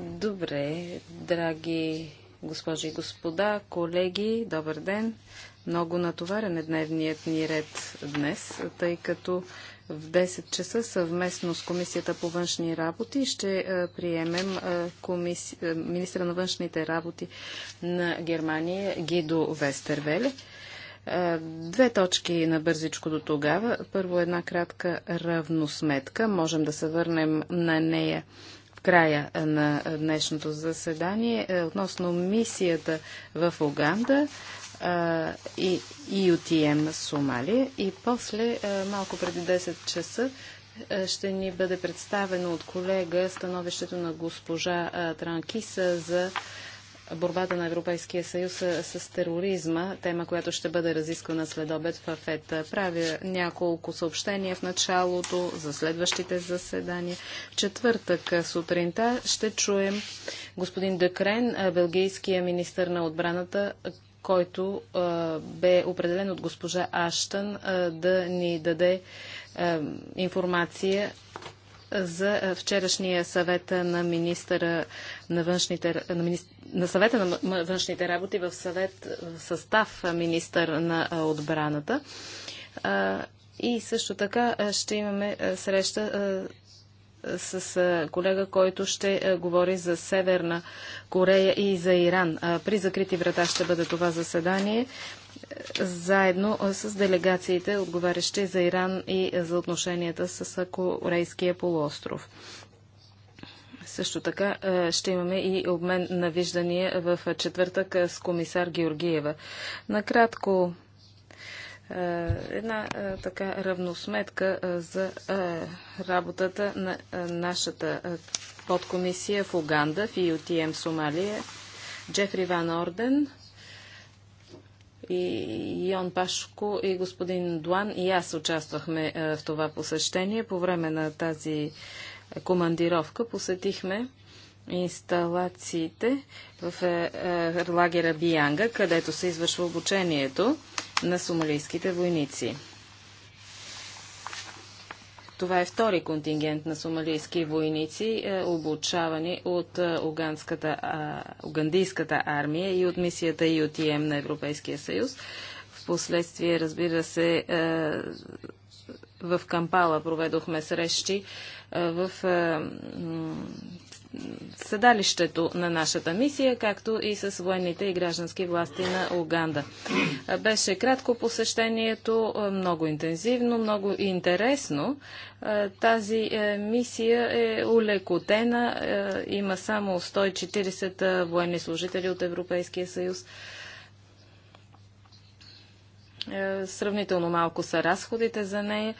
Добре, драги госпожи и господа, колеги, добър ден. Много натоварен е дневният ни ред днес, тъй като в 10 часа съвместно с Комисията по външни работи ще е, приемем е, комиси... Е, министра на външните работи на Германия Гидо Вестервеле. Е, две точки на бързичко до тогава. Първо една кратка равносметка. Можем да се върнем на нея в края на днешното заседание е, относно мисията в Уганда е, и на Сомалия. И после, малко преди 10 часа, ще ни бъде представено от колега становището на госпожа Транкиса за борбата на Европейския съюз с тероризма, тема, която ще бъде разисквана след обед в ФЕТ, Правя няколко съобщения в началото за следващите заседания. В четвъртък сутринта ще чуем господин Декрен, белгийския министр на отбраната, който бе определен от госпожа Аштън да ни даде информация за вчерашния съвет на министъра на външните на, министр, на съвета на външните работи в съвет в състав министър на отбраната. И също така ще имаме среща с колега, който ще говори за Северна Корея и за Иран. При закрити врата ще бъде това заседание заедно с делегациите, отговарящи за Иран и за отношенията с Корейския полуостров. Също така ще имаме и обмен на виждания в четвъртък с комисар Георгиева. Накратко, една така равносметка за работата на нашата подкомисия в Уганда, в IOTM Сомалия. Джефри Ван Орден, и Йон Пашко и господин Дуан и аз участвахме е, в това посещение. По време на тази командировка посетихме инсталациите в е, е, лагера Биянга, където се извършва обучението на сомалийските войници. Това е втори контингент на сомалийски войници, е, обучавани от е, уганската, угандийската армия и от мисията UTM на Европейския съюз. Впоследствие, разбира се, е, в Кампала проведохме срещи в седалището на нашата мисия, както и с военните и граждански власти на Уганда. Беше кратко посещението, много интензивно, много интересно. Е, тази е, мисия е улекотена, е, има само 140 военни служители от Европейския съюз. Е, сравнително малко са разходите за нея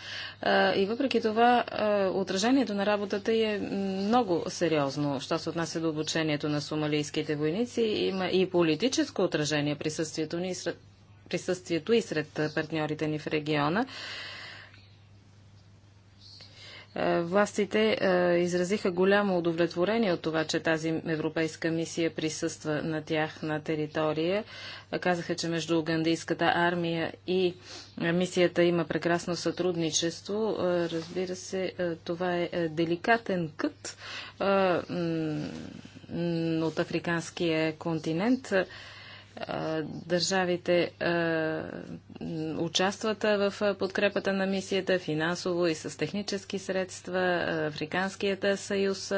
е, и въпреки това е, отражението на работата е много сериозно, що се отнася до обучението на сомалийските войници. Има и политическо отражение присъствието, ни, присъствието и сред партньорите ни в региона. Е, властите е, изразиха голямо удовлетворение от това, че тази европейска мисия присъства на тях на територия. Казаха, че между угандийската армия и е, мисията има прекрасно сътрудничество. Разбира се, това е деликатен кът от африканския континент. Държавите участват в подкрепата на мисията финансово и с технически средства. Африканският съюз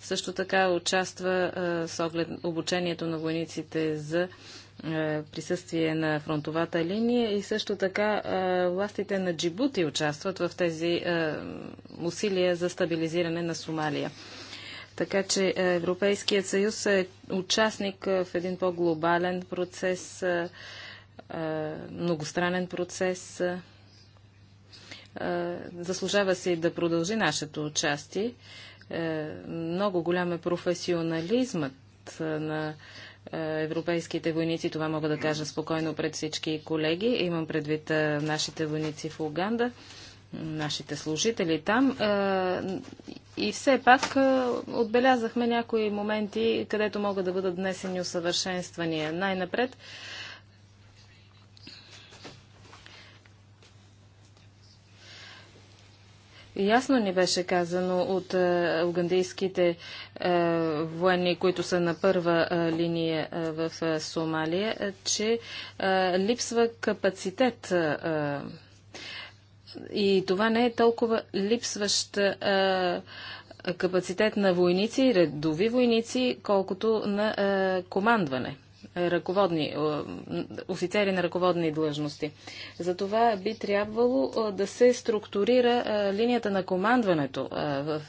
също така участва с оглед обучението на войниците за присъствие на фронтовата линия и също така властите на Джибути участват в тези усилия за стабилизиране на Сомалия. Така че е, Европейският съюз е участник е, в един по-глобален процес, е, многостранен процес. Заслужава се и да продължи нашето участие. Много голям е професионализмът на европейските войници, това мога да кажа спокойно пред всички колеги. Имам предвид нашите войници в Уганда нашите служители там. Е, и все пак е, отбелязахме някои моменти, където могат да бъдат внесени усъвършенствания. Най-напред Ясно ни беше казано от е, угандийските военни, които са на първа линия в Сомалия, че липсва капацитет и това не е толкова липсващ а, капацитет на войници, редови войници, колкото на а, командване ръководни, офицери на ръководни длъжности. Затова би трябвало да се структурира линията на командването в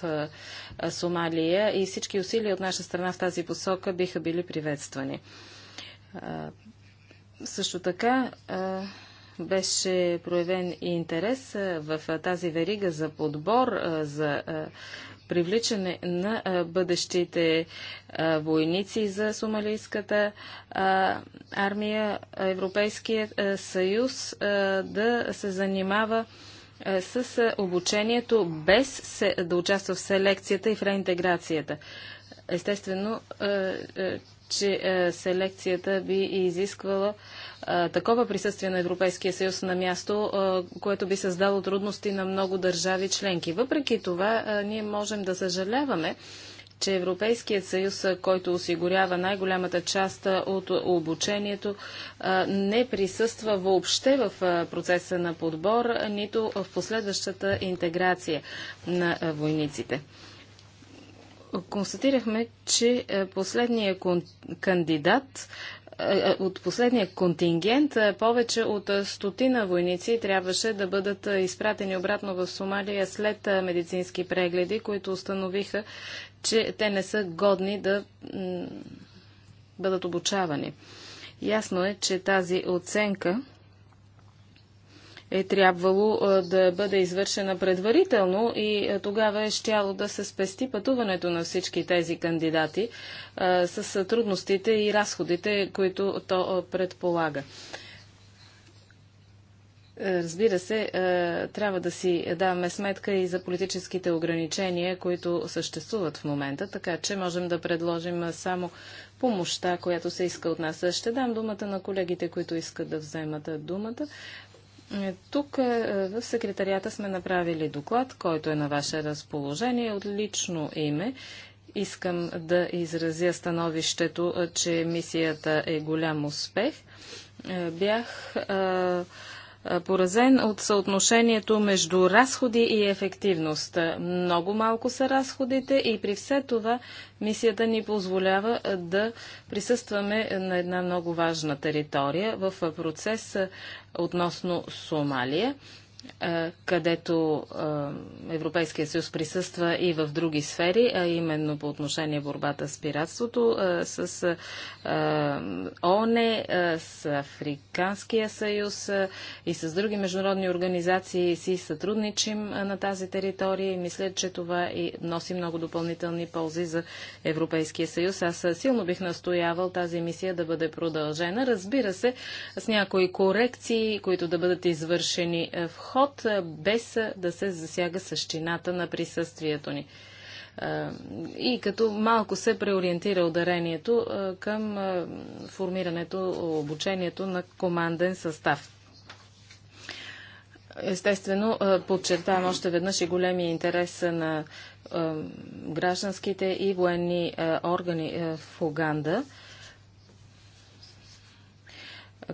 Сомалия и всички усилия от наша страна в тази посока биха били приветствани. Също така беше проявен и интерес в тази верига за подбор, за привличане на бъдещите войници за сомалийската армия. Европейският съюз да се занимава с обучението без да участва в селекцията и в реинтеграцията. Естествено, че е, селекцията би изисквала е, такова присъствие на Европейския съюз на място, е, което би създало трудности на много държави членки. Въпреки това, ние можем да съжаляваме, че Европейският съюз, който осигурява най-голямата част от обучението, не присъства въобще в процеса на подбор, нито в последващата интеграция на войниците констатирахме, че е, последния кандидат е, е, от последния контингент повече от стотина войници трябваше да бъдат изпратени обратно в Сомалия след медицински прегледи, които установиха, че те не са годни да бъдат обучавани. Ясно е, че тази оценка е трябвало да бъде извършена предварително и тогава е щяло да се спести пътуването на всички тези кандидати с трудностите и разходите, които то предполага. Е, разбира се, е, трябва да си даваме сметка и за политическите ограничения, които съществуват в момента, така че можем да предложим само помощта, която се иска от нас. Ще дам думата на колегите, които искат да вземат думата. Е, тук е, в секретарията сме направили доклад, който е на ваше разположение от лично име. Искам да изразя становището, е, че мисията е голям успех. Бях поразен от съотношението между разходи и ефективност. Много малко са разходите и при все това мисията ни позволява да присъстваме на една много важна територия в процес относно Сомалия където Европейския съюз присъства и в други сфери, а именно по отношение борбата с пиратството, с ООН, с Африканския съюз и с други международни организации си сътрудничим на тази територия и мисля, че това и носи много допълнителни ползи за Европейския съюз. Аз силно бих настоявал тази мисия да бъде продължена, разбира се, с някои корекции, които да бъдат извършени в ход, без да се засяга същината на присъствието ни. И като малко се преориентира ударението към формирането, обучението на команден състав. Естествено, подчертавам още веднъж и големия интерес на гражданските и военни органи в Уганда –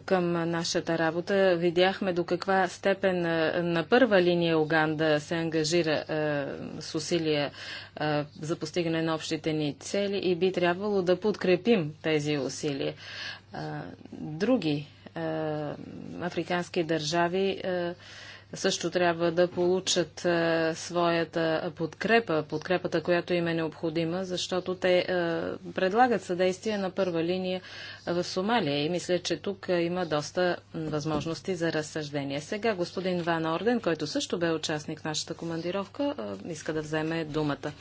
към нашата работа. Видяхме до каква степен на първа линия Оганда се ангажира с усилия за постигане на общите ни цели и би трябвало да подкрепим тези усилия. други африкански държави също трябва да получат е, своята подкрепа, подкрепата, която им е необходима, защото те е, предлагат съдействие на първа линия в Сомалия и мисля, че тук е, има доста възможности за разсъждение. Сега господин Ван Орден, който също бе участник в нашата командировка, иска да вземе думата.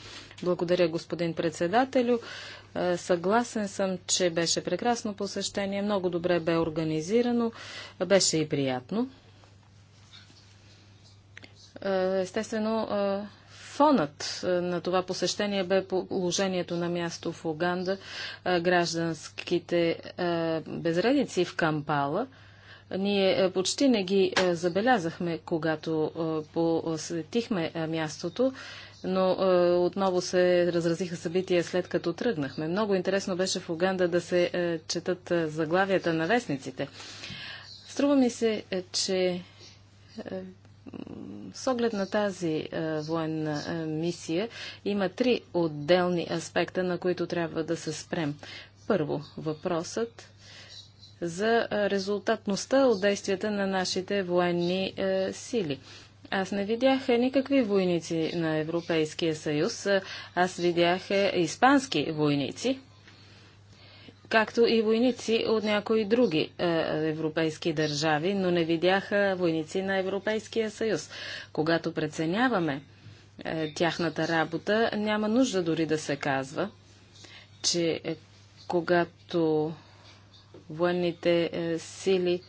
Благодаря, господин председателю. Съгласен съм, че беше прекрасно посещение, много добре бе организирано, беше и приятно. Е, естествено, е, фонът е, на това посещение бе положението на място в Уганда, гражданските безредици в Кампала. Ние почти не ги забелязахме, когато посетихме мястото, но отново се разразиха събития след като тръгнахме. Много интересно беше в Уганда да се четат заглавията на вестниците. Струва ми се, че с оглед на тази а, е, военна а, е, мисия има три отделни аспекта, на които трябва да се спрем. Първо, въпросът за е, резултатността от действията на нашите военни сили. Аз не видях никакви войници на Европейския съюз. Аз видях испански войници, както и войници от някои други е, европейски държави, но не видяха войници на Европейския съюз. Когато преценяваме е, тяхната работа, няма нужда дори да се казва, че е, когато военните е, сили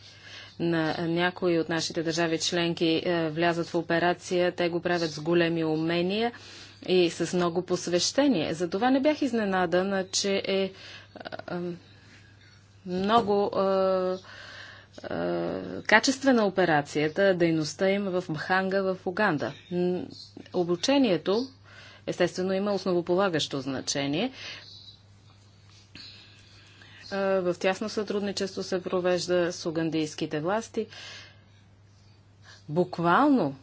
на някои от нашите държави членки е, влязат в операция, те го правят с големи умения и с много посвещение. Затова не бях изненадана, че е е, много е, е, качествена операцията, дейността им в Мханга в Уганда. Обучението, естествено, има основополагащо значение. В тясно сътрудничество се провежда с угандийските власти. Буквално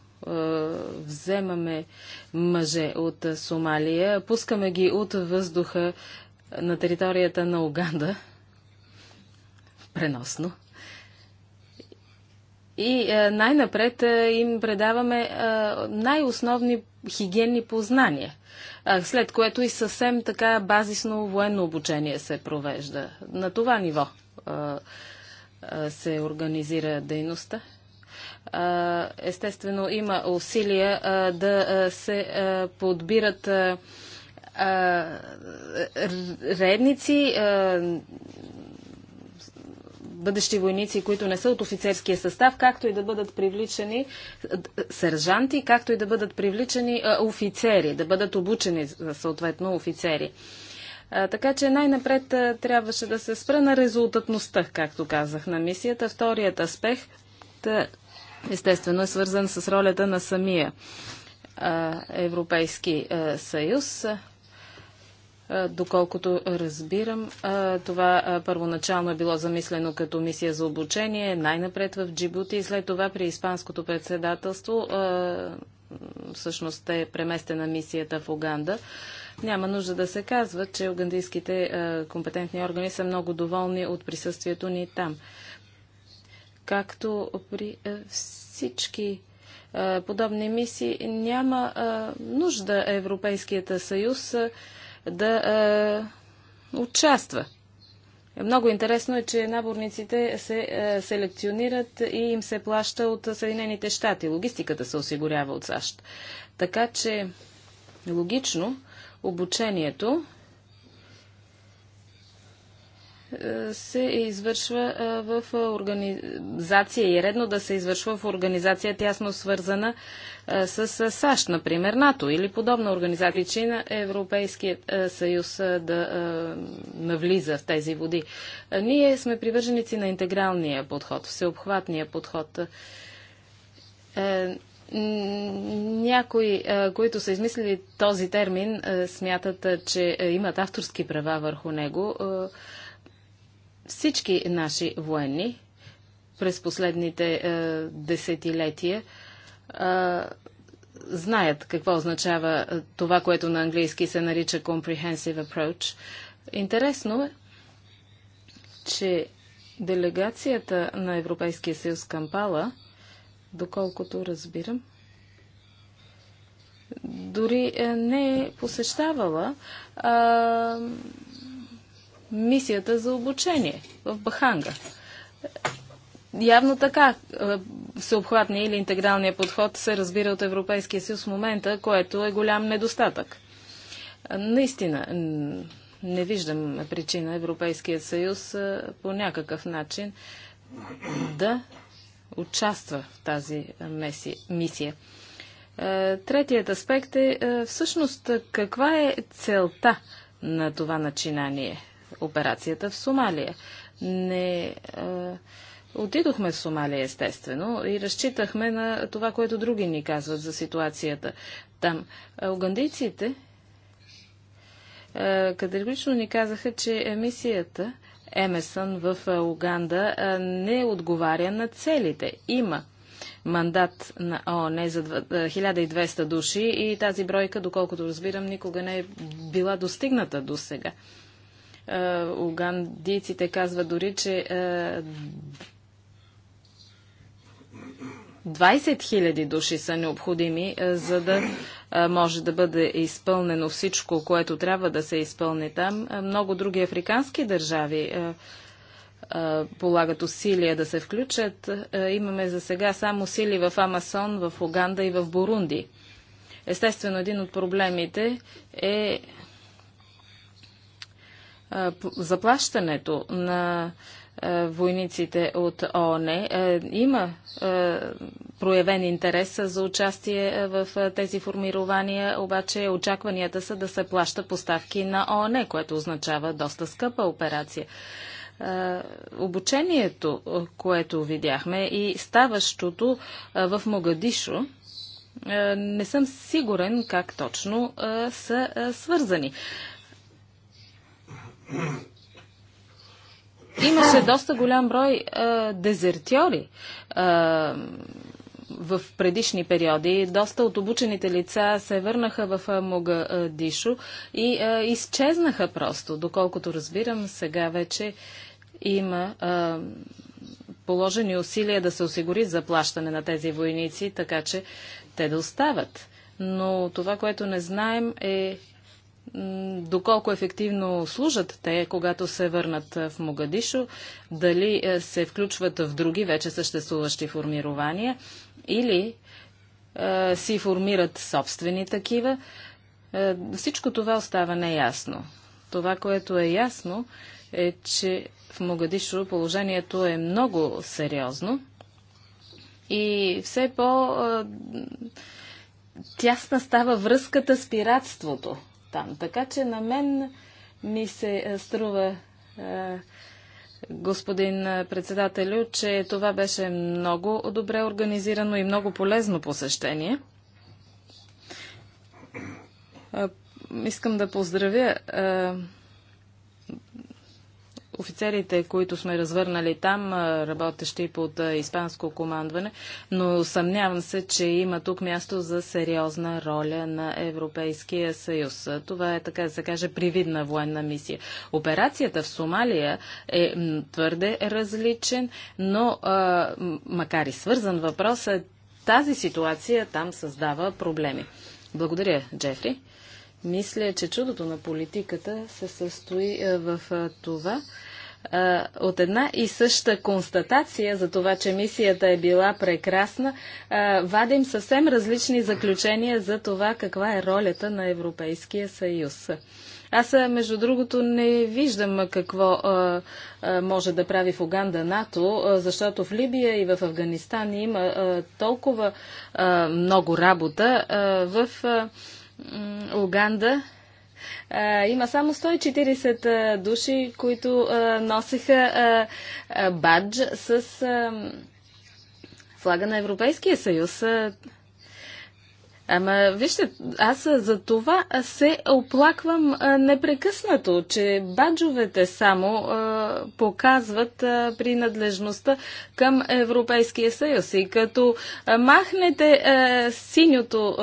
вземаме мъже от Сомалия, пускаме ги от въздуха на територията на Уганда, преносно. И е, най-напред е, им предаваме е, най-основни хигиенни познания, след което и съвсем така базисно военно обучение се провежда. На това ниво се организира дейността. Естествено, има усилия да се подбират редници, бъдещи войници, които не са от офицерския състав, както и да бъдат привличани сержанти, както и да бъдат привличани офицери, да бъдат обучени съответно офицери. Така че най-напред трябваше да се спра на резултатността, както казах, на мисията. Вторият аспект естествено е свързан с ролята на самия Европейски съюз. Доколкото разбирам, това първоначално е било замислено като мисия за обучение, най-напред в Джибути и след това при Испанското председателство всъщност е преместена мисията в Уганда. Няма нужда да се казва, че угандийските компетентни органи са много доволни от присъствието ни там. Както при всички подобни мисии няма нужда Европейският съюз да е, участва. Много интересно е, че наборниците се е, селекционират и им се плаща от Съединените щати. Логистиката се осигурява от САЩ. Така че логично обучението е, се извършва е, в организация и е редно да се извършва в организация тясно свързана с САЩ, например НАТО или подобна организация. Причина е Европейският съюз да навлиза в тези води. Ние сме привърженици на интегралния подход, всеобхватния подход е, някои, които са измислили този термин, смятат, че имат авторски права върху него. Всички наши военни през последните десетилетия знаят какво означава това, което на английски се нарича comprehensive approach. Интересно е, че делегацията на Европейския съюз Кампала, доколкото разбирам, дори не е посещавала а, мисията за обучение в Баханга. Явно така всеобхватния или интегралния подход се разбира от Европейския съюз в момента, което е голям недостатък. Наистина, не виждам причина Европейския съюз по някакъв начин да участва в тази мисия. Третият аспект е всъщност каква е целта на това начинание, операцията в Сомалия. Не, Отидохме в Сомалия, естествено, и разчитахме на това, което други ни казват за ситуацията там. Угандийците категорично ни казаха, че мисията Емесън в Уганда не отговаря на целите. Има мандат на ООН за 1200 души и тази бройка, доколкото разбирам, никога не е била достигната до сега угандийците казват дори, че 20 000 души са необходими, е, за да е, може да бъде изпълнено всичко, което трябва да се изпълни там. Е, много други африкански държави полагат усилия да се включат. Имаме за сега само сили в Амасон, в Уганда и в Бурунди. Естествено, един от проблемите е заплащането на е, войниците от ООН. Е, има е, проявен интерес за участие в тези формирования, обаче очакванията са да се плаща поставки на ООН, което означава доста скъпа операция. Обучението, което видяхме и ставащото в Могадишо, не съм сигурен как точно са свързани. Имаше доста голям брой а, е, дезертьори а, е, в предишни периоди. Доста от обучените лица се върнаха в Могадишо и а, е, изчезнаха просто. Доколкото разбирам, сега вече има а, положени усилия да се осигури заплащане на тези войници, така че те да остават. Но това, което не знаем е доколко ефективно служат те, когато се върнат в Могадишо, дали е, се включват в други вече съществуващи формирования или е, си формират собствени такива. Е, всичко това остава неясно. Това, което е ясно, е, че в Могадишо положението е много сериозно и все по- е, тясна става връзката с пиратството – там. Така че на мен ми се е, струва, е, господин е, председателю, че това беше много добре организирано и много полезно посещение. Искам да поздравя офицерите, които сме развърнали там, работещи под испанско командване, но съмнявам се, че има тук място за сериозна роля на Европейския съюз. Това е, така да се каже, привидна военна мисия. Операцията в Сомалия е твърде различен, но макар и свързан въпрос, е, тази ситуация там създава проблеми. Благодаря, Джефри. Мисля, че чудото на политиката се състои в това, а, от една и съща констатация за това, че мисията е била прекрасна, а, вадим съвсем различни заключения за това каква е ролята на Европейския съюз. Аз, между другото, не виждам какво а, а, може да прави в Уганда НАТО, а, защото в Либия и в Афганистан има а, толкова а, много работа а, в а, Уганда има само 140 души, които носеха бадж с флага на Европейския съюз. Ама, вижте, аз за това се оплаквам непрекъснато, че баджовете само а, показват а, принадлежността към Европейския съюз. И като махнете а, синьото,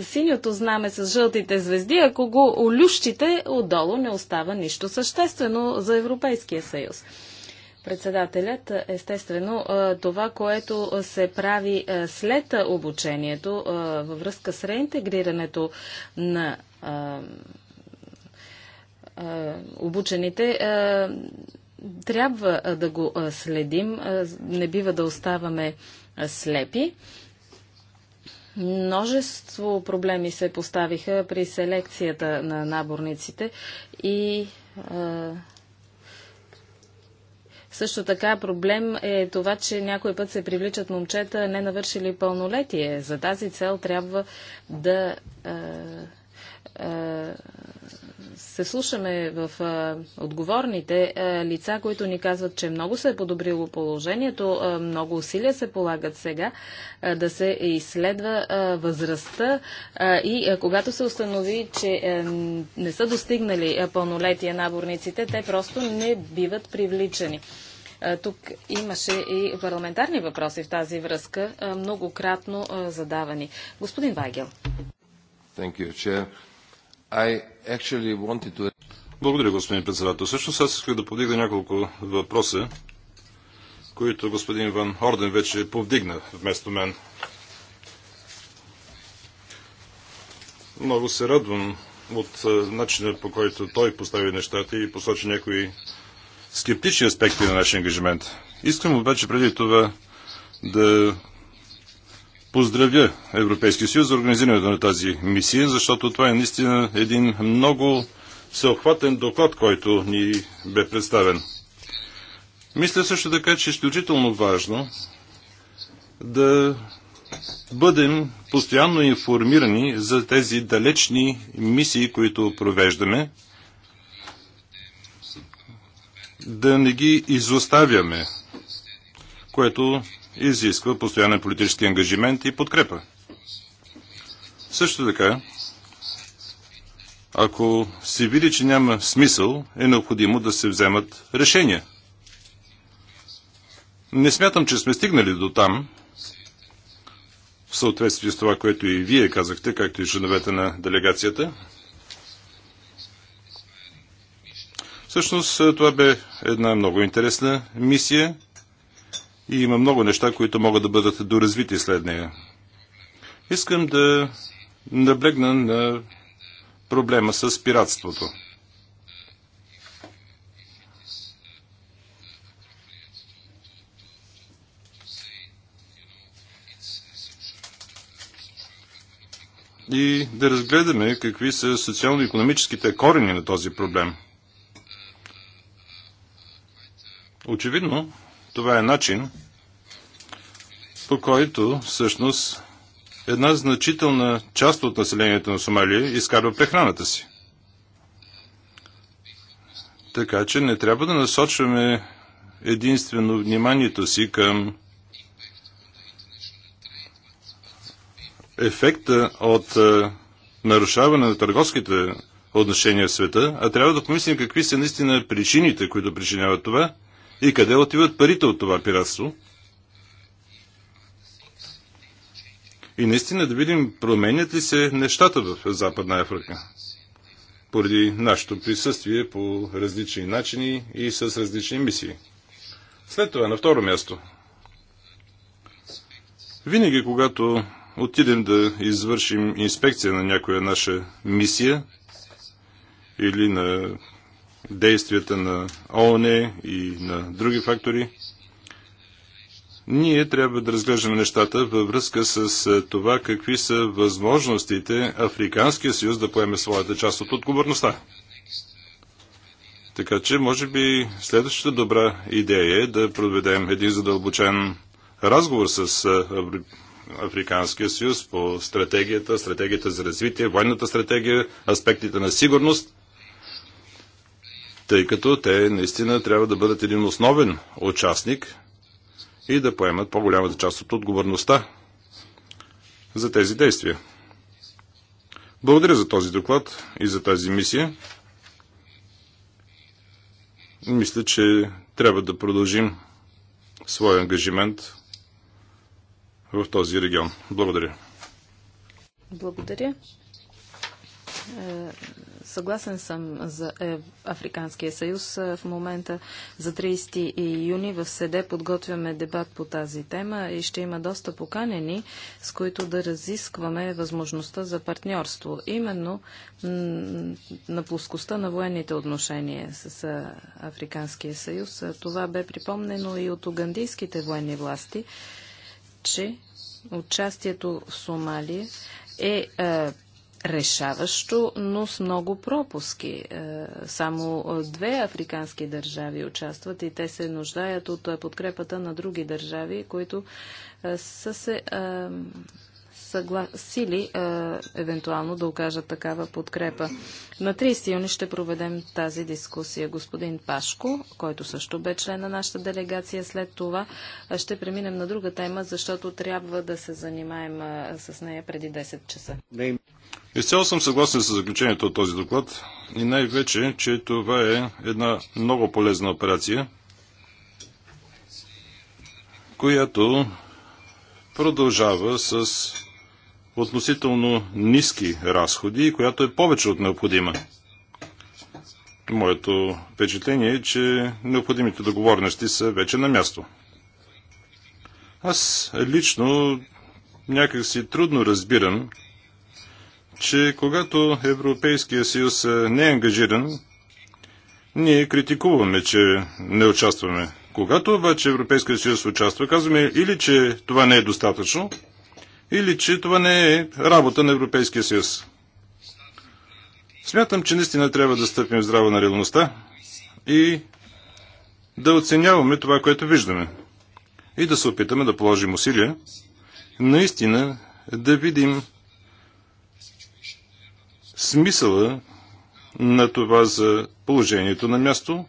синьото знаме с жълтите звезди, ако го олющите, отдолу не остава нищо съществено за Европейския съюз. Председателят, естествено, това, което се прави след обучението във връзка с реинтегрирането на обучените, трябва да го следим. Не бива да оставаме слепи. Множество проблеми се поставиха при селекцията на наборниците и също така проблем е това, че някой път се привличат момчета, не навършили пълнолетие. За тази цел трябва да е, е, се слушаме в а, отговорните а, лица, които ни казват, че много се е подобрило положението, а, много усилия се полагат сега а, да се изследва а, възрастта а, и а, когато се установи, че а, не са достигнали а, пълнолетие наборниците, те просто не биват привличани. Тук имаше и парламентарни въпроси в тази връзка, многократно задавани. Господин Вагел. Thank you, Chair. Благодаря, господин председател. Всъщност аз исках да повдигна няколко въпроса, които господин Ван Орден вече повдигна вместо мен. Много се радвам от начина по който той постави нещата и посочи някои скептични аспекти на нашия ангажимент. Искам обаче преди това да поздравя Европейския съюз за организирането на тази мисия, защото това е наистина един много съохватен доклад, който ни бе представен. Мисля също така, че е изключително важно да бъдем постоянно информирани за тези далечни мисии, които провеждаме, да не ги изоставяме, което изисква постоянен политически ангажимент и подкрепа. Също така, ако се види, че няма смисъл, е необходимо да се вземат решения. Не смятам, че сме стигнали до там, в съответствие с това, което и вие казахте, както и членовете на делегацията. Всъщност това бе една много интересна мисия – и има много неща, които могат да бъдат доразвити след нея. Искам да наблегна на проблема с пиратството. и да разгледаме какви са социално-економическите корени на този проблем. Очевидно, това е начин, по който всъщност една значителна част от населението на Сомалия изкарва прехраната си. Така че не трябва да насочваме единствено вниманието си към ефекта от нарушаване на търговските отношения в света, а трябва да помислим какви са наистина причините, които причиняват това – и къде отиват парите от това пиратство? И наистина да видим променят ли се нещата в Западна Африка поради нашето присъствие по различни начини и с различни мисии. След това на второ място. Винаги, когато отидем да извършим инспекция на някоя наша мисия или на действията на ООН и на други фактори, ние трябва да разглеждаме нещата във връзка с е, това какви са възможностите Африканския съюз да поеме своята част от отговорността. Така че, може би, следващата добра идея е да проведем един задълбочен разговор с е, Африканския съюз по стратегията, стратегията за развитие, военната стратегия, аспектите на сигурност тъй като те наистина трябва да бъдат един основен участник и да поемат по-голямата част от отговорността за тези действия. Благодаря за този доклад и за тази мисия. Мисля, че трябва да продължим своя ангажимент в този регион. Благодаря. Благодаря. Е, Съгласен съм за Африканския съюз. В момента за 30 июни в СЕДЕ подготвяме дебат по тази тема и ще има доста поканени, с които да разискваме възможността за партньорство. Именно на плоскостта на военните отношения с Африканския съюз. Това бе припомнено и от угандийските военни власти, че участието в Сомалия е решаващо, но с много пропуски. Е, само е, две африкански държави участват и те се нуждаят от е, подкрепата на други държави, които са се съгласили е, евентуално да окажат такава подкрепа. На 30 юни ще проведем тази дискусия. Господин Пашко, който също бе член на нашата делегация, след това е, ще преминем на друга тема, защото трябва да се занимаем е, с нея преди 10 часа. Изцяло съм съгласен с заключението от този доклад и най-вече, че това е една много полезна операция, която продължава с относително ниски разходи, която е повече от необходима. Моето впечатление е, че необходимите договорности са вече на място. Аз лично някак си трудно разбирам, че когато Европейския съюз не е ангажиран, ние критикуваме, че не участваме. Когато обаче Европейския съюз участва, казваме или, че това не е достатъчно, или че това не е работа на Европейския съюз. Смятам, че наистина трябва да стъпим здраво на реалността и да оценяваме това, което виждаме. И да се опитаме да положим усилия, наистина да видим смисъла на това за положението на място,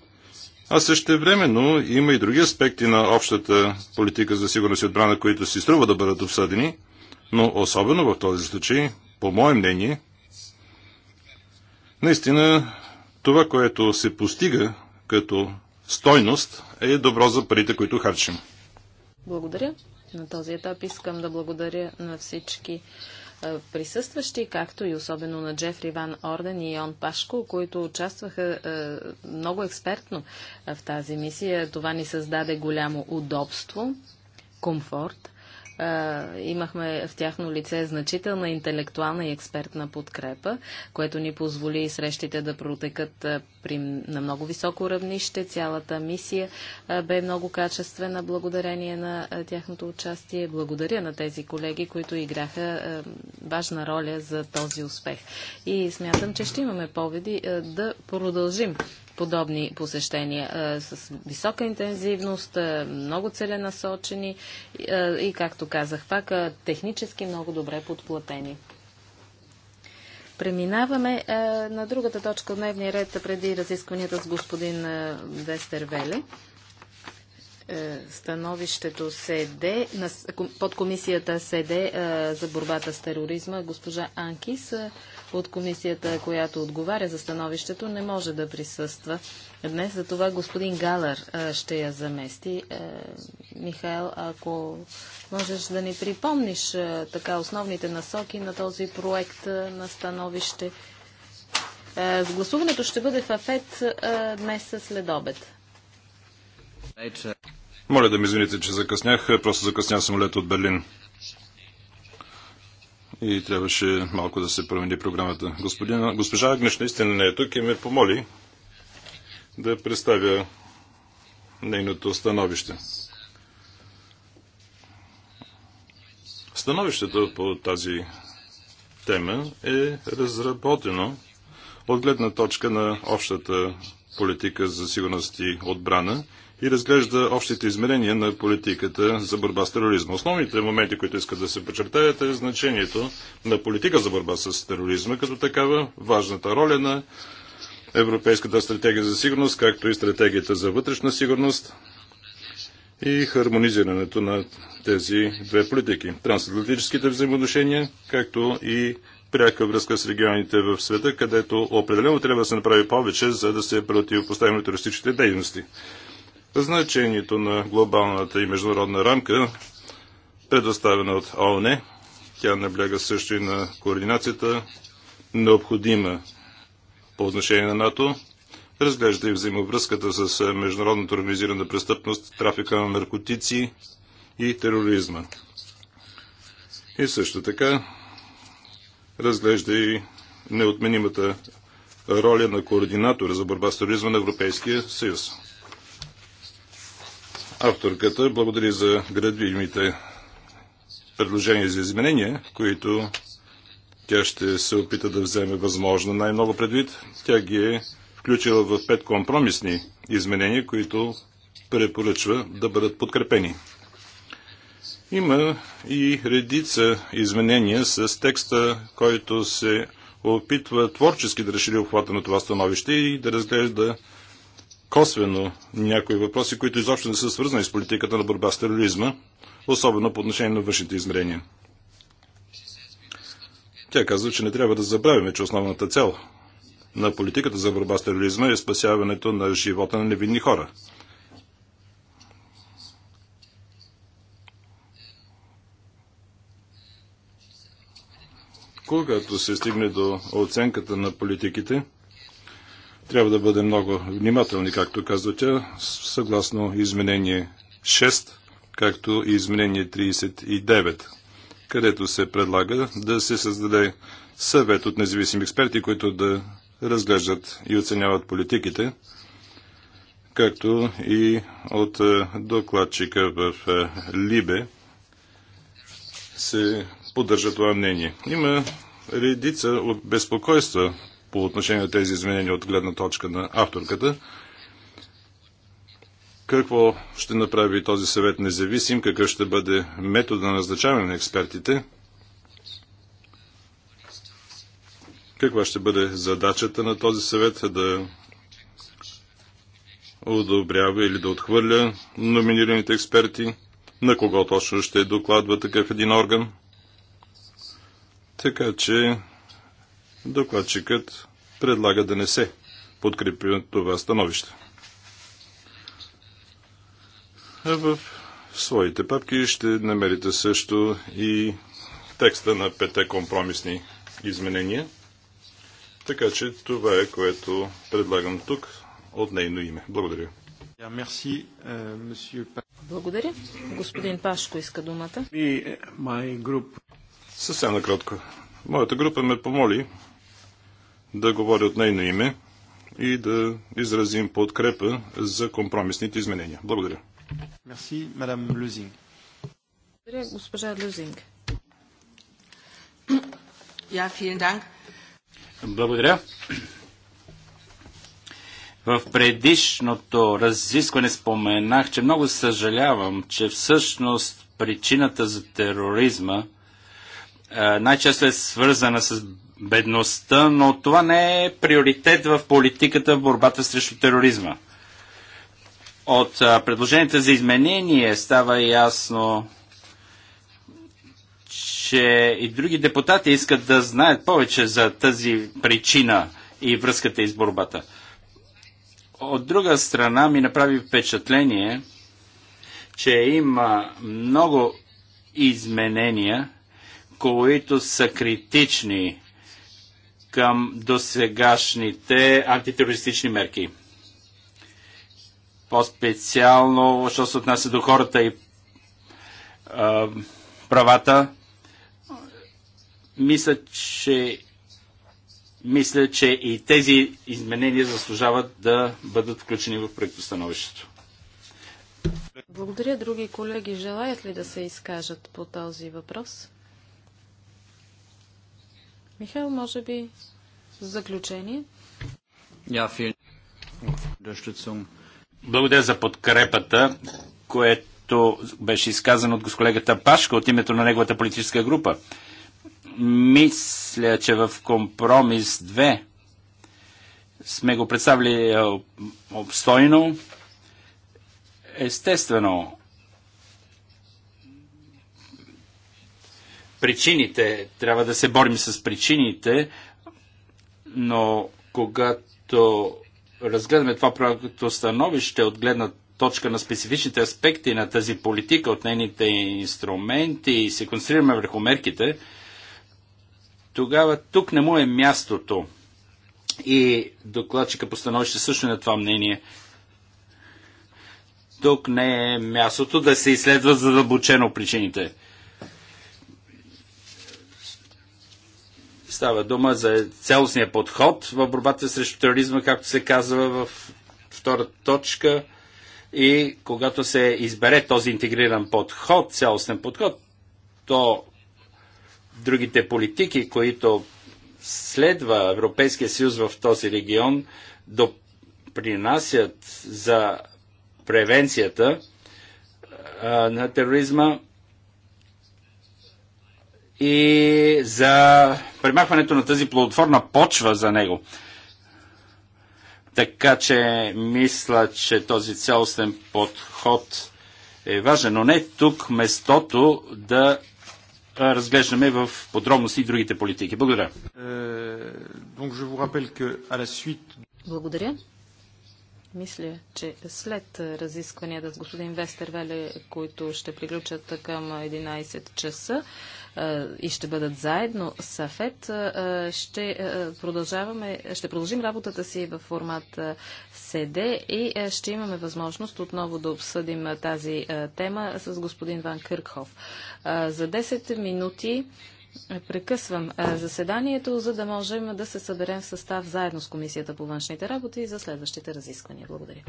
а същевременно има и други аспекти на общата политика за сигурност и отбрана, които си струва да бъдат обсъдени – но особено в този случай, по мое мнение, наистина това, което се постига като стойност, е добро за парите, които харчим. Благодаря. На този етап искам да благодаря на всички присъстващи, както и особено на Джефри Ван Орден и Йон Пашко, които участваха много експертно в тази мисия. Това ни създаде голямо удобство, комфорт, а, имахме в тяхно лице значителна интелектуална и експертна подкрепа, което ни позволи срещите да протекат а, при, на много високо равнище. Цялата мисия а, бе много качествена благодарение на а, тяхното участие. Благодаря на тези колеги, които играха а, важна роля за този успех. И смятам, че ще имаме поведи а, да продължим подобни посещения а, с висока интензивност, а, много целенасочени а, и, както казах пак, технически много добре подплатени. Преминаваме на другата точка от дневния ред преди разискванията с господин Вестер Веле. Е, становището СЕДЕ, под комисията СЕДЕ за борбата с тероризма, госпожа Анкис от комисията, която отговаря за становището, не може да присъства днес. Затова господин Галър ще я замести. Е, Михаил, ако можеш да ни припомниш така основните насоки на този проект на становище. Е, гласуването ще бъде в АФЕТ днес след обед. Моля да ми извините, че закъснях. Просто закъсня самолет от Берлин и трябваше малко да се промени програмата. Господина, госпожа Агнеш наистина не е тук и ме помоли да представя нейното становище. Становището по тази тема е разработено от гледна точка на общата политика за сигурност и отбрана и разглежда общите измерения на политиката за борба с тероризма. Основните моменти, които искат да се подчертаят е значението на политика за борба с тероризма като такава, важната роля на Европейската стратегия за сигурност, както и стратегията за вътрешна сигурност и хармонизирането на тези две политики. Трансатлантическите взаимоотношения, както и пряка връзка с регионите в света, където определено трябва да се направи повече, за да се противопоставим на туристичните дейности значението на глобалната и международна рамка, предоставена от ООН. Тя набляга също и на координацията, необходима по отношение на НАТО, разглежда и взаимовръзката с е, международната организирана престъпност, трафика на наркотици и тероризма. И също така разглежда и неотменимата роля на координатора за борба с тероризма на Европейския съюз авторката. Благодаря за градвимите предложения за изменения, които тя ще се опита да вземе възможно най-много предвид. Тя ги е включила в пет компромисни изменения, които препоръчва да бъдат подкрепени. Има и редица изменения с текста, който се опитва творчески да разшири обхвата на това становище и да разглежда косвено някои въпроси, които изобщо не са свързани с политиката на борба с тероризма, особено по отношение на външните измерения. Тя казва, че не трябва да забравяме, че основната цел на политиката за борба с тероризма е спасяването на живота на невинни хора. Когато се стигне до оценката на политиките, трябва да бъдем много внимателни, както казва тя, съгласно изменение 6, както и изменение 39, където се предлага да се създаде съвет от независими експерти, които да разглеждат и оценяват политиките, както и от е, докладчика в е, Либе се поддържа това мнение. Има редица безпокойства по отношение на тези изменения от гледна точка на авторката. Какво ще направи този съвет независим? Какъв ще бъде метода на назначаване на експертите? Каква ще бъде задачата на този съвет да одобрява или да отхвърля номинираните експерти? На кого точно ще докладва такъв един орган? Така че Докладчикът предлага да не се подкрепи това становище. А в своите папки ще намерите също и текста на пете компромисни изменения. Така че това е, което предлагам тук от нейно име. Благодаря. Е, Благодаря. Господин Пашко иска думата. Е, Съвсем накратко. Моята група ме помоли да говори от нейно име и да изразим подкрепа за компромисните изменения. Благодаря. Мерси, мадам Люзинг. Благодаря, госпожа Люзинг. Я, филин данк. Благодаря. В предишното разискване споменах, че много съжалявам, че всъщност причината за тероризма най-често е свързана с бедността, но това не е приоритет в политиката в борбата срещу тероризма. От предложенията за изменение става ясно, че и други депутати искат да знаят повече за тази причина и връзката из борбата. От друга страна ми направи впечатление, че има много изменения, които са критични към досегашните антитерористични мерки. По-специално, що се отнася до хората и а, правата, мисля, че мисля, че и тези изменения заслужават да бъдат включени в проектостановището. Благодаря. Други колеги желаят ли да се изкажат по този въпрос? Михаил, може би в заключение. Благодаря за подкрепата, което беше изказано от колегата Пашка от името на неговата политическа група. Мисля, че в компромис 2 сме го представили е, обстойно. Естествено, причините, трябва да се борим с причините, но когато разгледаме това правото становище от гледна точка на специфичните аспекти на тази политика, от нейните инструменти и се концентрираме върху мерките, тогава тук не му е мястото. И докладчика по становище също е на това мнение. Тук не е мястото да се изследва задълбочено причините. Става дума за цялостния подход в борбата срещу тероризма, както се казва в втората точка. И когато се избере този интегриран подход, цялостен подход, то другите политики, които следва Европейския съюз в този регион, допринасят за превенцията на тероризма и за премахването на тази плодотворна почва за него. Така че мисля, че този цялостен подход е важен, но не тук местото да разглеждаме в подробности и другите политики. Благодаря. Е, Благодаря. Мисля, че след разискванията с господин Вестервеле, които ще приключат към 11 часа и ще бъдат заедно с Афет, ще, продължаваме, ще продължим работата си в формат СД и ще имаме възможност отново да обсъдим тази тема с господин Ван Къркхов. За 10 минути е, прекъсвам е, заседанието, за да можем да се съберем в състав заедно с Комисията по външните работи за следващите разисквания. Благодаря.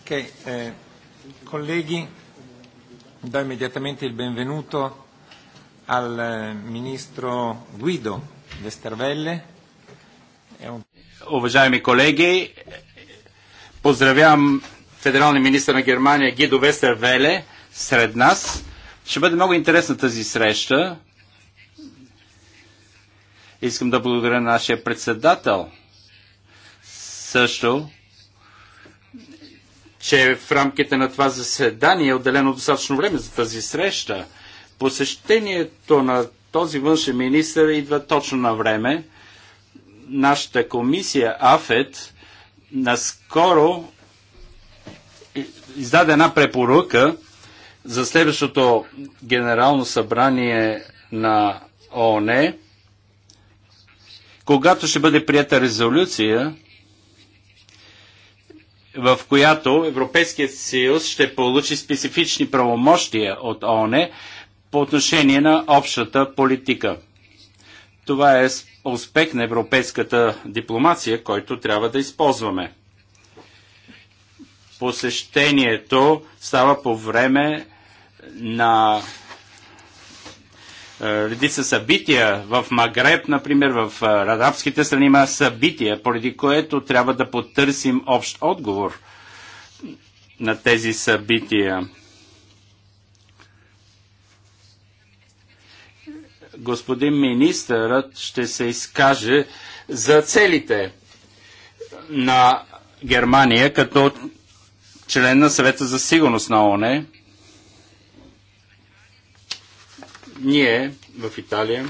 Ok, eh, colleghi, do immediatamente il benvenuto al eh, ministro Guido Vestervelle. Уважаеми колеги, поздравявам федералния министр на Германия Гидо Вестер Веле сред нас. Ще бъде много интересна тази среща. Искам да благодаря нашия председател също че в рамките на това заседание е отделено достатъчно време за тази среща. Посещението на този външен министр идва точно на време. Нашата комисия АФЕТ наскоро издаде една препоръка за следващото генерално събрание на ООН, когато ще бъде прията резолюция в която Европейският съюз ще получи специфични правомощия от ОНЕ по отношение на общата политика. Това е успех на европейската дипломация, който трябва да използваме. Посещението става по време на е, редица събития в Магреб, например, в е, арабските страни има събития, поради което трябва да потърсим общ отговор на тези събития. Господин министърът ще се изкаже за целите на Германия като член на съвета за сигурност на ОНЕ Ние в Италия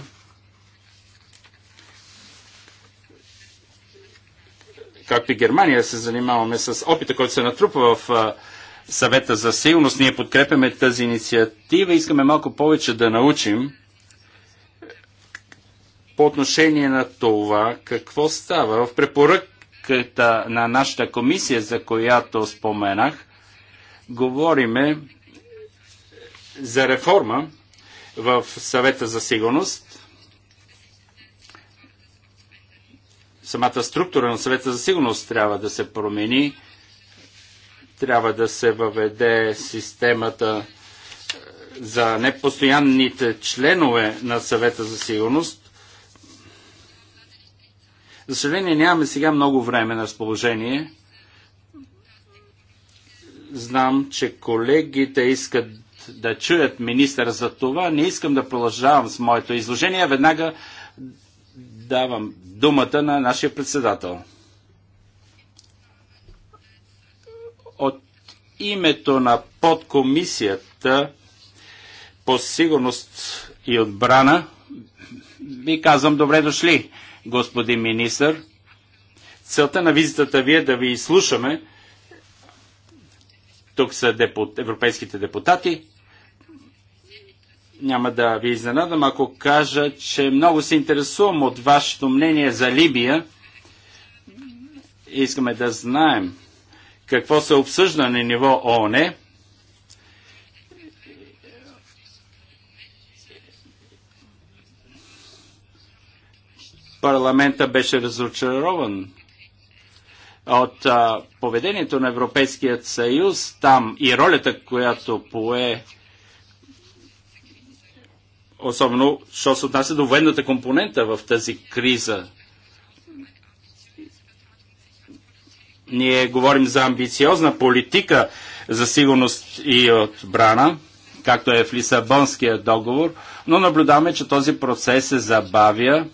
както и Германия се занимаваме с опита, който се натрупва в съвета за сигурност. Ние подкрепяме тази инициатива. и Искаме малко повече да научим по отношение на това какво става. В препоръката на нашата комисия, за която споменах, говориме за реформа в съвета за сигурност. Самата структура на съвета за сигурност трябва да се промени. Трябва да се въведе системата е, за непостоянните членове на съвета за сигурност. За съжаление нямаме сега много време на разположение. Знам, че колегите искат да чуят министър за това. Не искам да продължавам с моето изложение. Веднага давам думата на нашия председател. От името на подкомисията по сигурност и отбрана ви казвам добре дошли, господин министър. Целта на визитата ви е да ви изслушаме. Тук са депут... европейските депутати няма да ви изненадам, ако кажа, че много се интересувам от вашето мнение за Либия. Искаме да знаем какво се обсъжда на ниво ООН. Парламента беше разочарован от а, поведението на Европейският съюз там и ролята, която пое особено, що се отнася до военната компонента в тази криза. Ние говорим за амбициозна политика за сигурност и отбрана, както е в Лисабонския договор, но наблюдаваме, че този процес се забавя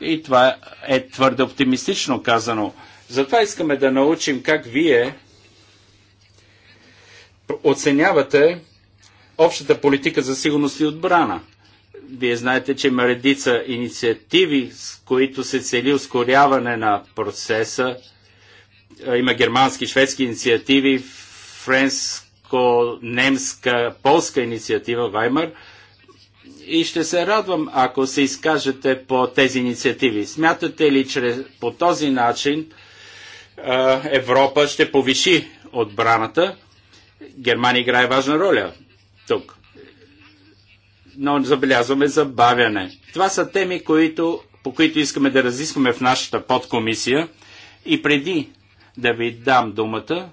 и това е твърде оптимистично казано. Затова искаме да научим как вие оценявате общата политика за сигурност и отбрана. Вие знаете, че има редица инициативи, с които се цели ускоряване на процеса. Има германски, шведски инициативи, френско-немска, полска инициатива Ваймар. И ще се радвам, ако се изкажете по тези инициативи. Смятате ли, че по този начин Европа ще повиши отбраната? Германия играе важна роля тук. Но забелязваме забавяне. Това са теми, които, по които искаме да разискваме в нашата подкомисия. И преди да ви дам думата,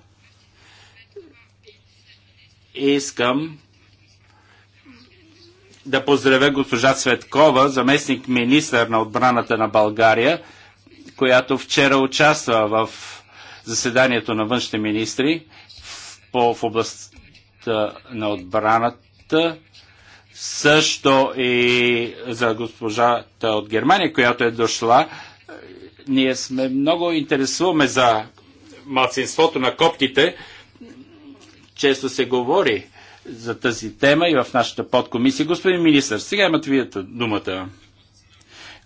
искам да поздравя госпожа Светкова, заместник министър на отбраната на България, която вчера участва в заседанието на външните министри в, по, в област, на отбраната, също и за госпожата от Германия, която е дошла. Ние сме много интересуваме за малцинството на коптите. Често се говори за тази тема и в нашата подкомисия. Господин министър, сега имате вие думата.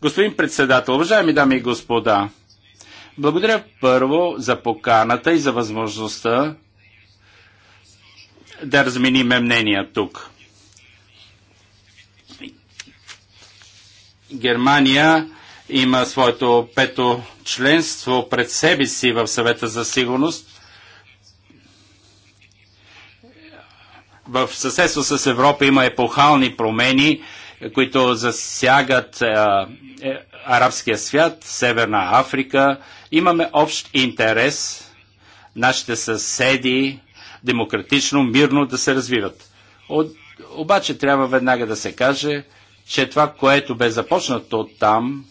Господин председател, уважаеми дами и господа, благодаря първо за поканата и за възможността да размениме мнения тук. Германия има своето пето членство пред себе си в съвета за сигурност. В съседство с Европа има епохални промени, които засягат е, е, арабския свят, Северна Африка. Имаме общ интерес. Нашите съседи демократично, мирно да се развиват. От, обаче трябва веднага да се каже, че това, което бе започнато там,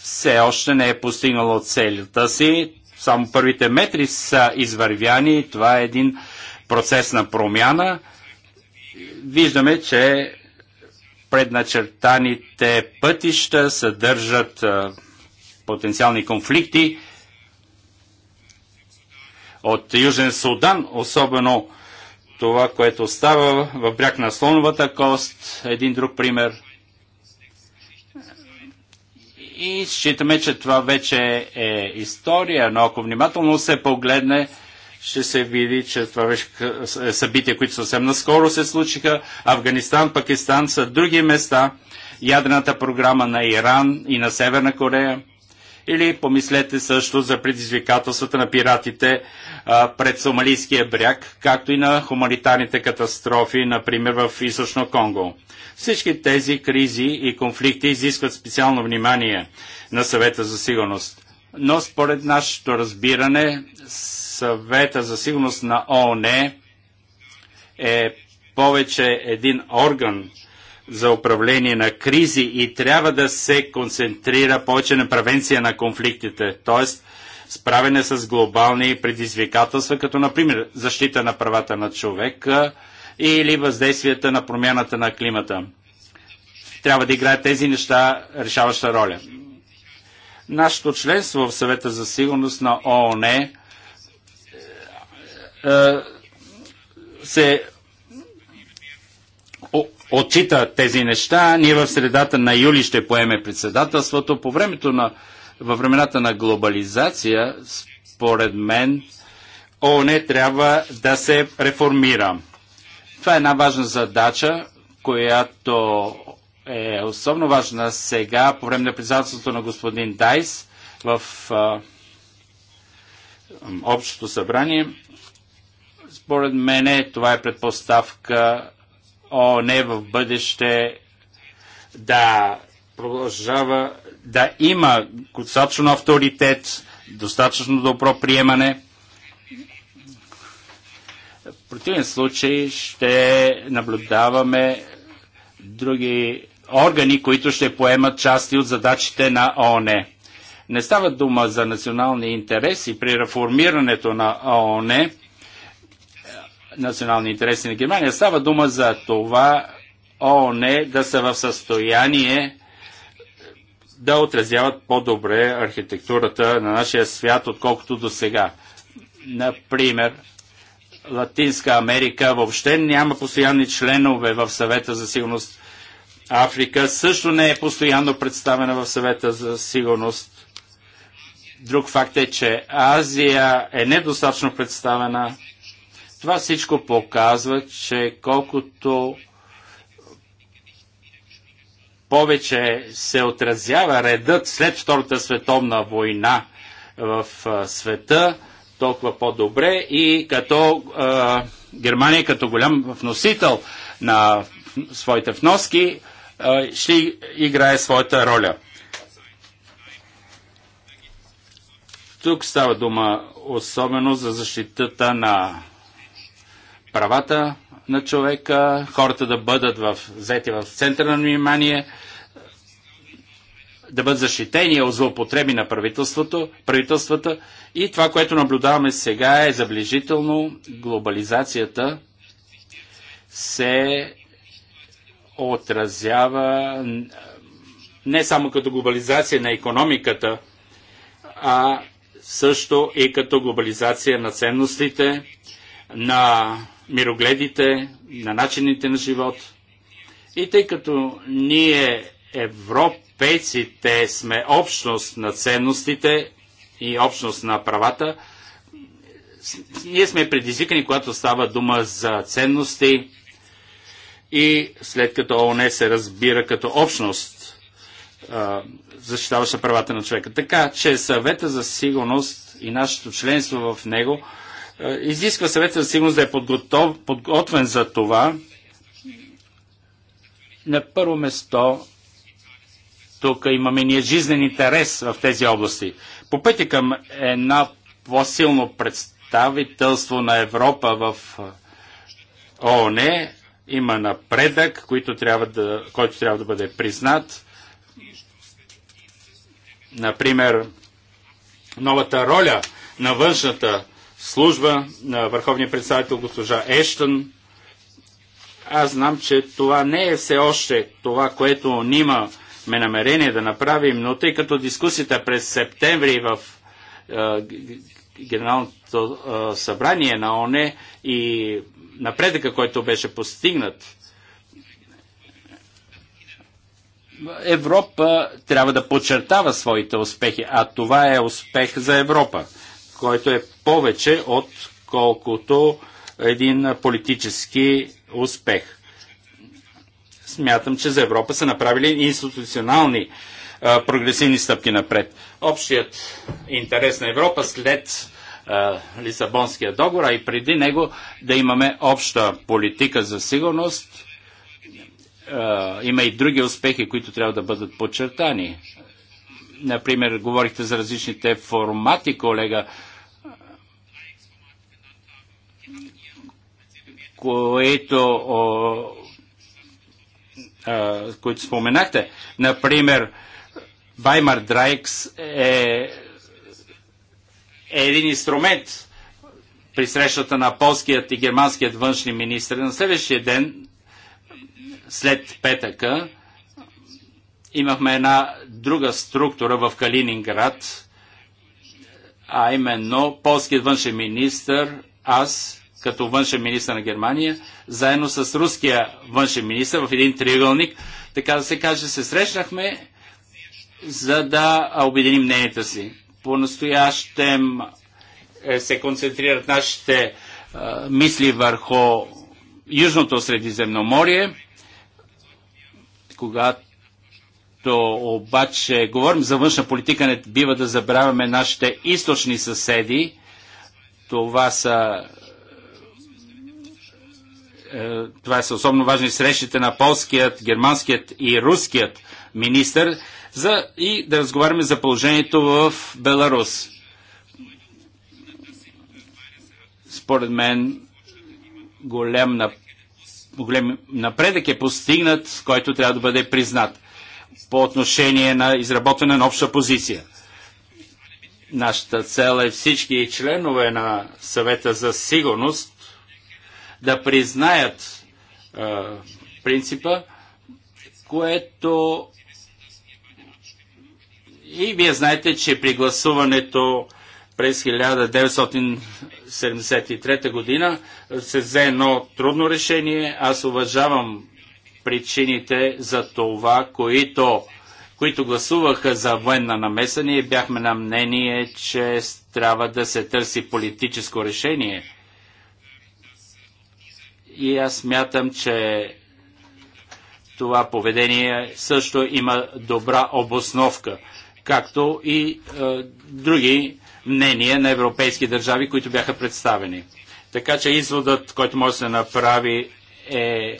все още не е постигнало целта си. Само първите метри са извървяни. Това е един процес на промяна. Виждаме, че предначертаните пътища съдържат потенциални конфликти от Южен Судан, особено това, което става в бряг на Слоновата кост, един друг пример. И считаме, че това вече е история, но ако внимателно се погледне, ще се види, че това беше е, събития, които съвсем наскоро се случиха. Афганистан, Пакистан са други места. Ядрената програма на Иран и на Северна Корея. Или помислете също за предизвикателствата на пиратите а, пред Сомалийския бряг, както и на хуманитарните катастрофи, например в Източно Конго. Всички тези кризи и конфликти изискват специално внимание на съвета за сигурност. Но според нашето разбиране, съвета за сигурност на ООН е повече един орган, за управление на кризи и трябва да се концентрира повече на превенция на конфликтите, т.е. справяне с глобални предизвикателства, като например защита на правата на човека или въздействията на промяната на климата. Трябва да играят тези неща решаваща роля. Нашето членство в съвета за сигурност на ООН е, е, е се отчита тези неща. Ние в средата на юли ще поеме председателството. По времето на, във времената на глобализация, според мен, ООН трябва да се реформира. Това е една важна задача, която е особено важна сега, по време на председателството на господин Дайс в а, Общото събрание. Според мен това е предпоставка ООН в бъдеще да продължава да има достатъчно авторитет, достатъчно добро приемане. В противен случай ще наблюдаваме други органи, които ще поемат части от задачите на ООН. Не става дума за национални интереси при реформирането на ООН национални интереси на Германия. Става дума за това ООН да са в състояние да отразяват по-добре архитектурата на нашия свят, отколкото до сега. Например, Латинска Америка въобще няма постоянни членове в съвета за сигурност. Африка също не е постоянно представена в съвета за сигурност. Друг факт е, че Азия е недостатъчно представена. Това всичко показва, че колкото повече се отразява редът след Втората световна война в света, толкова по-добре и като е, Германия като голям вносител на своите вноски е, ще играе своята роля. Тук става дума особено за защитата на правата на човека, хората да бъдат в, взети в центъра на внимание, да бъдат защитени от злоупотреби на правителството, правителствата. И това, което наблюдаваме сега е заближително. Глобализацията се отразява не само като глобализация на економиката, а също и като глобализация на ценностите, на мирогледите, на начините на живот. И тъй като ние, европейците, сме общност на ценностите и общност на правата, ние сме предизвикани, когато става дума за ценности и след като ООН се разбира като общност, защитаваща правата на човека. Така че съвета за сигурност и нашето членство в него – е, изисква съвет за сигурност да е подготов, подготвен за това. На първо место, тук имаме ние жизнен интерес в тези области. По пътя към една по-силно представителство на Европа в е, ООН има напредък, който трябва да, който трябва да бъде признат. Например, новата роля на външната служба на върховния председател госпожа Ештън. Аз знам, че това не е все още това, което нима ме намерение да направим, но тъй като дискусията през септември в е, Генералното е, събрание на ОНЕ и напредъка, който беше постигнат, Европа трябва да подчертава своите успехи, а това е успех за Европа който е повече от колкото един политически успех. Смятам, че за Европа са направили институционални а, прогресивни стъпки напред. Общият интерес на Европа след а, Лисабонския договор, а и преди него да имаме обща политика за сигурност. А, има и други успехи, които трябва да бъдат подчертани. Например, говорихте за различните формати, колега което, а, което споменахте. Например, Баймар Драйкс е, е един инструмент при срещата на полският и германският външни министр. На следващия ден, след петъка, имахме една друга структура в Калининград, а именно полският външен министр, аз като външен министр на Германия, заедно с руския външен министр в един триъгълник, така да се каже, се срещнахме, за да обединим мненията си. По-настоящем е, се концентрират нашите а, е, мисли върху Южното Средиземноморие, когато обаче говорим за външна политика, не бива да забравяме нашите източни съседи. Това са е, това са особено важни срещите на полският, германският и руският министр, за, и да разговаряме за положението в Беларус. Според мен голям, голям напредък е постигнат, който трябва да бъде признат по отношение на изработване на обща позиция. Нашата цел е всички членове на съвета за сигурност да признаят а, принципа, което и вие знаете, че при гласуването през 1973 година се взе едно трудно решение. Аз уважавам причините за това, които, които гласуваха за военна намеса. Ние бяхме на мнение, че трябва да се търси политическо решение и аз мятам, че това поведение също има добра обосновка, както и е, други мнения на европейски държави, които бяха представени. Така че изводът, който може да се направи е,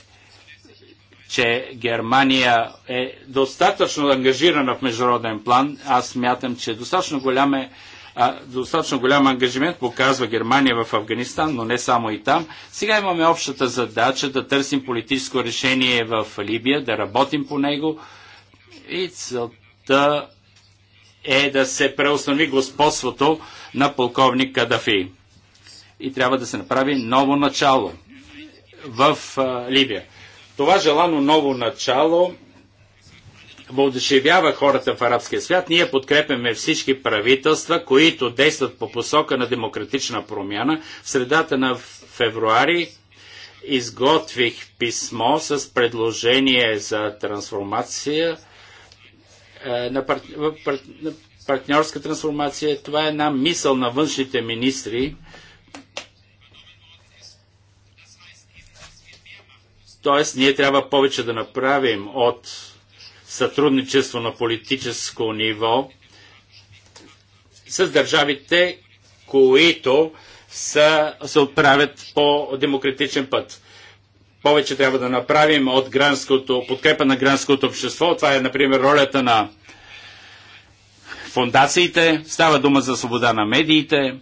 че Германия е достатъчно ангажирана в международен план. Аз мятам, че достатъчно голям е а, достатъчно голям ангажимент показва Германия в Афганистан, но не само и там. Сега имаме общата задача да търсим политическо решение в Либия, да работим по него и целта е да се преустанови господството на полковник Кадафи. И трябва да се направи ново начало в а, Либия. Това желано ново начало въодушевява хората в арабския свят. Ние подкрепяме всички правителства, които действат по посока на демократична промяна. В средата на февруари изготвих писмо с предложение за трансформация е, на, на партньорска трансформация. Това е една мисъл на външните министри. Тоест, ние трябва повече да направим от сътрудничество на политическо ниво с държавите, които са, се отправят по демократичен път. Повече трябва да направим от гранското, подкрепа на гранското общество. Това е, например, ролята на фундациите. Става дума за свобода на медиите.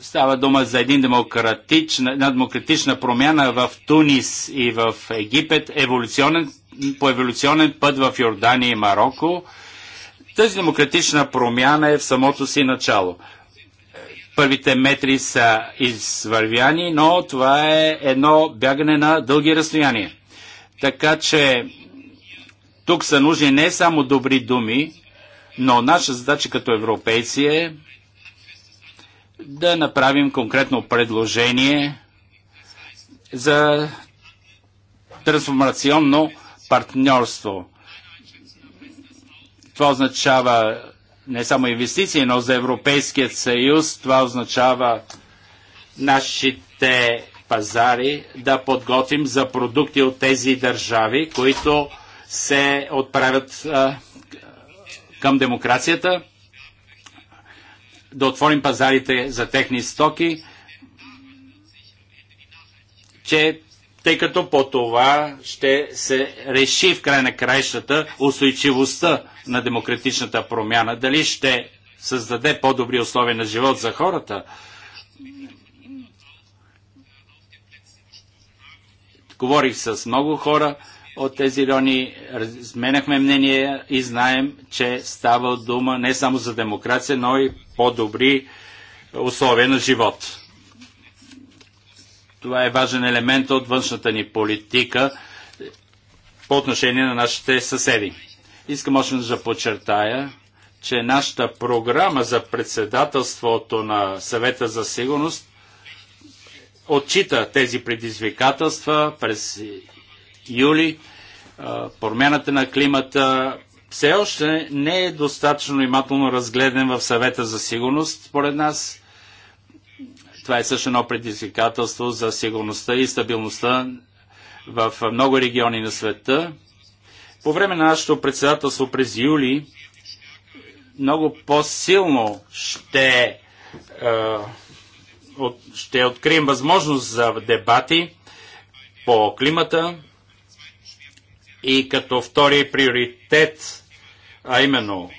Става дума за един демократична, една демократична промяна в Тунис и в Египет. Еволюционен по еволюционен път в Йордания и Марокко, тази демократична промяна е в самото си начало. Първите метри са извървяни, но това е едно бягане на дълги разстояния. Така че тук са нужни не само добри думи, но наша задача като европейци е да направим конкретно предложение за трансформационно партньорство. Това означава не само инвестиции, но за Европейският съюз това означава нашите пазари да подготвим за продукти от тези държави, които се отправят а, към демокрацията, да отворим пазарите за техни стоки, че тъй като по това ще се реши в край на краищата устойчивостта на демократичната промяна. Дали ще създаде по-добри условия на живот за хората, говорих с много хора от тези райони, сменяхме мнение и знаем, че става дума не само за демокрация, но и по-добри условия на живот. Това е важен елемент от външната ни политика по отношение на нашите съседи. Искам още да подчертая, че нашата програма за председателството на съвета за сигурност отчита тези предизвикателства през юли. Промяната на климата все още не е достатъчно внимателно разгледан в съвета за сигурност, според нас. Това е също едно предизвикателство за сигурността и стабилността в много региони на света. По време на нашето председателство през юли много по-силно ще, е, от, ще открием възможност за дебати по климата и като втори приоритет, а именно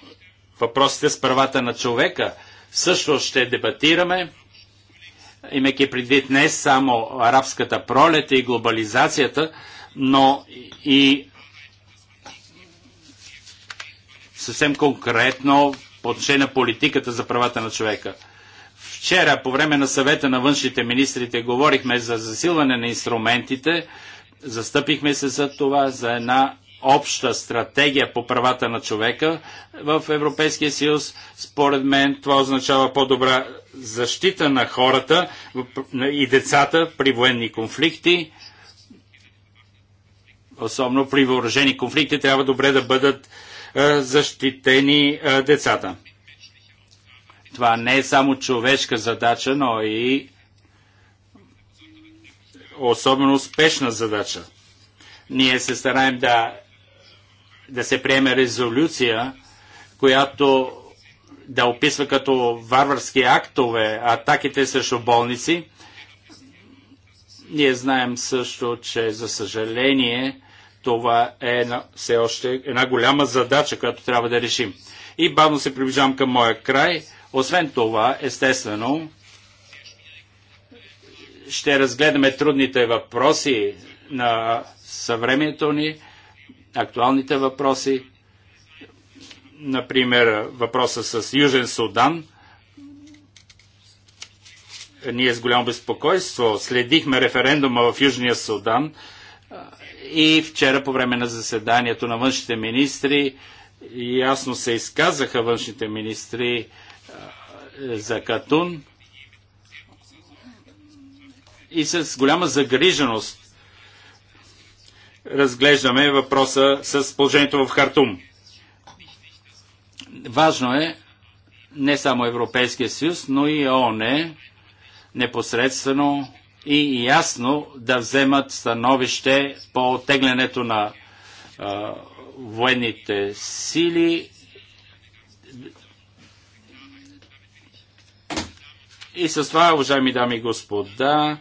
въпросите с правата на човека, също ще дебатираме имайки предвид не само арабската пролет и глобализацията, но и съвсем конкретно по отношение на политиката за правата на човека. Вчера по време на съвета на външните министрите говорихме за засилване на инструментите, застъпихме се за това, за една обща стратегия по правата на човека в Европейския съюз. Според мен това означава по-добра защита на хората и децата при военни конфликти, особено при въоръжени конфликти, трябва добре да бъдат е, защитени е, децата. Това не е само човешка задача, но и особено успешна задача. Ние се стараем да, да се приеме резолюция, която да описва като варварски актове атаките срещу болници. Ние знаем също, че за съжаление това е една, все още една голяма задача, която трябва да решим. И бавно се приближавам към моя край. Освен това, естествено, ще разгледаме трудните въпроси на съвременето ни, актуалните въпроси, Например, въпроса с Южен Судан. Ние с голямо безпокойство следихме референдума в Южния Судан и вчера по време на заседанието на външните министри ясно се изказаха външните министри за Катун и с голяма загриженост разглеждаме въпроса с положението в Хартум. Важно е не само Европейския съюз, но и ООН е непосредствено и ясно да вземат становище по оттеглянето на а, военните сили И с това, уважаеми дами и господа,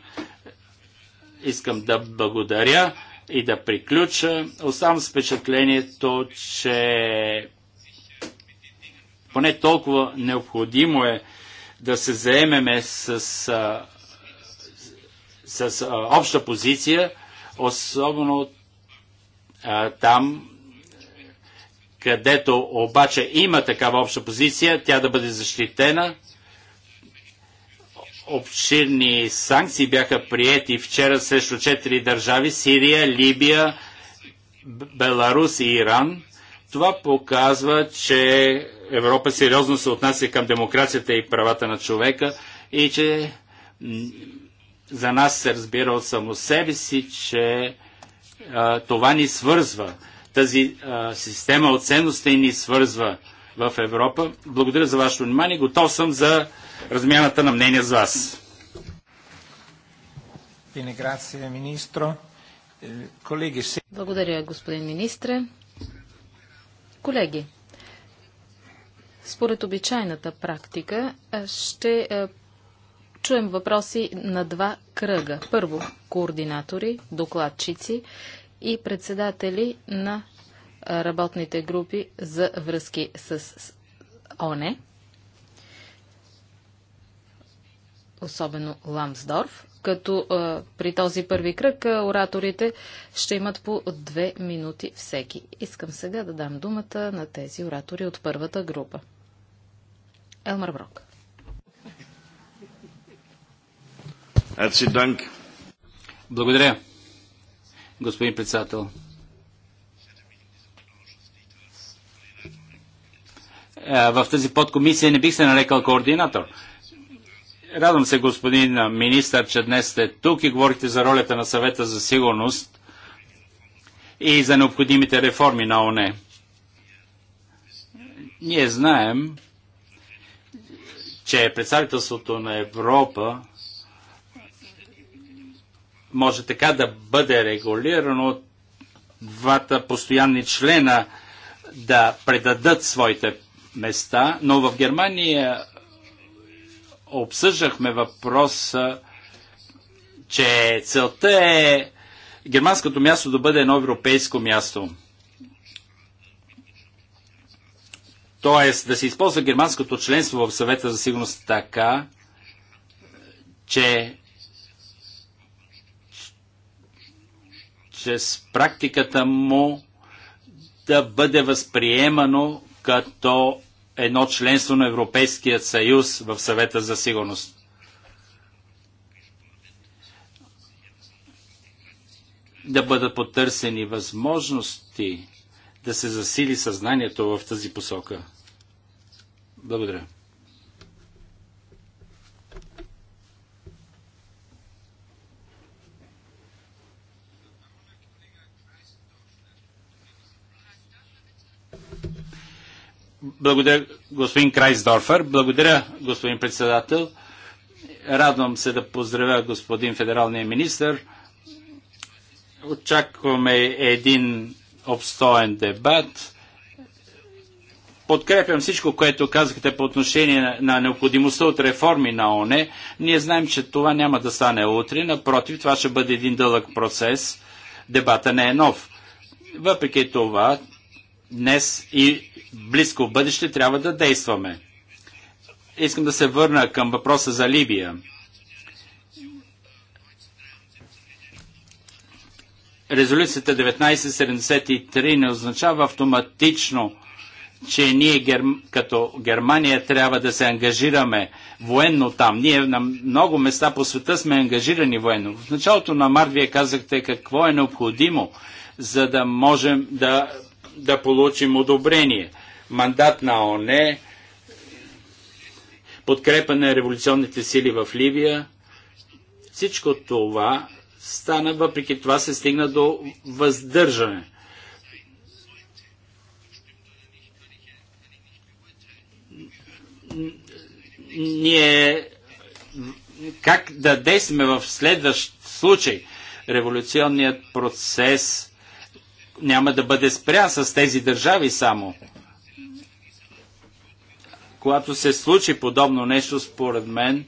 искам да благодаря и да приключа. Оставам с впечатлението, че поне толкова необходимо е да се заемеме с, с, с обща позиция, особено а, там, където обаче има такава обща позиция, тя да бъде защитена. Обширни санкции бяха приети вчера срещу четири държави Сирия, Либия, Беларус и Иран това показва, че Европа сериозно се отнася към демокрацията и правата на човека и че за нас се разбира от само себе си, че а, това ни свързва. Тази а, система от ценности ни свързва в Европа. Благодаря за вашето внимание. Готов съм за размяната на мнения с вас. Благодаря, господин министре. Колеги, според обичайната практика ще чуем въпроси на два кръга. Първо, координатори, докладчици и председатели на работните групи за връзки с ОНЕ, особено Ламсдорф като а, при този първи кръг а, ораторите ще имат по две минути всеки. Искам сега да дам думата на тези оратори от първата група. Елмар Брок. Благодаря, господин председател. Е, в тази подкомисия не бих се нарекал координатор – Радвам се, господин министър, че днес сте тук и говорите за ролята на съвета за сигурност и за необходимите реформи на ОНЕ. Ние знаем, че представителството на Европа може така да бъде регулирано двата постоянни члена да предадат своите места, но в Германия обсъждахме въпроса, че целта е германското място да бъде едно европейско място. Тоест да се използва германското членство в съвета за сигурност така, че чрез практиката му да бъде възприемано като едно членство на Европейския съюз в съвета за сигурност. Да бъдат потърсени възможности да се засили съзнанието в тази посока. Благодаря. Благодаря, господин Крайсдорфер. Благодаря, господин председател. Радвам се да поздравя господин федералния министр. Очакваме един обстоен дебат. Подкрепям всичко, което казахте по отношение на, на необходимостта от реформи на ОНЕ. Ние знаем, че това няма да стане утре. Напротив, това ще бъде един дълъг процес. Дебата не е нов. Въпреки това, днес и близко бъдеще трябва да действаме. Искам да се върна към въпроса за Либия. Резолюцията 1973 не означава автоматично, че ние като Германия трябва да се ангажираме военно там. Ние на много места по света сме ангажирани военно. В началото на март вие казахте какво е необходимо, за да можем да да получим одобрение. Мандат на ОНЕ, подкрепа на революционните сили в Ливия. Всичко това стана, въпреки това се стигна до въздържане. Ние как да действаме в следващ случай? Революционният процес няма да бъде спря с тези държави само. Когато се случи подобно нещо, според мен,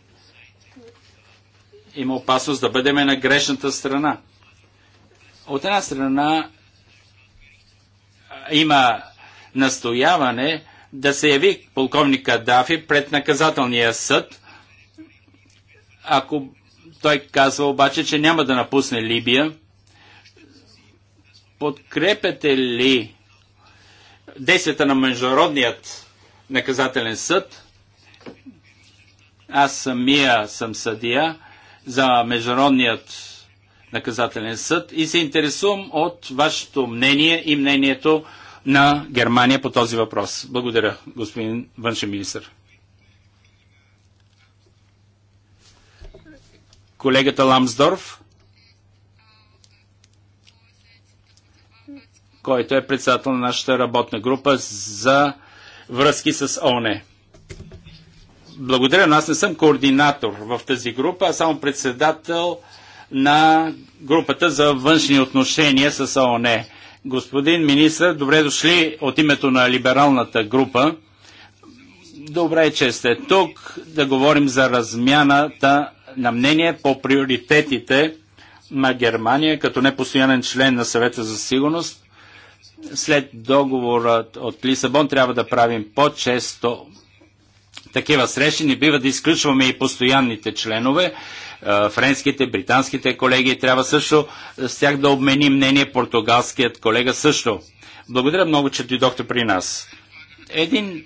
има опасност да бъдеме на грешната страна. От една страна има настояване да се яви полковник Кадафи пред наказателния съд, ако той казва обаче, че няма да напусне Либия, подкрепяте ли действията на Международният наказателен съд? Аз самия съм съдия за Международният наказателен съд и се интересувам от вашето мнение и мнението на Германия по този въпрос. Благодаря, господин външен министр. Колегата Ламсдорф. който е председател на нашата работна група за връзки с ОНЕ. Благодаря, но аз не съм координатор в тази група, а само председател на групата за външни отношения с ООН. Господин министр, добре дошли от името на либералната група. Добре, е, че сте тук да говорим за размяната на мнение по приоритетите на Германия като непостоянен член на съвета за сигурност след договорът от Лисабон трябва да правим по-често такива срещи. Не бива да изключваме и постоянните членове. Е, френските, британските колеги трябва също с тях да обмени мнение. Португалският колега също. Благодаря много, че дойдохте при нас. Един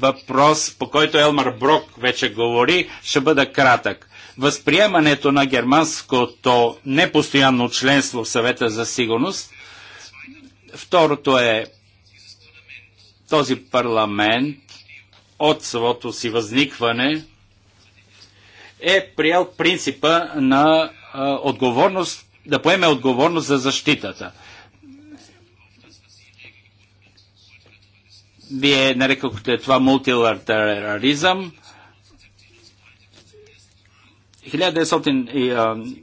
въпрос, по който Елмар Брок вече говори, ще бъда кратък. Възприемането на германското непостоянно членство в съвета за сигурност – Второто е този парламент от своето си възникване е приел принципа на отговорност, да поеме отговорност за защитата. Вие нарекохте това мултилатерализъм. 1900,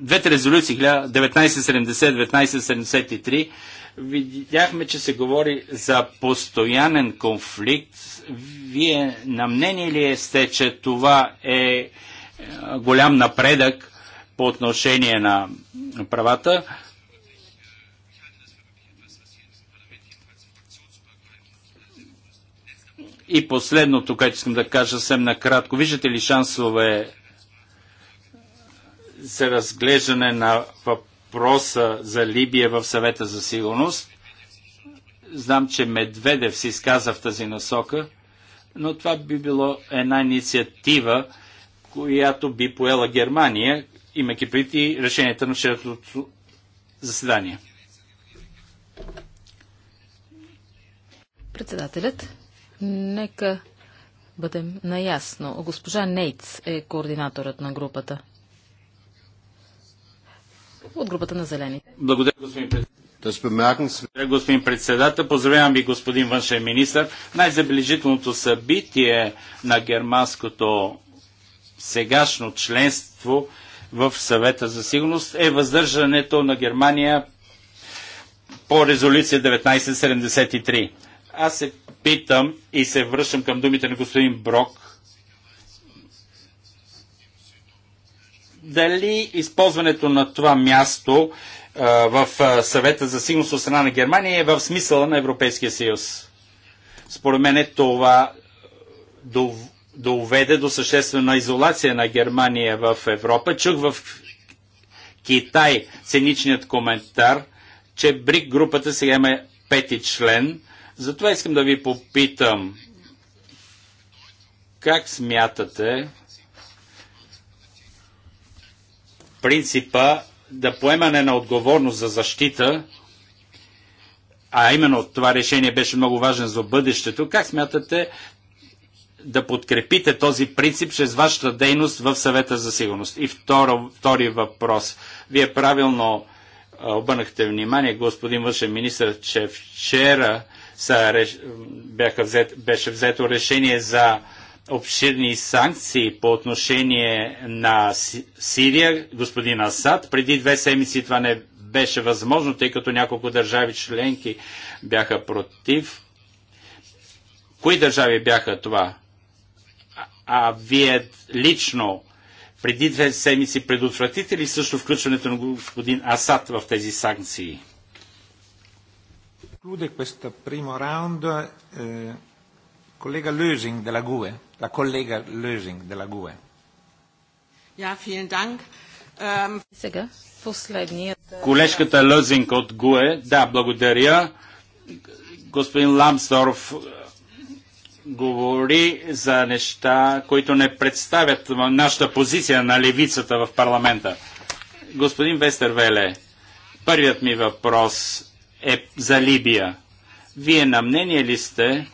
двете резолюции 1970-1973 Видяхме, че се говори за постоянен конфликт. Вие на мнение ли сте, че това е, е голям напредък по отношение на правата? И последното, което искам да кажа съвсем накратко. Виждате ли шансове за разглеждане на въпроса въпроса за Либия в съвета за сигурност. Знам, че Медведев се изказа в тази насока, но това би било една инициатива, която би поела Германия, имайки преди решението на вчерашното заседание. Председателят, нека бъдем наясно. Госпожа Нейц е координаторът на групата от групата на зелените. Благодаря, господин председател. Господин председател, поздравявам ви, господин външен министр. Най-забележителното събитие на германското сегашно членство в съвета за сигурност е въздържането на Германия по резолюция 1973. Аз се питам и се връщам към думите на господин Брок дали използването на това място в съвета за сигурност от страна на Германия е в смисъла на Европейския съюз. Според мен е това доведе до съществена изолация на Германия в Европа. Чух в Китай ценичният коментар, че БРИК групата сега има пети член. Затова искам да ви попитам как смятате принципа да поемане на отговорност за защита, а именно това решение беше много важно за бъдещето, как смятате да подкрепите този принцип чрез вашата дейност в съвета за сигурност? И второ, втори въпрос. Вие правилно обърнахте внимание, господин външен министр, че вчера са, беше взето решение за обширни санкции по отношение на Сирия, господин Асад. Преди две седмици това не беше възможно, тъй като няколко държави членки бяха против. Кои държави бяха това? А, а вие лично преди две седмици предотвратите ли също включването на господин Асад в тези санкции? Conclude questa primo Kollege Lösing de e. la GUE. La Kollega Lösing de la GUE. Ja, vielen Dank. Ähm, Сега последният... Е, Колежката Лозинг от ГУЕ. Да, благодаря. Господин Ламсдорф е, говори за неща, които не представят нашата позиция на левицата в парламента. Господин Вестервеле, първият ми въпрос е за Либия. Вие на мнение ли сте,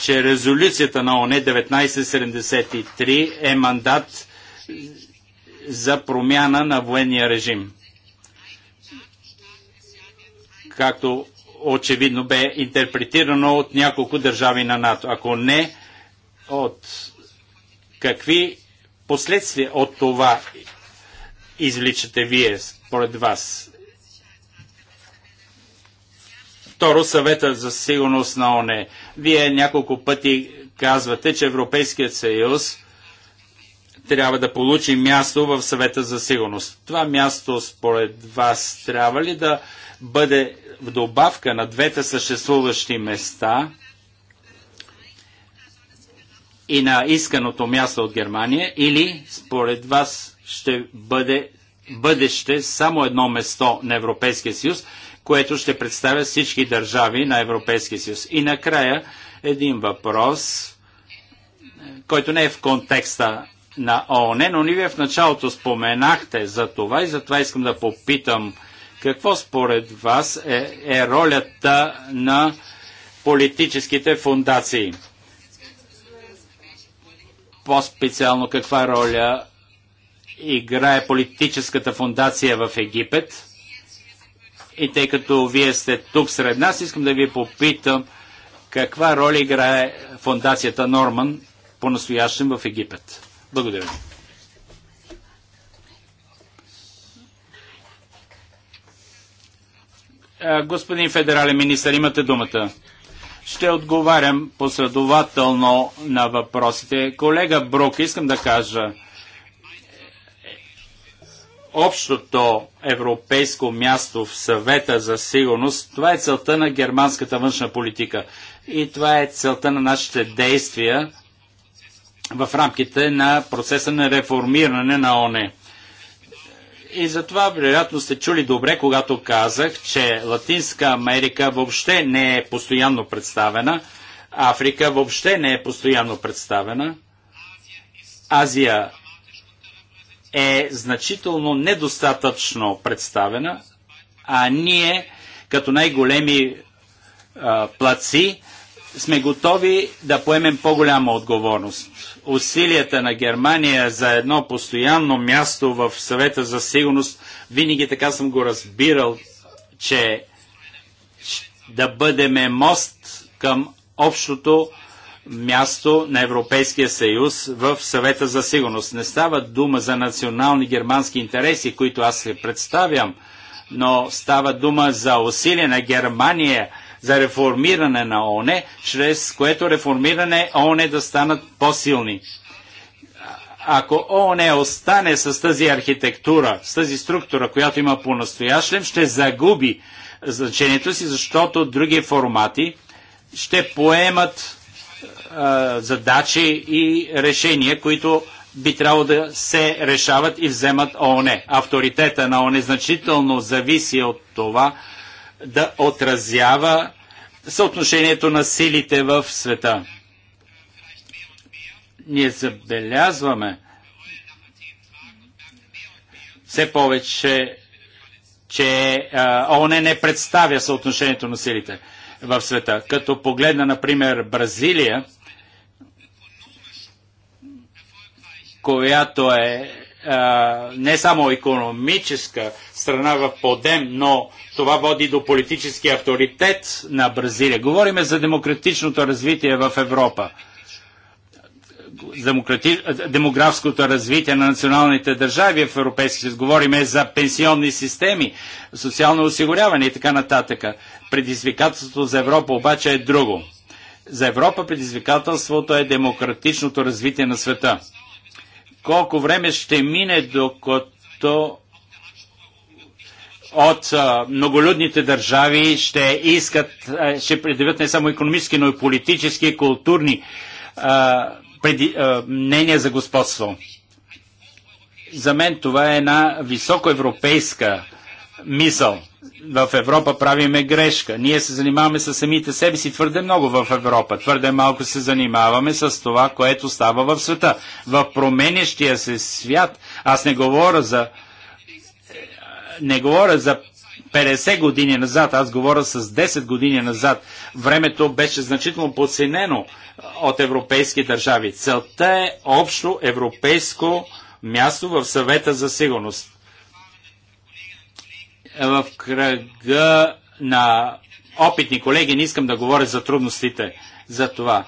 че резолюцията на ОНЕ 1973 е мандат за промяна на военния режим. Както очевидно бе интерпретирано от няколко държави на НАТО. Ако не, от какви последствия от това извличате вие, според вас? Второ, съвета за сигурност на ОНЕ. Вие няколко пъти казвате, че Европейският съюз трябва да получи място в съвета за сигурност. Това място според вас трябва ли да бъде в добавка на двете съществуващи места и на исканото място от Германия или според вас ще бъде бъдеще само едно место на Европейския съюз което ще представя всички държави на Европейския съюз. И накрая един въпрос, който не е в контекста на ООН, но ние в началото споменахте за това и затова искам да попитам какво според вас е, е ролята на политическите фундации? По-специално каква роля играе политическата фундация в Египет? И тъй като вие сте тук сред нас, искам да ви попитам каква роля играе фундацията Норман по настоящен в Египет. Благодаря ви. Господин федерален министр, имате думата. Ще отговарям последователно на въпросите. Колега Брук, искам да кажа, общото европейско място в съвета за сигурност, това е целта на германската външна политика. И това е целта на нашите действия в рамките на процеса на реформиране на ОНЕ. И затова, вероятно, сте чули добре, когато казах, че Латинска Америка въобще не е постоянно представена, Африка въобще не е постоянно представена, Азия е значително недостатъчно представена, а ние като най-големи плаци сме готови да поемем по-голяма отговорност. Усилията на Германия за едно постоянно място в съвета за сигурност, винаги така съм го разбирал, че да бъдеме мост към общото място на Европейския съюз в съвета за сигурност. Не става дума за национални германски интереси, които аз се представям, но става дума за усилие на Германия за реформиране на ОНЕ, чрез което реформиране ОНЕ да станат по-силни. Ако ОНЕ остане с тази архитектура, с тази структура, която има по-настоящем, ще загуби значението си, защото други формати ще поемат а, задачи и решения, които би трябвало да се решават и вземат ООН. Авторитета на ООН е значително зависи от това да отразява съотношението на силите в света. Ние забелязваме все повече, че ООН не представя съотношението на силите в света. Като погледна, например, Бразилия, която е а, не само економическа страна в подем, но това води до политически авторитет на Бразилия. Говориме за демократичното развитие в Европа. Демократи... демографското развитие на националните държави в Европейски съюз. Говориме за пенсионни системи, социално осигуряване и така нататък. Предизвикателството за Европа обаче е друго. За Европа предизвикателството е демократичното развитие на света колко време ще мине докато от многолюдните държави ще искат, ще предявят не само економически, но и политически и културни мнения за господство. За мен това е една високоевропейска мисъл. В Европа правиме грешка. Ние се занимаваме с самите себе си твърде много в Европа. Твърде малко се занимаваме с това, което става в света. В променящия се свят, аз не говоря за не говоря за 50 години назад, аз говоря с 10 години назад, времето беше значително подценено от европейски държави. Целта е общо европейско място в съвета за сигурност в кръга на опитни колеги, не искам да говоря за трудностите за това.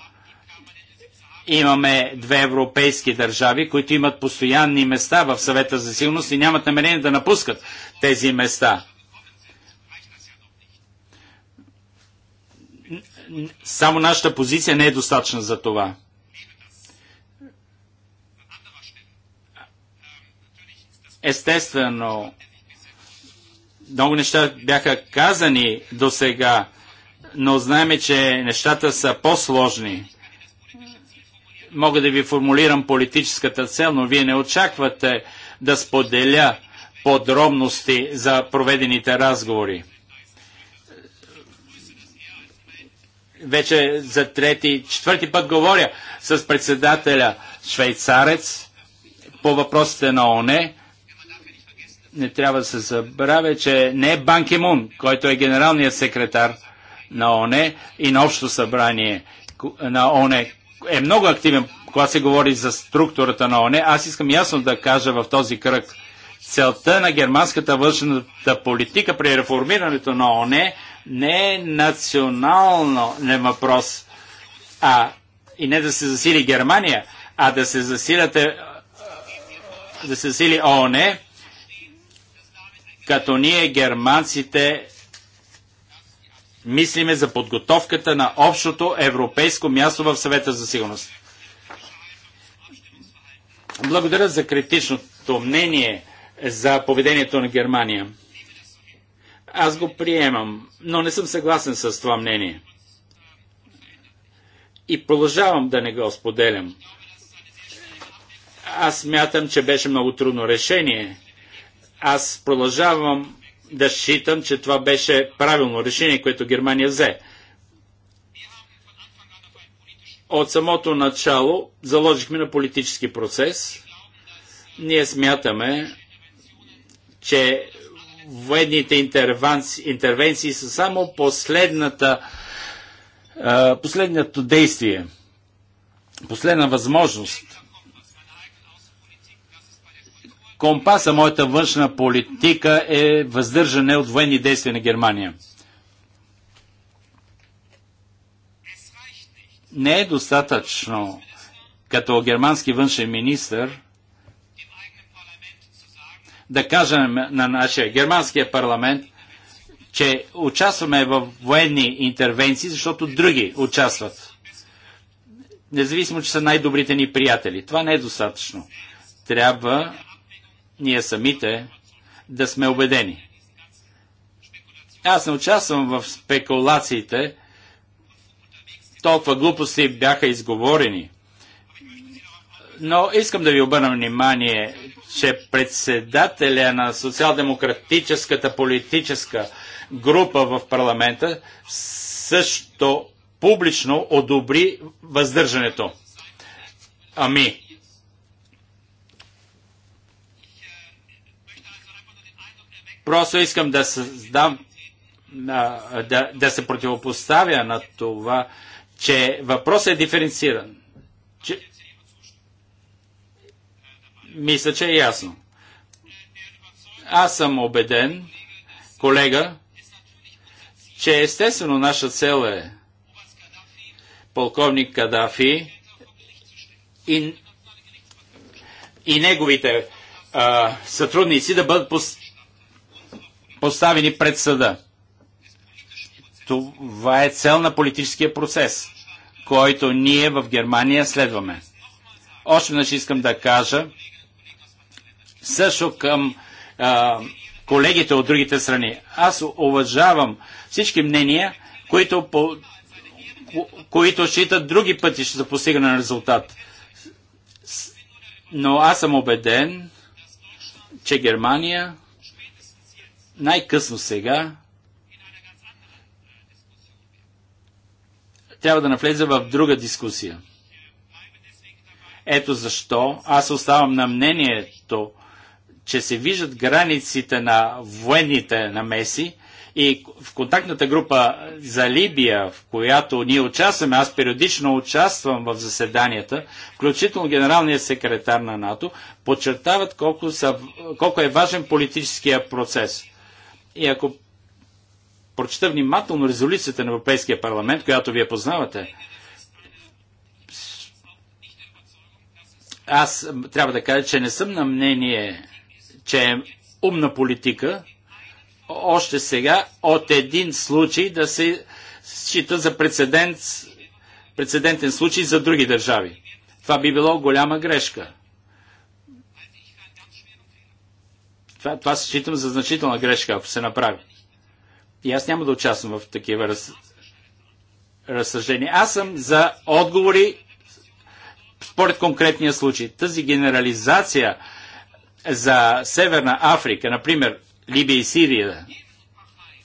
Имаме две европейски държави, които имат постоянни места в съвета за сигурност и нямат намерение да напускат тези места. Само нашата позиция не е достатъчна за това. Естествено, много неща бяха казани до сега, но знаеме, че нещата са по-сложни. Мога да ви формулирам политическата цел, но вие не очаквате да споделя подробности за проведените разговори. Вече за трети, четвърти път говоря с председателя швейцарец по въпросите на ОНЕ не трябва да се забравя, че не е Бан Мун, който е генералният секретар на ОНЕ и на Общо събрание на ОНЕ, е много активен, когато се говори за структурата на ОНЕ. Аз искам ясно да кажа в този кръг. Целта на германската външната политика при реформирането на ОНЕ не е национално не е въпрос, а и не да се засили Германия, а да се засилят е, е, да се засили ООН като ние германците мислиме за подготовката на общото европейско място в съвета за сигурност. Благодаря за критичното мнение за поведението на Германия. Аз го приемам, но не съм съгласен с това мнение. И продължавам да не го споделям. Аз мятам, че беше много трудно решение – аз продължавам да считам, че това беше правилно решение, което Германия взе. От самото начало заложихме на политически процес. Ние смятаме, че военните интервенции са само последната, последното действие, последна възможност компаса моята външна политика е въздържане от военни действия на Германия. Не е достатъчно като германски външен министр да кажем на нашия германския парламент, че участваме в военни интервенции, защото други участват. Независимо, че са най-добрите ни приятели. Това не е достатъчно. Трябва ние самите да сме убедени. Аз не участвам в спекулациите. Толкова глупости бяха изговорени. Но искам да ви обърна внимание, че председателя на социал-демократическата политическа група в парламента също публично одобри въздържането. Ами, Просто искам да създам, да, да се противопоставя на това, че въпросът е диференциран. Че... Мисля, че е ясно. Аз съм убеден, колега, че естествено наша цел е полковник Кадафи и, и неговите а, сътрудници да бъдат поставени пред съда. Това е цел на политическия процес, който ние в Германия следваме. Още веднъж искам да кажа също към а, колегите от другите страни. Аз уважавам всички мнения, които, по, които считат други пъти за постигане на резултат. Но аз съм убеден, че Германия най-късно сега трябва да навлезе в друга дискусия. Ето защо аз оставам на мнението, че се виждат границите на военните намеси и в контактната група за Либия, в която ние участваме, аз периодично участвам в заседанията, включително генералния секретар на НАТО, подчертават колко, са, колко е важен политическия процес. И ако прочета внимателно резолюцията на Европейския парламент, която вие познавате, аз трябва да кажа, че не съм на мнение, че е умна политика още сега от един случай да се счита за прецедент, прецедентен случай за други държави. Това би било голяма грешка. Това, това се считам за значителна грешка, ако се направи. И аз няма да участвам в такива раз... разсъждения. Аз съм за отговори според конкретния случай. Тази генерализация за Северна Африка, например Либия и Сирия,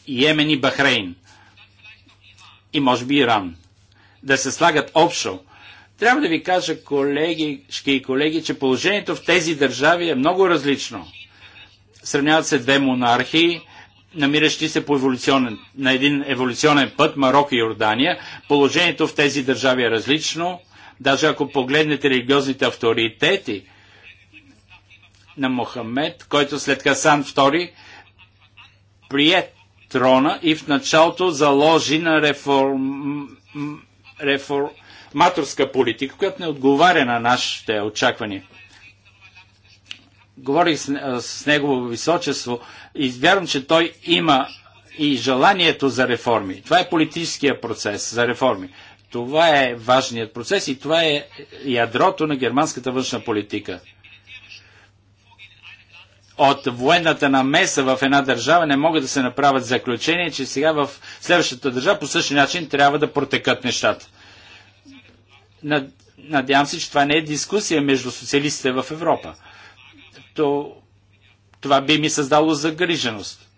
Йемен и Бахрейн и може би Иран, да се слагат общо. Трябва да ви кажа, колеги и колеги, че положението в тези държави е много различно. Сравняват се две монархии, намиращи се по еволюционен, на един еволюционен път, Марокко и Йордания. Положението в тези държави е различно. Даже ако погледнете религиозните авторитети на Мохамед, който след Хасан II прие трона и в началото заложи на реформ... реформаторска политика, която не отговаря на нашите очаквания говорих с, с негово височество и вярвам, че той има и желанието за реформи. Това е политическия процес за реформи. Това е важният процес и това е ядрото на германската външна политика. От военната намеса в една държава не могат да се направят заключения, че сега в следващата държава по същия начин трябва да протекат нещата. Надявам се, че това не е дискусия между социалистите в Европа то това би ми създало загриженост.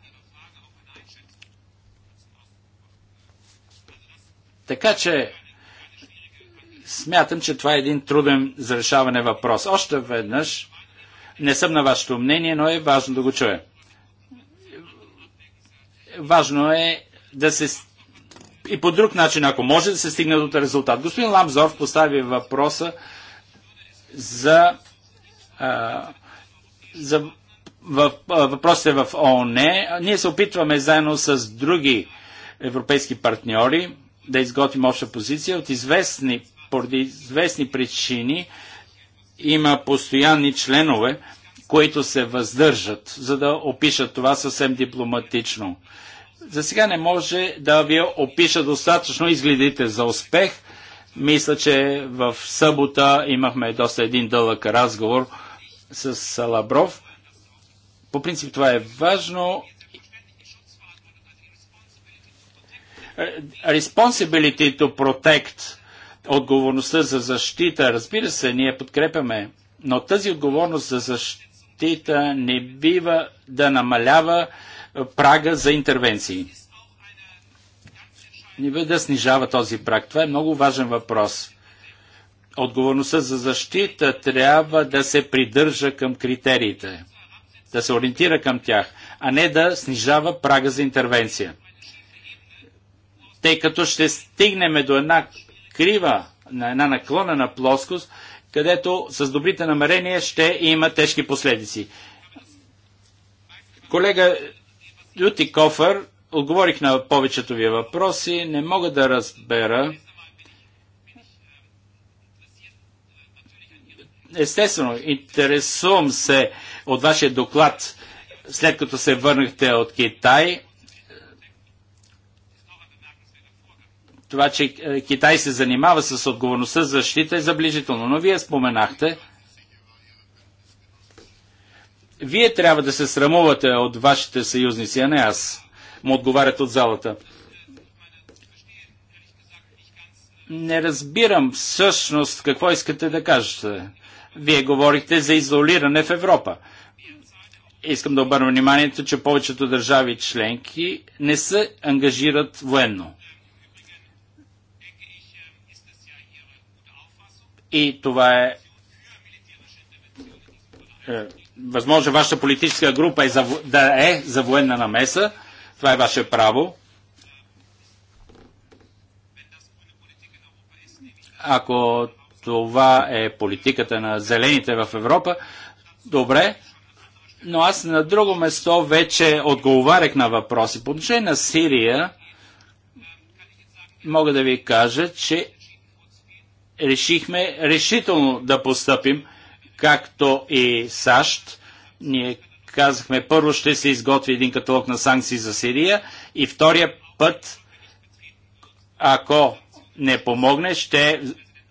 Така че смятам, че това е един труден за решаване въпрос. Още веднъж не съм на вашето мнение, но е важно да го чуя. Важно е да се и по друг начин, ако може да се стигне до резултат. Господин Ламзов, постави въпроса за а, за въпросите в ООН. Ние се опитваме заедно с други европейски партньори да изготвим обща позиция. От известни, поради известни причини има постоянни членове, които се въздържат, за да опишат това съвсем дипломатично. За сега не може да ви опиша достатъчно изгледите за успех. Мисля, че в събота имахме доста един дълъг разговор – с Лавров. По принцип това е важно. Responsibility to protect, отговорността за защита, разбира се, ние подкрепяме, но тази отговорност за защита не бива да намалява прага за интервенции. Не бива да снижава този праг. Това е много важен въпрос отговорността за защита трябва да се придържа към критериите, да се ориентира към тях, а не да снижава прага за интервенция. Тъй като ще стигнем до една крива, на една наклонена плоскост, където с добрите намерения ще има тежки последици. Колега Юти Кофър, отговорих на повечето ви въпроси. Не мога да разбера Естествено, интересувам се от вашия доклад, след като се върнахте от Китай. Това, че е, Китай се занимава с отговорността за защита е заближително. Но вие споменахте, вие трябва да се срамувате от вашите съюзници, а не аз. Му отговарят от залата. Не разбирам всъщност какво искате да кажете. Вие говорихте за изолиране в Европа. Искам да обърна вниманието, че повечето държави членки не се ангажират военно. И това е, е възможно вашата политическа група е за, да е за военна намеса. Това е ваше право. Ако това е политиката на зелените в Европа, добре, но аз на друго место вече отговарях на въпроси. По отношение на Сирия, мога да ви кажа, че решихме решително да постъпим, както и САЩ. Ние казахме, първо ще се изготви един каталог на санкции за Сирия и втория път, ако не помогне, ще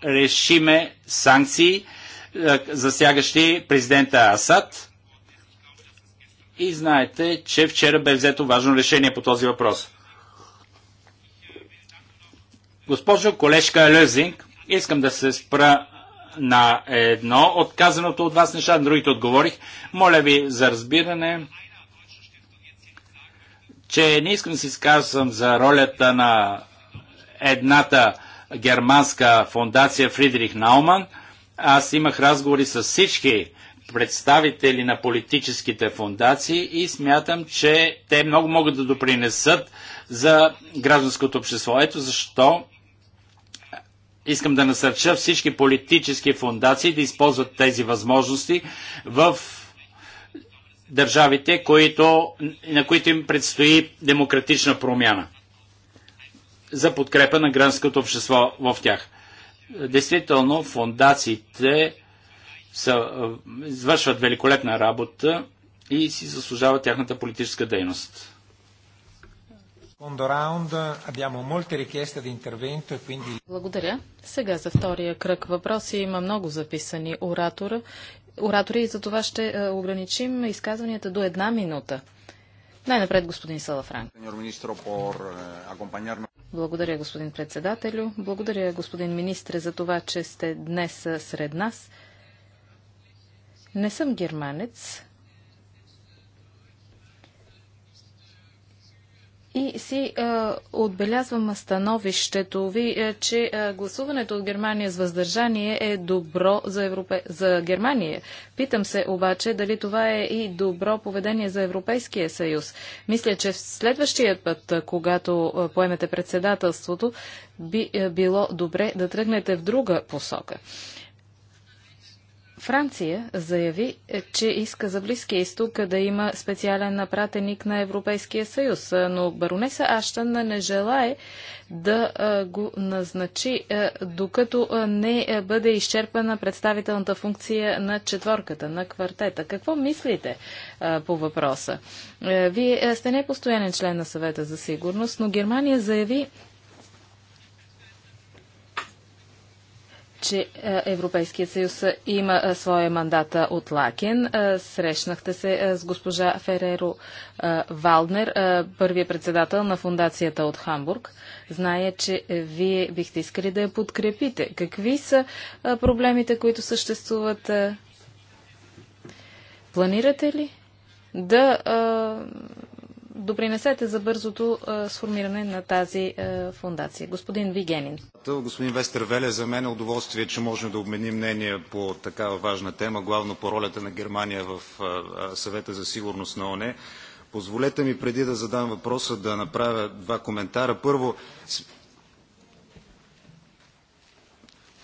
решиме санкции, е, засягащи президента Асад. И знаете, че вчера бе взето важно решение по този въпрос. Госпожо колежка Лезинг, искам да се спра на едно от казаното от вас неща, на другите отговорих. Моля ви за разбиране, че не искам да се изказвам за ролята на едната германска фондация Фридрих Науман. Аз имах разговори с всички представители на политическите фундации и смятам, че те много могат да допринесат за гражданското общество. Ето защо искам да насърча всички политически фундации да използват тези възможности в държавите, които, на които им предстои демократична промяна за подкрепа на гражданското общество в тях. Действително, фундациите са, е, извършват великолепна работа и си заслужава тяхната политическа дейност. E Благодаря. Сега за втория кръг въпроси има много записани оратора, оратори и за това ще е, ограничим изказванията до една минута. Най-напред господин Салафранк. Eh, Благодаря, господин председателю. Благодаря, господин министре, за това, че сте днес сред нас. Не съм германец, И си е, отбелязвам становището ви, е, че е, гласуването от Германия с въздържание е добро за, Европе... за Германия. Питам се обаче дали това е и добро поведение за Европейския съюз. Мисля, че в следващия път, когато поемете председателството, би е, било добре да тръгнете в друга посока. Франция заяви, е, че иска за Близкия изток да има специален напратеник на Европейския съюз, е, но баронеса Аштън не желае да е, го назначи, докато не бъде изчерпана представителната функция на четворката, на квартета. Какво мислите по въпроса? Вие сте не постоянен член на съвета за сигурност, но Германия заяви, че е, Европейският съюз има е, своя мандат е, от Лакен. Срещнахте се с госпожа Фереро Валнер, първия председател на фундацията от Хамбург. Зная, че вие бихте искали да я подкрепите. Какви са проблемите, които съществуват? Планирате ли да допринесете за бързото а, сформиране на тази а, фундация. Господин Вигенин. Господин Веле, за мен е удоволствие, че можем да обменим мнение по такава важна тема, главно по ролята на Германия в а, съвета за сигурност на ОНЕ. Позволете ми преди да задам въпроса да направя два коментара. Първо,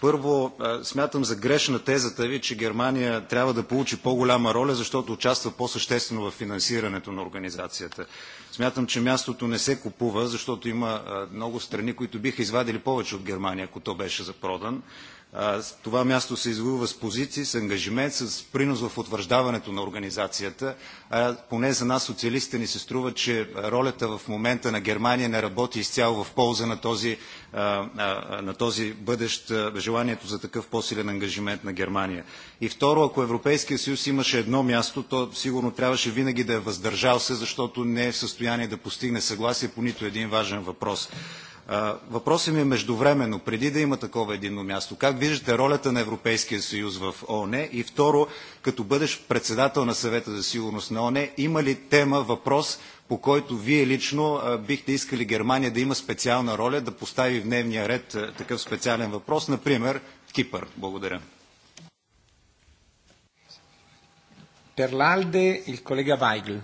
Първо, смятам за грешна тезата ви, че Германия трябва да получи по-голяма роля, защото участва по-съществено в финансирането на организацията. Смятам, че мястото не се купува, защото има много страни, които биха извадили повече от Германия, ако то беше запродан. Това място се извоюва с позиции, с ангажимент, с принос в утвърждаването на организацията. Поне за нас, социалистите, ни се струва, че ролята в момента на Германия не работи изцяло в полза на този, на този бъдещ, желанието за такъв по-силен ангажимент на Германия. И второ, ако Европейския съюз имаше едно място, то сигурно трябваше винаги да е въздържал се, защото не е в състояние да постигне съгласие по нито един важен въпрос. Въпросът ми е междувременно, преди да има такова единно място, как виждате ролята на Европейския съюз в ООН? И второ, като бъдеш председател на съвета за сигурност на ООН, има ли тема, въпрос, по който вие лично бихте искали Германия да има специална роля, да постави в дневния ред такъв специален въпрос, например Кипър? Благодаря. Перлалде и колега Вайгл.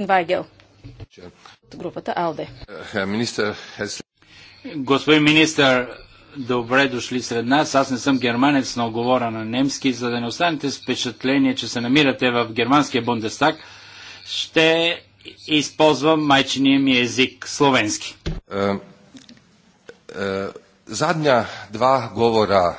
Weigl. групата Алде. Министър, Господин министър, добре дошли сред нас. Аз не съм германец, но говоря на немски. За да не останете с впечатление, че се намирате в германския Бундестаг, ще използвам майчиния ми език словенски. Е, е, задня два говора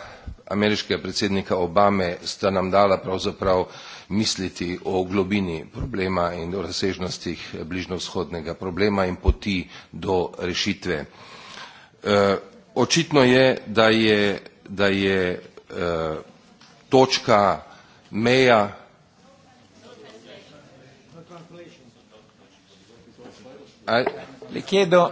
dva govora Обаме predsednika нам дала nam мислити о глобини проблема и problema разсежностих ближновсходнега проблема и поти до решитве. Uh, očitno je da je, da je točka meja Le chiedo,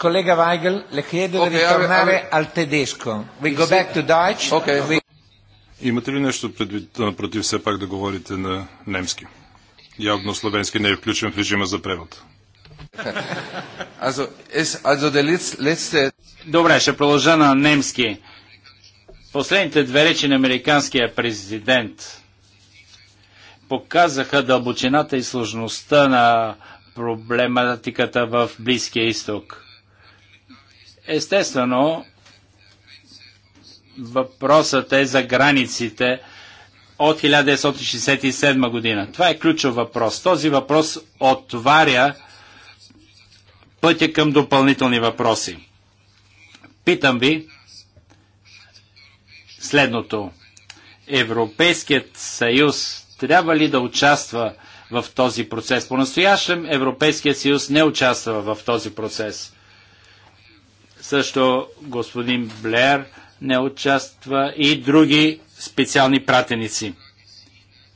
collega Weigel, le chiedo okay, di tornare I, I... al tedesco. We go back to Deutsch. Okay. We... Имате ли нещо предвид, против все пак да говорите на немски? Явно словенски не е включен в режима за превод. Also, es, also der letzte Добре, ще продължа на немски. Последните две речи на американския президент показаха дълбочината и сложността на проблематиката в Близкия изток. Естествено, въпросът е за границите от 1967 година. Това е ключов въпрос. Този въпрос отваря пътя към допълнителни въпроси. Питам ви следното. Европейският съюз трябва ли да участва в този процес? По-настоящем Европейският съюз не участва в този процес. Също господин Блер не участва и други специални пратеници.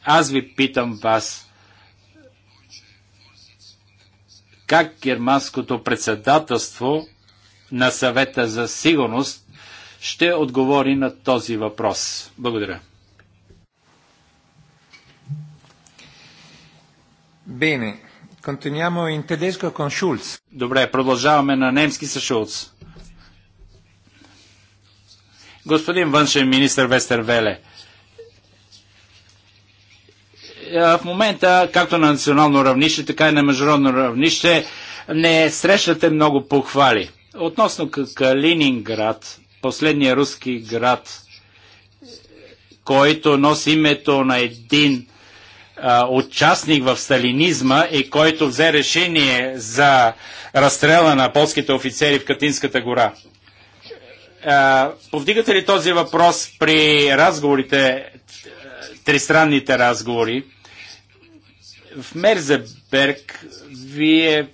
Аз ви питам вас, как германското председателство на съвета за сигурност ще отговори на този въпрос. Благодаря. Bene, continuiamo in tedesco con Schulz. Добре, продължаваме на немски с Шулц. Господин външен министр Вестер Веле, в момента, както на национално равнище, така и на международно равнище, не срещате много похвали. Относно Калининград, последния руски град, който носи името на един а, участник в сталинизма и който взе решение за разстрела на полските офицери в Катинската гора. А, повдигате ли този въпрос при разговорите, е, тристранните разговори? В Мерзеберг вие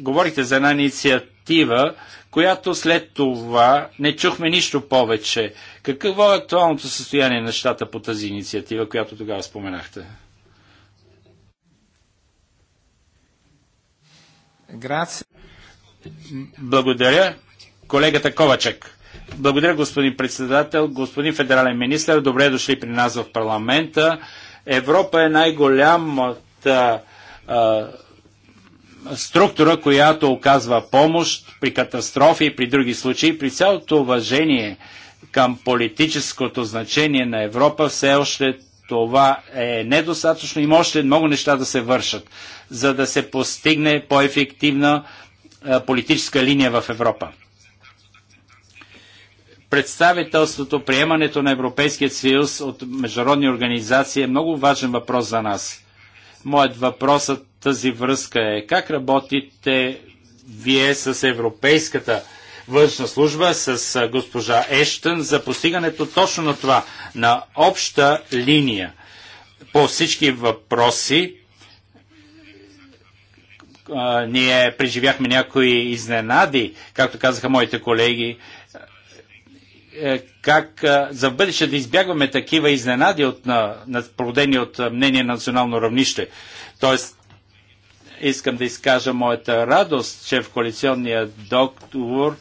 Говорите за една инициатива, която след това не чухме нищо повече. Какво е актуалното състояние на нещата по тази инициатива, която тогава споменахте? Благодаря. Колегата Ковачек. Благодаря, господин председател, господин федерален министр. Добре дошли при нас в парламента. Европа е най-голямата структура, която оказва помощ при катастрофи и при други случаи. При цялото уважение към политическото значение на Европа все още това е недостатъчно. Има още много неща да се вършат, за да се постигне по-ефективна политическа линия в Европа. Представителството, приемането на Европейския съюз от международни организации е много важен въпрос за нас. Моят въпрос от тази връзка е как работите вие с Европейската външна служба, с госпожа Ештън за постигането точно на това, на обща линия по всички въпроси. ние преживяхме някои изненади, както казаха моите колеги, е, как е, за бъдеще да избягваме такива изненади от, на, на, от е, мнение на национално равнище. Тоест, искам да изкажа моята радост, че в коалиционния договор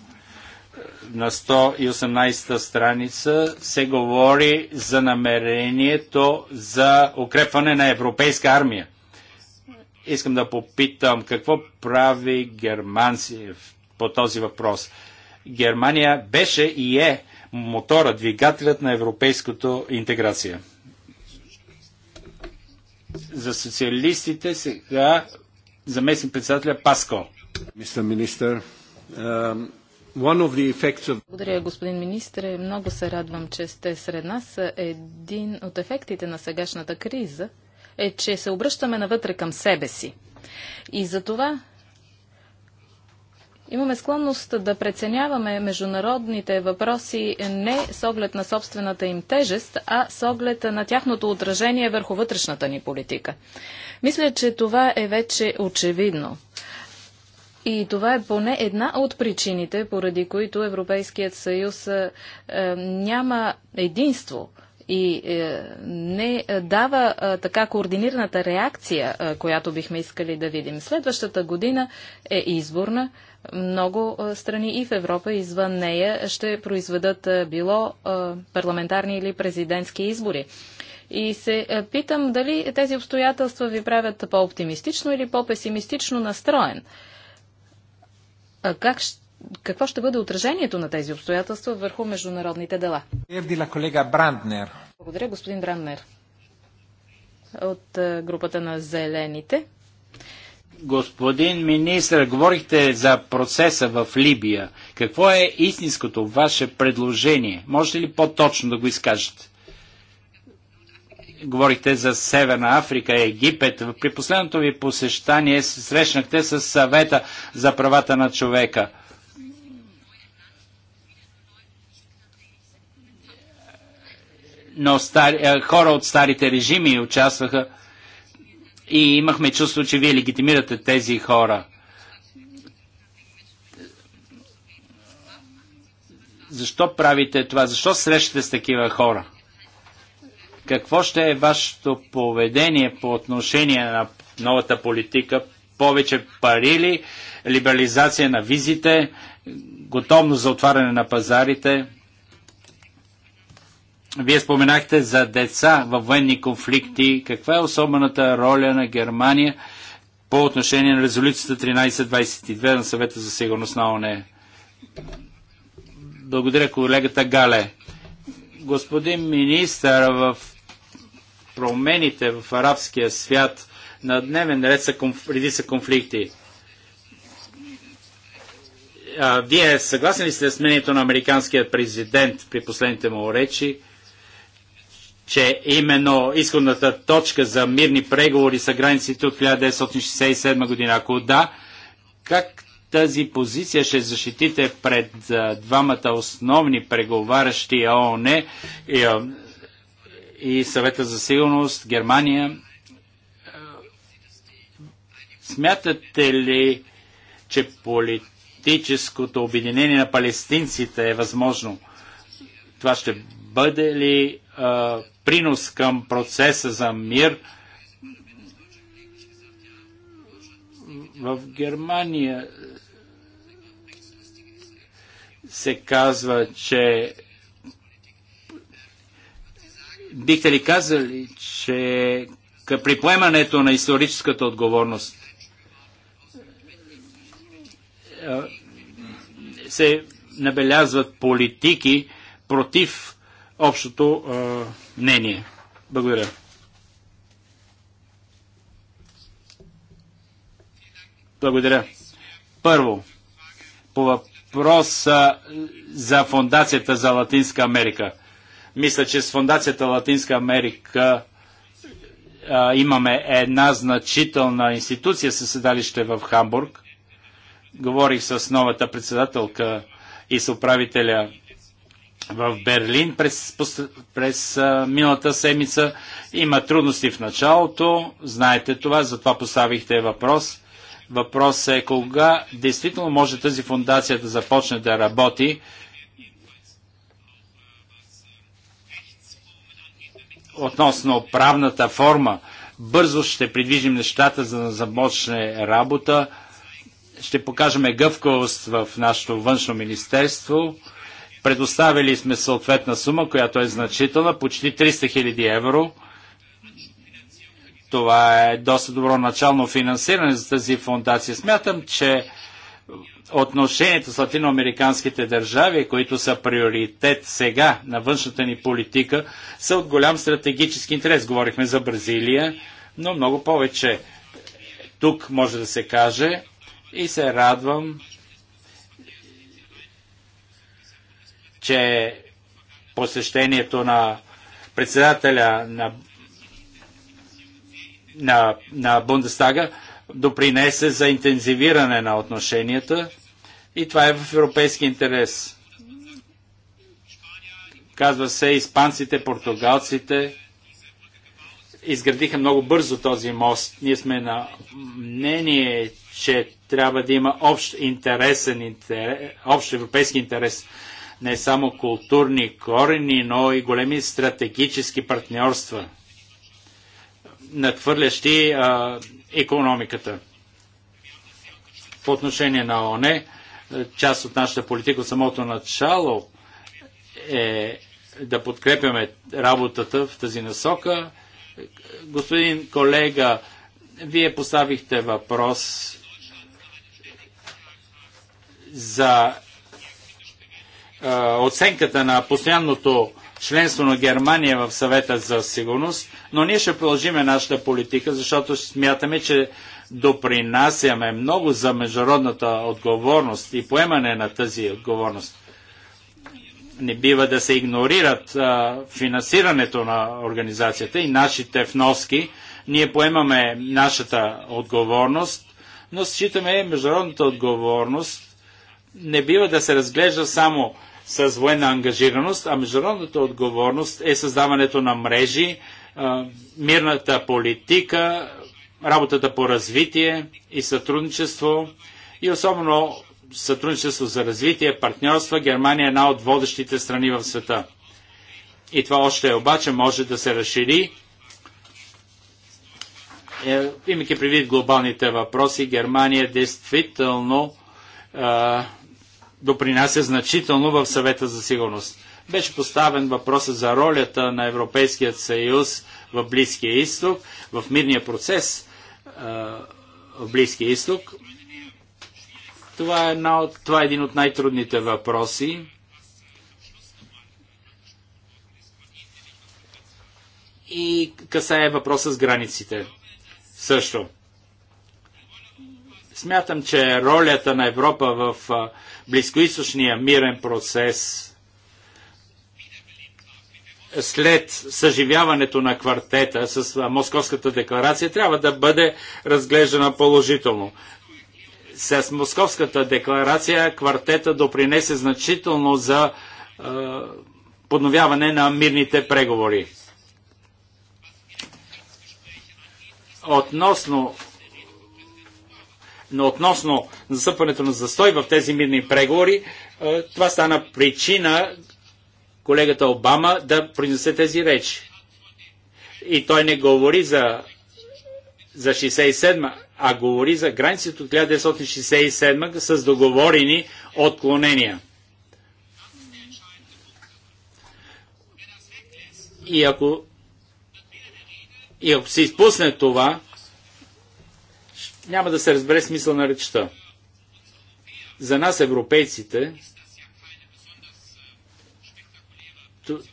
на 118-та страница се говори за намерението за укрепване на европейска армия. Искам да попитам какво прави германци по този въпрос. Германия беше и е мотора, двигателят на европейското интеграция. За социалистите сега заместник председателя Паско. Мистер министър, Благодаря, господин министр. Много се радвам, че сте сред нас. Един от ефектите на сегашната криза е, че се обръщаме навътре към себе си. И за това Имаме склонност да преценяваме международните въпроси не с оглед на собствената им тежест, а с оглед на тяхното отражение върху вътрешната ни политика. Мисля, че това е вече очевидно. И това е поне една от причините, поради които Европейският съюз е, е няма единство и е, не дава е, така координираната реакция, е, която бихме искали да видим. Следващата година е изборна много страни и в Европа, извън нея, ще произведат било парламентарни или президентски избори. И се питам дали тези обстоятелства ви правят по-оптимистично или по-песимистично настроен. Как ще какво ще бъде отражението на тези обстоятелства върху международните дела? Благодаря, господин Бранднер. От групата на Зелените. Господин министр, говорихте за процеса в Либия. Какво е истинското ваше предложение? Можете ли по-точно да го изкажете? Говорихте за Северна Африка, Египет. При последното ви посещание се срещнахте с съвета за правата на човека. Но стари, е, хора от старите режими участваха и имахме чувство, че вие легитимирате тези хора. Защо правите това? Защо срещате с такива хора? Какво ще е вашето поведение по отношение на новата политика? Повече пари ли? Либерализация на визите? Готовност за отваряне на пазарите? Вие споменахте за деца във военни конфликти. Каква е особената роля на Германия по отношение на резолюцията 1322 на съвета за сигурност на ОНЕ? Благодаря колегата Гале. Господин министър, в промените в арабския свят на дневен ред са конф... са конфликти. А, вие съгласни ли сте с мнението на американският президент при последните му речи? че именно изходната точка за мирни преговори са границите от 1967 година? Ако да, как тази позиция ще защитите пред двамата основни преговарящи ООН и, и съвета за сигурност Германия? Смятате ли, че политическото обединение на палестинците е възможно? Това ще бъде ли принос към процеса за мир. В Германия се казва, че бихте ли казали, че при поемането на историческата отговорност се набелязват политики против общото а, мнение. Благодаря. Благодаря. Първо, по въпроса за Фондацията за Латинска Америка. Мисля, че с Фондацията Латинска Америка а, имаме една значителна институция със седалище в Хамбург. Говорих с новата председателка и с управителя в Берлин през, през а, миналата седмица. Има трудности в началото, знаете това, затова поставихте въпрос. Въпрос е кога действително може тази фундация да започне да работи. Относно правната форма, бързо ще придвижим нещата, за да започне работа. Ще покажем гъвкавост в нашето външно министерство Предоставили сме съответна сума, която е значителна, почти 300 000 евро. Това е доста добро начално финансиране за тази фундация. Смятам, че отношението с латиноамериканските държави, които са приоритет сега на външната ни политика, са от голям стратегически интерес. Говорихме за Бразилия, но много повече тук може да се каже и се радвам, че посещението на председателя на, на, на Бундестага допринесе за интензивиране на отношенията и това е в европейски интерес. Казва се, испанците, португалците изградиха много бързо този мост. Ние сме на мнение, че трябва да има общ интересен интерес, общ европейски интерес не само културни корени, но и големи стратегически партньорства, надхвърлящи економиката. По отношение на ОНЕ, част от нашата политика от самото начало е да подкрепяме работата в тази насока. Господин колега, вие поставихте въпрос за е, оценката на постоянното членство на Германия в съвета за сигурност, но ние ще продължиме нашата политика, защото смятаме, че допринасяме много за международната отговорност и поемане на тази отговорност. Не бива да се игнорират а, е, финансирането на организацията и нашите вноски. Ние поемаме нашата отговорност, но считаме международната отговорност не бива да се разглежда само с военна ангажираност, а международната отговорност е създаването на мрежи, мирната политика, работата по развитие и сътрудничество и особено сътрудничество за развитие, партньорства. Германия е една от водещите страни в света. И това още обаче може да се разшири. Е, имайки предвид глобалните въпроси, Германия действително допринася значително в съвета за сигурност. Беше поставен въпросът за ролята на Европейският съюз в Близкия изток, в мирния процес в Близкия изток. Това е, една от, това е един от най-трудните въпроси. И касае въпроса с границите. Също. Смятам, че ролята на Европа в близкоисточния мирен процес след съживяването на квартета с Московската декларация трябва да бъде разглеждана положително. С Московската декларация квартета допринесе значително за е, подновяване на мирните преговори. Относно но относно засъпването на застой в тези мирни преговори, е, това стана причина колегата Обама да произнесе тези речи. И той не говори за, за 67 а говори за границите от 1967 с договорени отклонения. И ако, и ако се изпусне това, няма да се разбере смисъл на речта. За нас, европейците,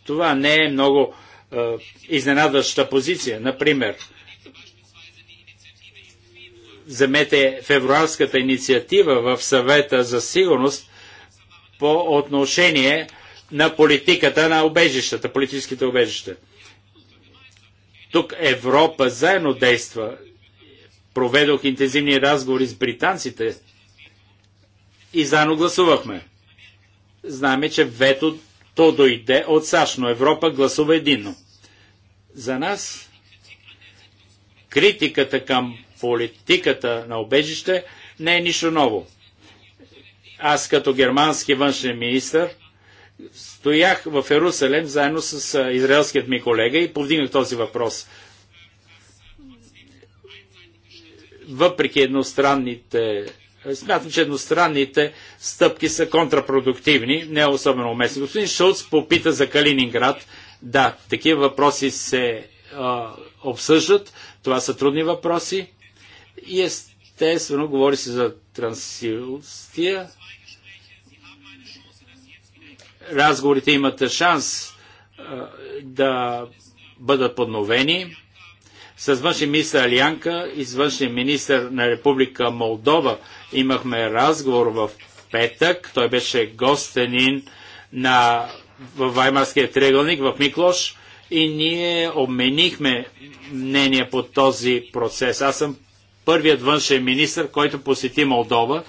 това не е много е, изненадваща позиция. Например, вземете февруарската инициатива в съвета за сигурност по отношение на политиката на обежищата, политическите обежища. Тук Европа заедно действа проведох интензивни разговори с британците и заедно гласувахме. Знаеме, че то дойде от САЩ, но Европа гласува единно. За нас критиката към политиката на обежище не е нищо ново. Аз като германски външен министр стоях в Ерусалем заедно с израелският ми колега и повдигнах този въпрос въпреки едностранните Смятам, че едностранните стъпки са контрапродуктивни, не особено уместни. Господин Шулц попита за Калининград. Да, такива въпроси се а, обсъждат. Това са трудни въпроси. И естествено, говори се за Трансилстия. Разговорите имат шанс а, да бъдат подновени с външен министр Алианка и с външен министр на Република Молдова. Имахме разговор в петък. Той беше гостенин на, в Ваймарския триъгълник в Миклош и ние обменихме мнение по този процес. Аз съм първият външен министр, който посети Молдова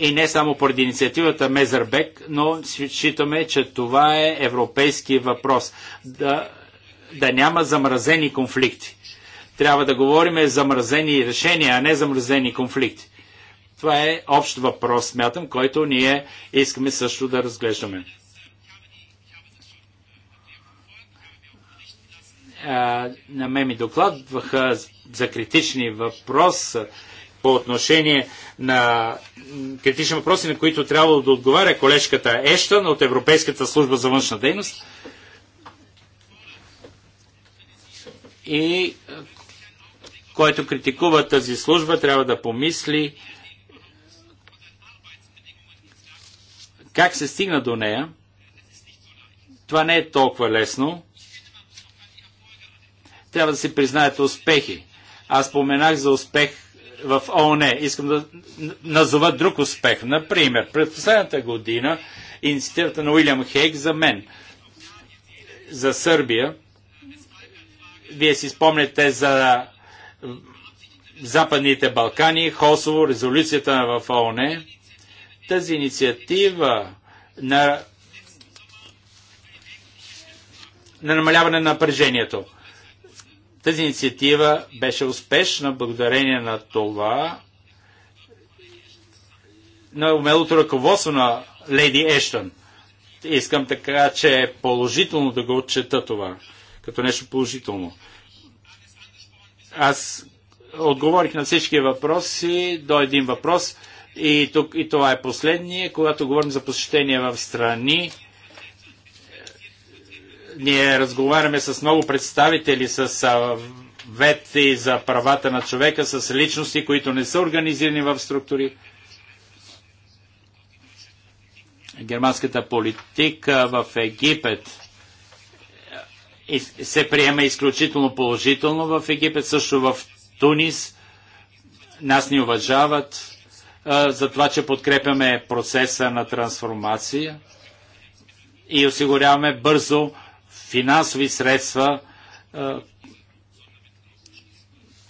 и не само поради инициативата Мезербек, но считаме, че това е европейски въпрос. Да, да няма замразени конфликти. Трябва да говорим замразени решения, а не замразени конфликти. Това е общ въпрос, смятам, който ние искаме също да разглеждаме. на мен ми докладваха за критични въпроси по отношение на критични въпроси, на които трябва да отговаря колежката Ещан от Европейската служба за външна дейност. и е, който критикува тази служба, трябва да помисли как се стигна до нея. Това не е толкова лесно. Трябва да си признаете успехи. Аз споменах за успех в ООН. Искам да назова друг успех. Например, през последната година инициативата на Уилям Хейк за мен, за Сърбия – вие си спомняте за Западните Балкани, Хосово, резолюцията в ООН. Тази инициатива на, на намаляване на напрежението. Тази инициатива беше успешна благодарение на това, на умелото ръководство на Леди Ештън. Искам така, че е положително да го отчета това като нещо положително. Аз отговорих на всички въпроси до един въпрос и, тук, и това е последния. Когато говорим за посещение в страни, ние разговаряме с много представители, с вети за правата на човека, с личности, които не са организирани в структури. Германската политика в Египет се приема изключително положително в Египет, също в Тунис. Нас ни уважават за това, че подкрепяме процеса на трансформация и осигуряваме бързо финансови средства,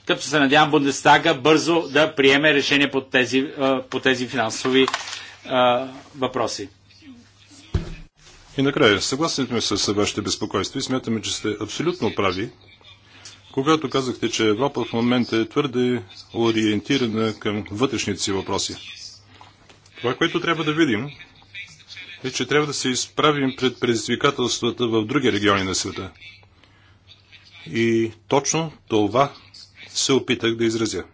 като се надявам Бундестага бързо да приеме решение по тези, по тези финансови въпроси. И накрая, съгласен сме с вашите безпокойства и смятаме, че сте абсолютно прави, когато казахте, че Европа в момента е твърде ориентирана към вътрешните си въпроси. Това, което трябва да видим, е, че трябва да се изправим пред предизвикателствата в други региони на света. И точно това се опитах да изразя.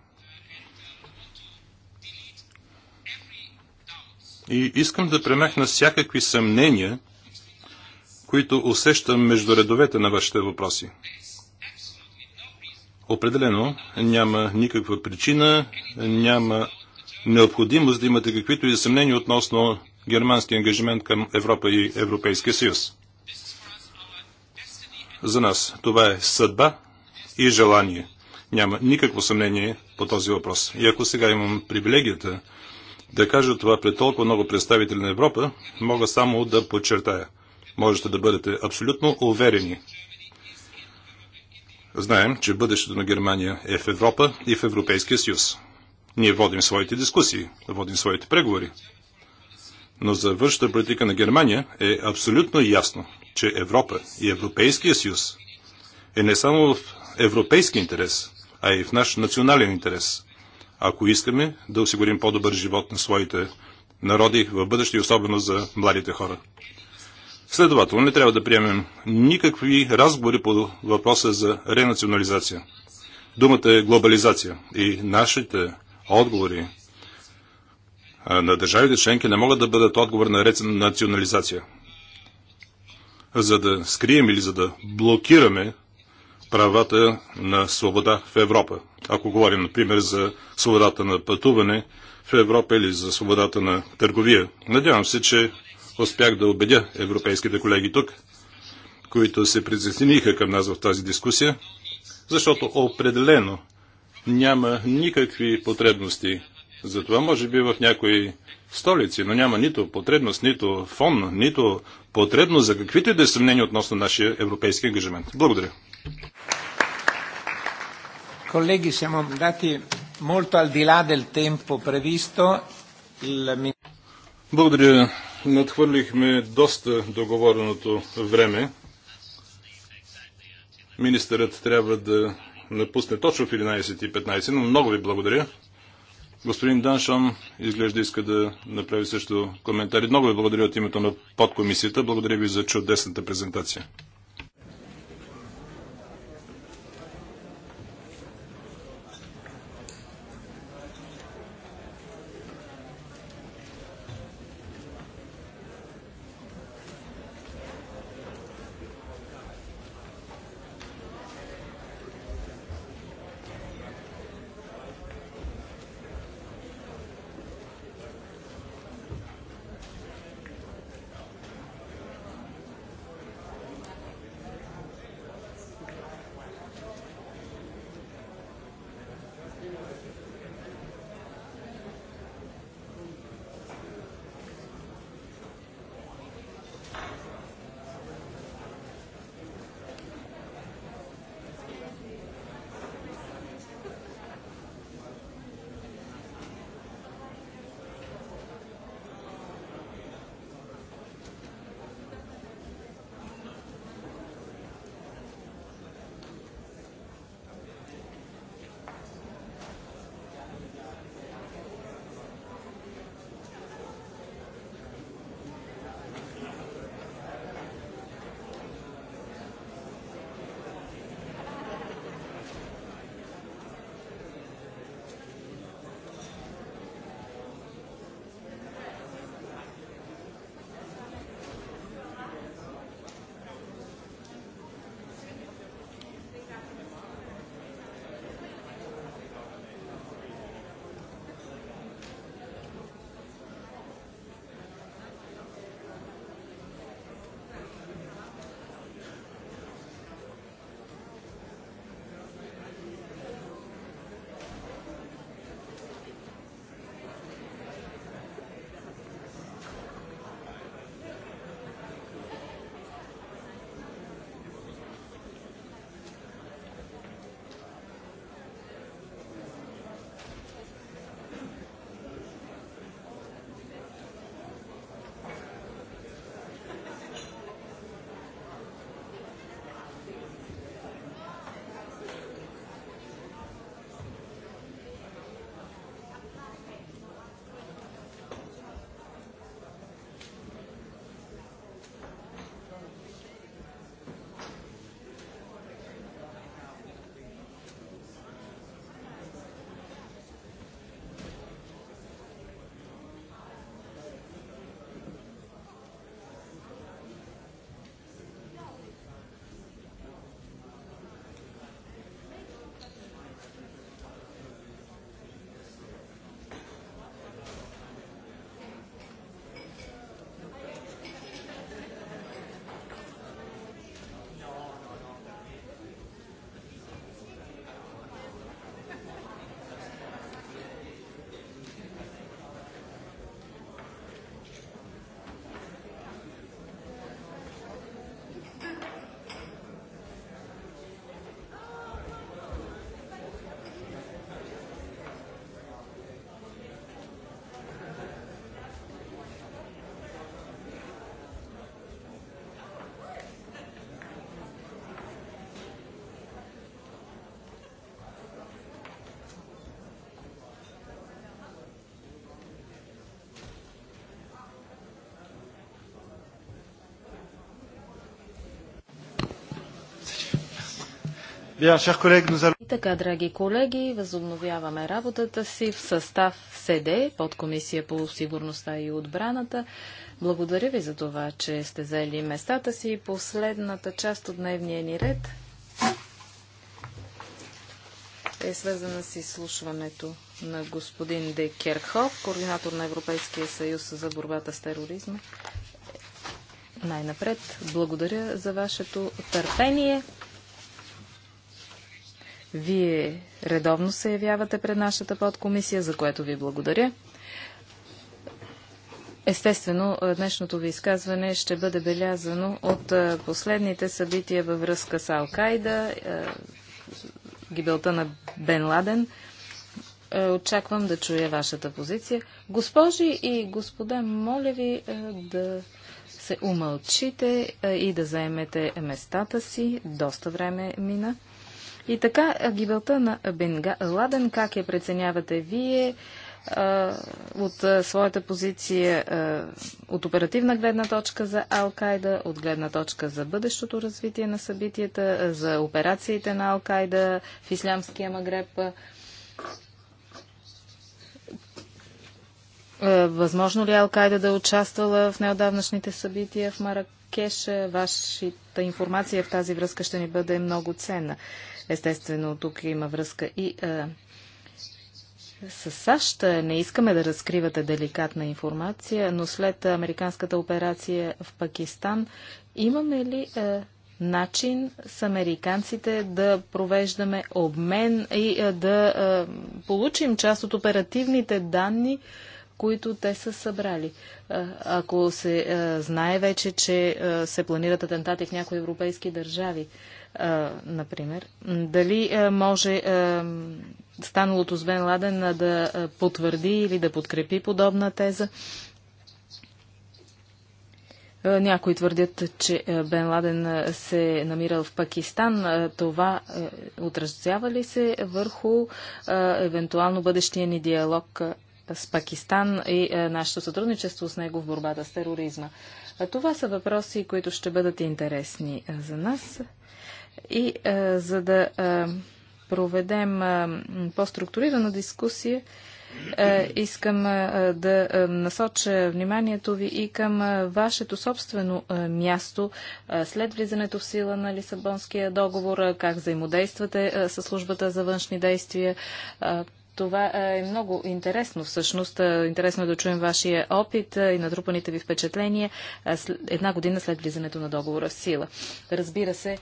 И искам да премахна всякакви съмнения – които усещам между редовете на вашите въпроси. Определено няма никаква причина, няма необходимост да имате каквито и съмнения относно германски ангажимент към Европа и Европейския съюз. За нас това е съдба и желание. Няма никакво съмнение по този въпрос. И ако сега имам привилегията да кажа това пред толкова много представители на Европа, мога само да подчертая – Можете да бъдете абсолютно уверени. Знаем, че бъдещето на Германия е в Европа и в Европейския съюз. Ние водим своите дискусии, водим своите преговори. Но за външната политика на Германия е абсолютно ясно, че Европа и Европейския съюз е не само в европейски интерес, а и в наш национален интерес. Ако искаме да осигурим по-добър живот на своите народи в бъдеще, особено за младите хора. Следователно, не трябва да приемем никакви разговори по въпроса за ренационализация. Думата е глобализация и нашите отговори на държавите членки не могат да бъдат отговор на ренационализация. За да скрием или за да блокираме правата на свобода в Европа. Ако говорим, например, за свободата на пътуване в Европа или за свободата на търговия. Надявам се, че успях да убедя европейските колеги тук, които се присъединиха към нас в тази дискусия, защото определено няма никакви потребности. Затова може би в някои столици, но няма нито потребност, нито фон, нито потребност за каквито и да е съмнения относно нашия европейски ангажимент. Благодаря. Колеги, siamo andati molto al di là del tempo previsto. Благодаря, надхвърлихме доста договореното време. Министърът трябва да напусне точно в 11.15, но много ви благодаря. Господин Даншон изглежда иска да направи също коментари. Много ви благодаря от името на подкомисията. Благодаря ви за чудесната презентация. И така, драги колеги, възобновяваме работата си в състав СД, под комисия по сигурността и отбраната. Благодаря ви за това, че сте взели местата си. Последната част от дневния ни ред е свързана с изслушването на господин Де Керхов, координатор на Европейския съюз за борбата с тероризма. Най-напред, благодаря за вашето търпение. Вие редовно се явявате пред нашата подкомисия, за което ви благодаря. Естествено, днешното ви изказване ще бъде белязано от последните събития във връзка с Алкайда, гибелта на Бен Ладен. Очаквам да чуя вашата позиция. Госпожи и господа, моля ви да се умълчите и да заемете местата си. Доста време мина. И така, гибелта на Бенга... Ладен, как я преценявате вие а, от а, своята позиция а, от оперативна гледна точка за Ал-Кайда, от гледна точка за бъдещото развитие на събитията, за операциите на Ал-Кайда в Ислямския Магреб? Възможно ли Алкайда да е участвала в неодавнашните събития в Маракеш? Вашата информация в тази връзка ще ни бъде много ценна. Естествено, тук има връзка и а, с САЩ. Не искаме да разкривате деликатна информация, но след американската операция в Пакистан, имаме ли а, начин с американците да провеждаме обмен и а, да а, получим част от оперативните данни, които те са събрали. Ако се а, знае вече, че а, се планират атентати в някои европейски държави, например, дали може станалото с Бен Ладен да потвърди или да подкрепи подобна теза. Някои твърдят, че Бен Ладен се е намирал в Пакистан. Това отразява ли се върху евентуално бъдещия ни диалог с Пакистан и нашето сътрудничество с него в борбата с тероризма? Това са въпроси, които ще бъдат интересни за нас. И а, е, за да а, е, проведем е, по-структурирана дискусия, искам да насоча вниманието ви и към вашето собствено място след влизането в сила на Лисабонския договор, как взаимодействате с службата за външни действия. Това е много интересно всъщност. Интересно е да чуем вашия опит и натрупаните ви впечатления една година след влизането на договора в сила. Разбира се,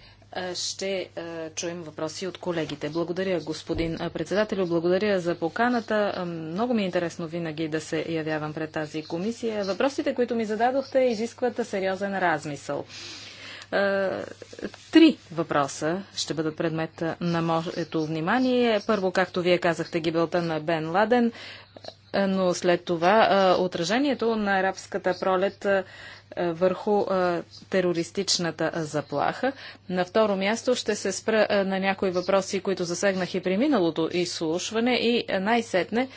ще чуем въпроси от колегите. Благодаря, господин председател, Благодаря за поканата. Много ми е интересно винаги да се явявам пред тази комисия. Въпросите, които ми зададохте, изискват сериозен размисъл. Три въпроса ще бъдат предмет на моето внимание. Първо, както вие казахте, гибелта на Бен Ладен, но след това отражението на арабската пролет е, върху е, терористичната е, заплаха. На второ място ще се спра на някои въпроси, които засегнах и при миналото изслушване и най-сетне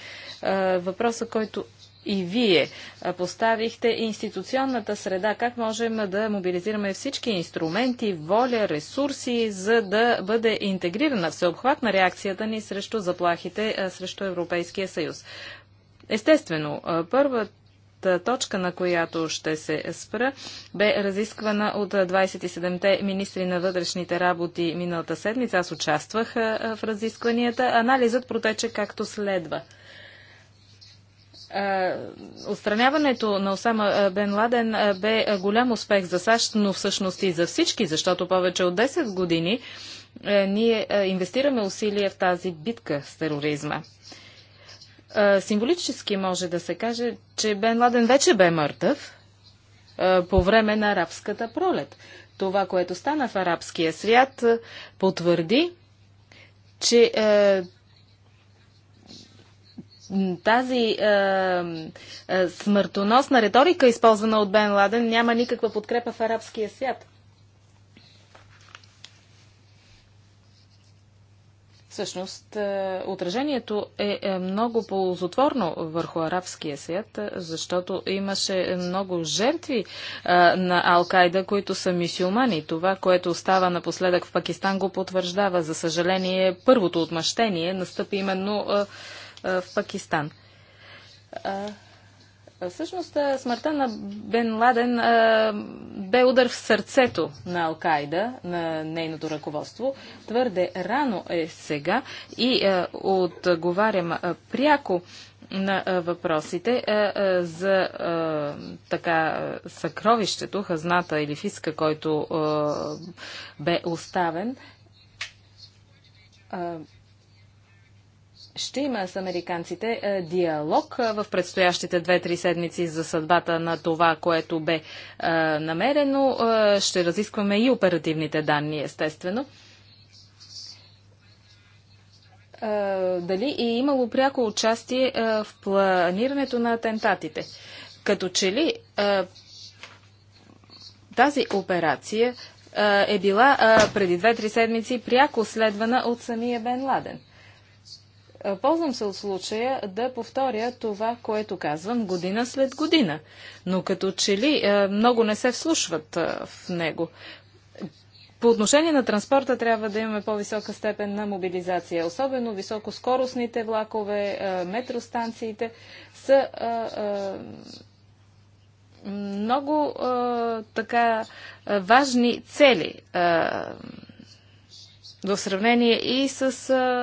въпроса, който и вие поставихте институционната среда, как можем да мобилизираме всички инструменти, воля, ресурси, за да бъде интегрирана всеобхватна реакцията ни срещу заплахите срещу Европейския съюз. Естествено, първата точка, на която ще се спра, бе разисквана от 27-те министри на вътрешните работи миналата седмица. Аз участвах в разискванията. Анализът протече както следва. Отстраняването на Осама Бен Ладен бе голям успех за САЩ, но всъщност и за всички, защото повече от 10 години ние инвестираме усилия в тази битка с тероризма символически може да се каже, че Бен Ладен вече бе мъртъв по време на арабската пролет. Това, което стана в арабския свят, потвърди, че тази е, е, смъртоносна риторика, използвана от Бен Ладен, няма никаква подкрепа в арабския свят. Всъщност, е, отражението е, е много ползотворно върху арабския свят, е, защото имаше много жертви на Ал-Кайда, които са мисюлмани. Това, което става напоследък в Пакистан, го потвърждава. За съжаление, първото отмъщение настъпи именно в Пакистан. Всъщност смъртта на Бен Ладен бе удар в сърцето на Алкайда, на нейното ръководство. Твърде рано е сега и отговарям пряко на въпросите за така съкровището, хазната или фиска, който бе оставен ще има с американците е, диалог е, в предстоящите 2-3 седмици за съдбата на това, което бе е, намерено. Ще разискваме и оперативните данни, естествено. Дали е имало пряко участие в планирането на атентатите? Като че ли тази операция е била преди 2-3 седмици пряко следвана от самия Бен Ладен – е, ползвам се от случая да повторя това, което казвам година след година, но като че ли е, много не се вслушват е, в него. По отношение на транспорта трябва да имаме по-висока степен на мобилизация. Особено високоскоростните влакове, метростанциите са много така важни цели в сравнение и с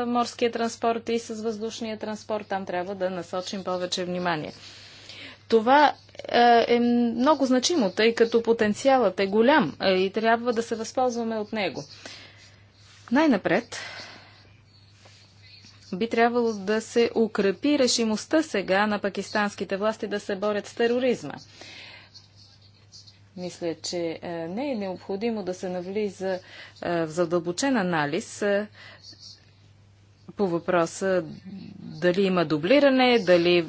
морския транспорт, и с въздушния транспорт. Там трябва да насочим повече внимание. Това е много значимо, тъй като потенциалът е голям и трябва да се възползваме от него. Най-напред би трябвало да се укрепи решимостта сега на пакистанските власти да се борят с тероризма. Мисля, че е, не е необходимо да се навлиза е, в задълбочен анализ. Е, по въпроса дали има дублиране, дали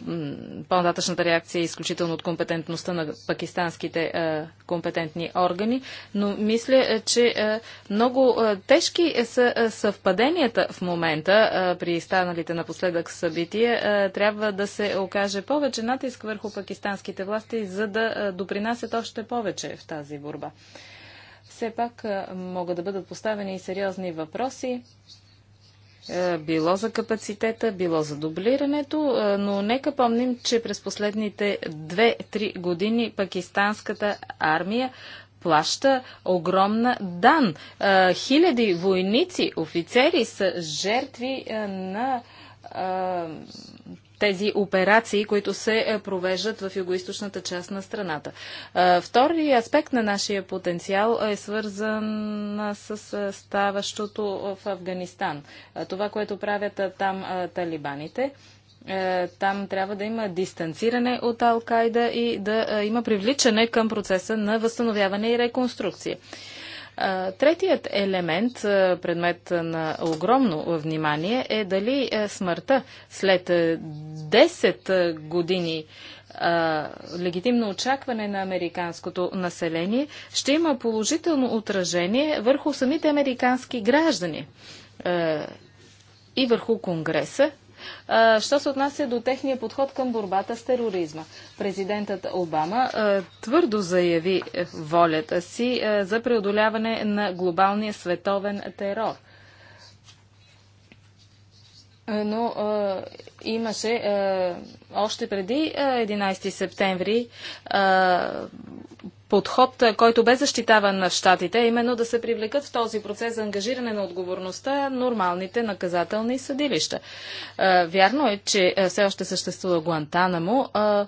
по-нататъчната реакция е изключително от компетентността на пакистанските а, компетентни органи, но мисля, е, че а, много а, тежки е, са съвпаденията в момента при станалите напоследък събития. Трябва да се окаже повече натиск върху пакистанските власти, за да допринасят още повече в тази борба. Все пак могат да бъдат поставени и сериозни въпроси е, било за капацитета, било за дублирането, е, но нека помним, че през последните 2-3 години пакистанската армия плаща огромна дан. Е, хиляди войници, офицери са жертви на тези операции, които се е, провеждат в югоисточната част на страната. Втори аспект на нашия потенциал е свързан с ставащото в Афганистан. Това, което правят там талибаните там трябва да има дистанциране от Ал-Кайда и да има привличане към процеса на възстановяване и реконструкция. Третият елемент, предмет на огромно внимание, е дали смъртта след 10 години легитимно очакване на американското население ще има положително отражение върху самите американски граждани и върху Конгреса, що се отнася до техния подход към борбата с тероризма. Президентът Обама твърдо заяви е, волята си за преодоляване на глобалния световен терор – е, но а, е, имаше а, е, още преди а, 11 септември а, подход, а, който бе защитаван на щатите, именно да се привлекат в този процес за ангажиране на отговорността нормалните наказателни съдилища. А, вярно е, че а, все още съществува Гуантанамо. А,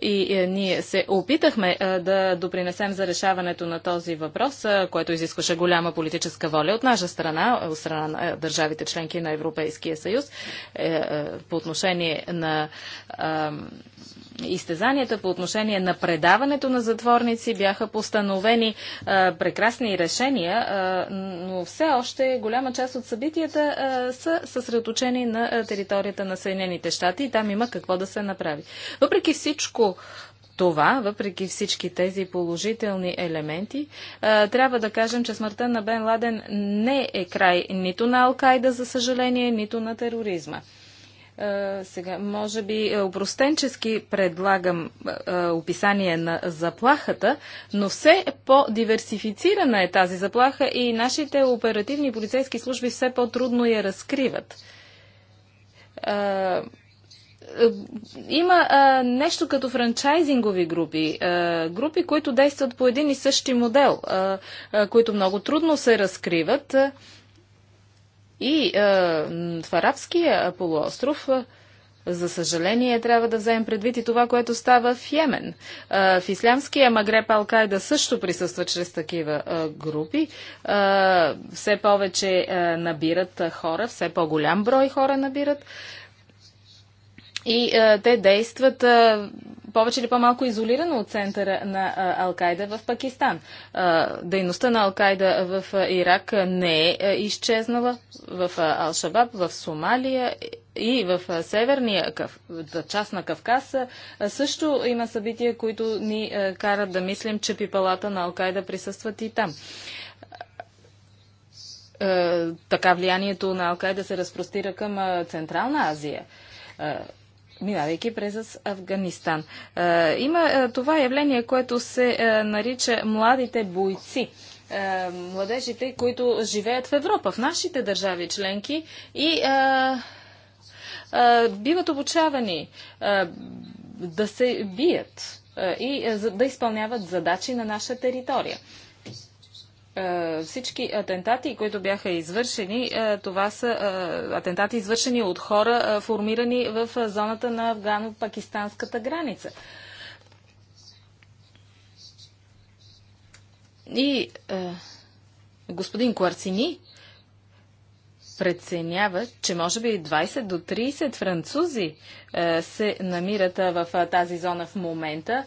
и е, ние се опитахме е, да допринесем за решаването на този въпрос, е, който което изискваше голяма политическа воля от наша страна, от страна на държавите членки на Европейския съюз, по отношение на изтезанията по отношение на предаването на затворници бяха постановени а, прекрасни решения, а, но все още голяма част от събитията а, са съсредоточени на територията на Съединените щати и там има какво да се направи. Въпреки всичко, това, въпреки всички тези положителни елементи, трябва да кажем, че смъртта на Бен Ладен не е край нито на Алкайда, за съжаление, нито на тероризма. Е, сега, може би опростенчески е, предлагам е, описание на заплахата, но все по-диверсифицирана е тази заплаха и нашите оперативни полицейски служби все по-трудно я разкриват има нещо като франчайзингови групи, групи, които действат по един и същи модел, които много трудно се разкриват. И е, в арабския полуостров е, за съжаление, трябва да вземем предвид и това, което става в Йемен. Е, в ислямския Магреб Алкайда също присъства чрез такива групи. Все повече набират хора, все по-голям брой хора набират. И а, е, те действат а, е, повече или по-малко изолирано от центъра на е, Алкайда в Пакистан. А, дейността на Алкайда в Ирак не е изчезнала. В Алшабаб, в Сомалия и в северния част на Кавказ също има събития, които ни карат да мислим, че пипалата на Алкайда присъстват и там така влиянието на Алкайда се разпростира към Централна Азия минавайки през Афганистан. Е, има е, това явление, което се е, нарича младите бойци младежите, които живеят в Европа, в нашите държави членки и биват обучавани да се бият и да изпълняват задачи на наша територия. Е, всички атентати, които бяха извършени, е, това са е, атентати извършени от хора, формирани в зоната на афгано-пакистанската граница. И господин Куарцини преценява, че може би 20 до 30 французи е, се намират в тази зона в момента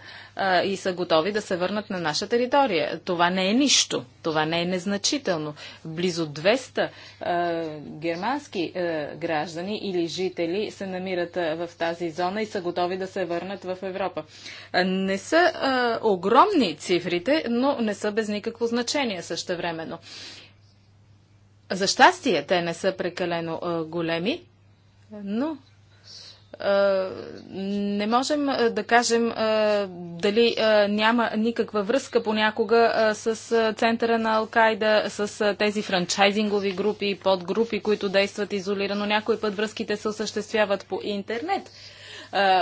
и са готови да се върнат на наша територия. Това не е нищо. Това не е незначително. Близо 200 е, германски е, граждани или жители се намират в тази зона и са готови да се върнат в Европа. Е, не са огромни цифрите, но не са без никакво значение същевременно. времено. За щастие, те не са прекалено а, големи, но а, не можем а, да кажем дали няма никаква връзка понякога с центъра на Алкайда, с тези франчайзингови групи подгрупи, които действат изолирано. Някой път връзките се осъществяват по интернет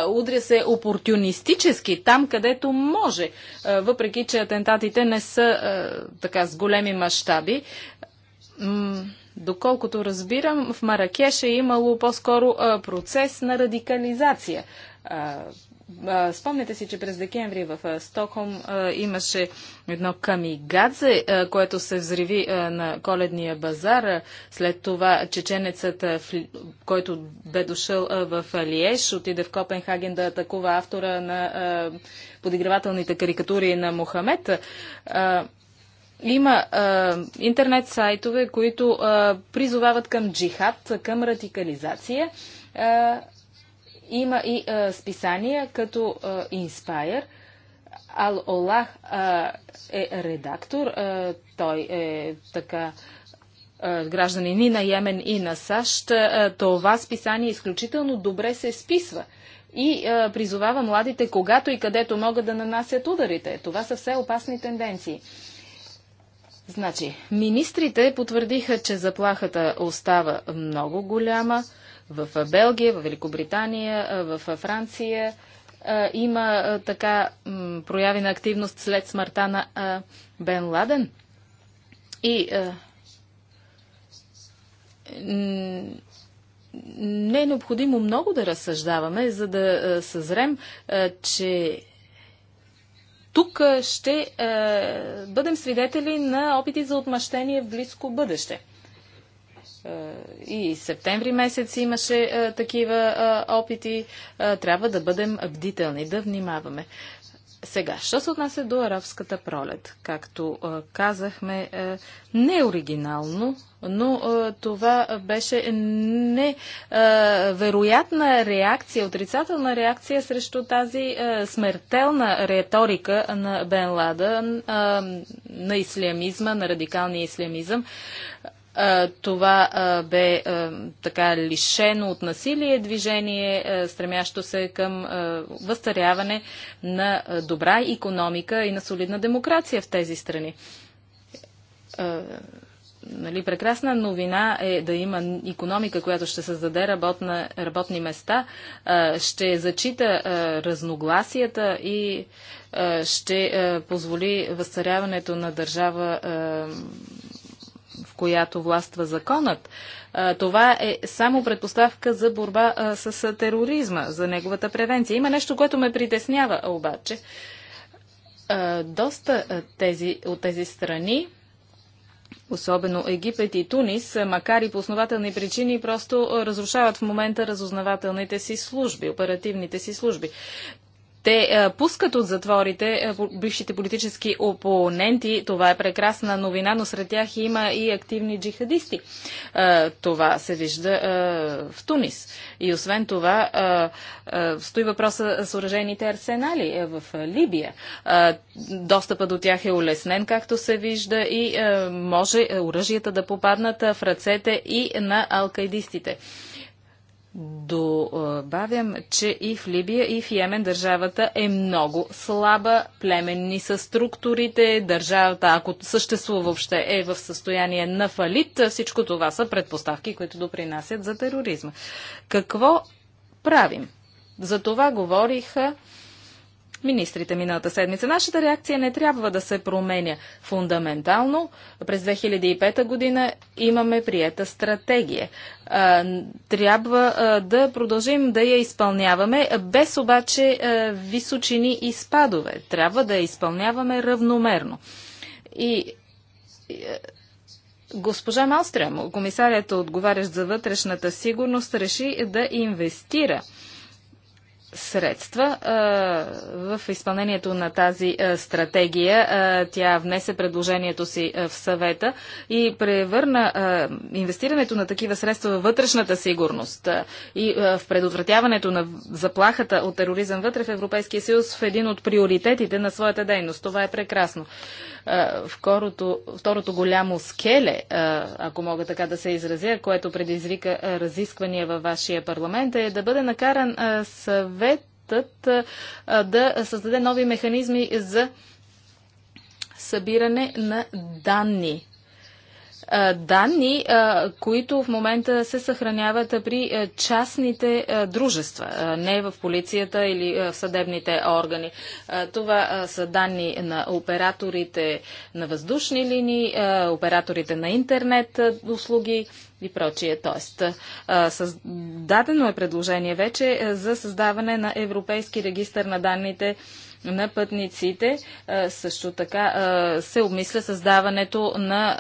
удря се опортунистически там, където може, въпреки че атентатите не са така с големи мащаби. Доколкото разбирам, в Маракеш е имало по-скоро процес на радикализация. Спомняте си, че през декември в Стокхолм имаше едно камигадзе, което се взриви на коледния базар. След това чеченецът, който бе дошъл в Лиеш, отиде в Копенхаген да атакува автора на подигравателните карикатури на Мохамед. Има а, интернет сайтове, които а, призовават към джихад, към радикализация. А, има и а, списания като а, Inspire. Ал-Олах е редактор. А, той е така гражданин и на Йемен, и на САЩ. А, това списание изключително добре се списва и а, призовава младите, когато и където могат да нанасят ударите. Това са все опасни тенденции. Значи, министрите потвърдиха, че заплахата остава много голяма. В Белгия, в Великобритания, в Франция има така прояви на активност след смъртта на Бен Ладен. И не е необходимо много да разсъждаваме, за да съзрем, че тук ще е, бъдем свидетели на опити за отмъщение в близко бъдеще. И септември месец имаше а, такива а, опити. А, трябва да бъдем бдителни, да внимаваме. Сега, що се отнася до арабската пролет? Както казахме, е, не оригинално, но това беше невероятна реакция, отрицателна реакция срещу тази смертелна риторика на Бен Ладен, на ислямизма, на радикалния ислямизъм. Това бе така лишено от насилие движение, стремящо се към възстаряване на добра економика и на солидна демокрация в тези страни нали, прекрасна новина е да има економика, която ще създаде работна, работни места, ще зачита разногласията и ще позволи възцаряването на държава която властва законът. Това е само предпоставка за борба с тероризма, за неговата превенция. Има нещо, което ме притеснява обаче. Доста тези, от тези страни особено Египет и Тунис, макар и по основателни причини, просто разрушават в момента разузнавателните си служби, оперативните си служби. Те е, пускат от затворите е, бившите политически опоненти. Това е прекрасна новина, но сред тях има и активни джихадисти. Е, това се вижда в Тунис. И освен това стои въпроса с уражените арсенали в Либия. Достъпа до тях е улеснен, както се вижда, и може оръжията да попаднат в ръцете и на алкайдистите. Добавям, че и в Либия, и в Йемен държавата е много слаба, племенни са структурите, държавата, ако съществува въобще, е в състояние на фалит. Всичко това са предпоставки, които допринасят за тероризма. Какво правим? За това говориха министрите миналата седмица. Нашата реакция не трябва да се променя фундаментално. През 2005 година имаме приета стратегия. Трябва да продължим да я изпълняваме, без обаче височини и спадове. Трябва да я изпълняваме равномерно. И Госпожа Малстрямо, комисарят отговарящ за вътрешната сигурност, реши да инвестира средства. В изпълнението на тази стратегия тя внесе предложението си в съвета и превърна инвестирането на такива средства във вътрешната сигурност и в предотвратяването на заплахата от тероризъм вътре в Европейския съюз в един от приоритетите на своята дейност. Това е прекрасно второто, второто голямо скеле, ако мога така да се изразя, което предизвика разисквания във вашия парламент, е да бъде накаран съветът да създаде нови механизми за събиране на данни данни, които в момента се съхраняват при частните дружества, не в полицията или в съдебните органи. Това са данни на операторите на въздушни линии, операторите на интернет услуги и прочие. Тоест, дадено е предложение вече за създаване на Европейски регистр на данните на пътниците. Също така се обмисля създаването на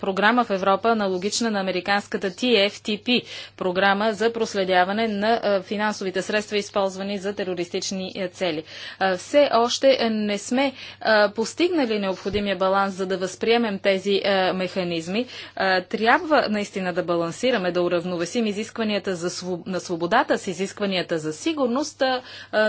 програма в Европа, аналогична на американската TFTP, програма за проследяване на финансовите средства, използвани за терористични цели. Все още не сме постигнали необходимия баланс, за да възприемем тези механизми. Трябва наистина да балансираме, да уравновесим изискванията за на свободата с изискванията за сигурност,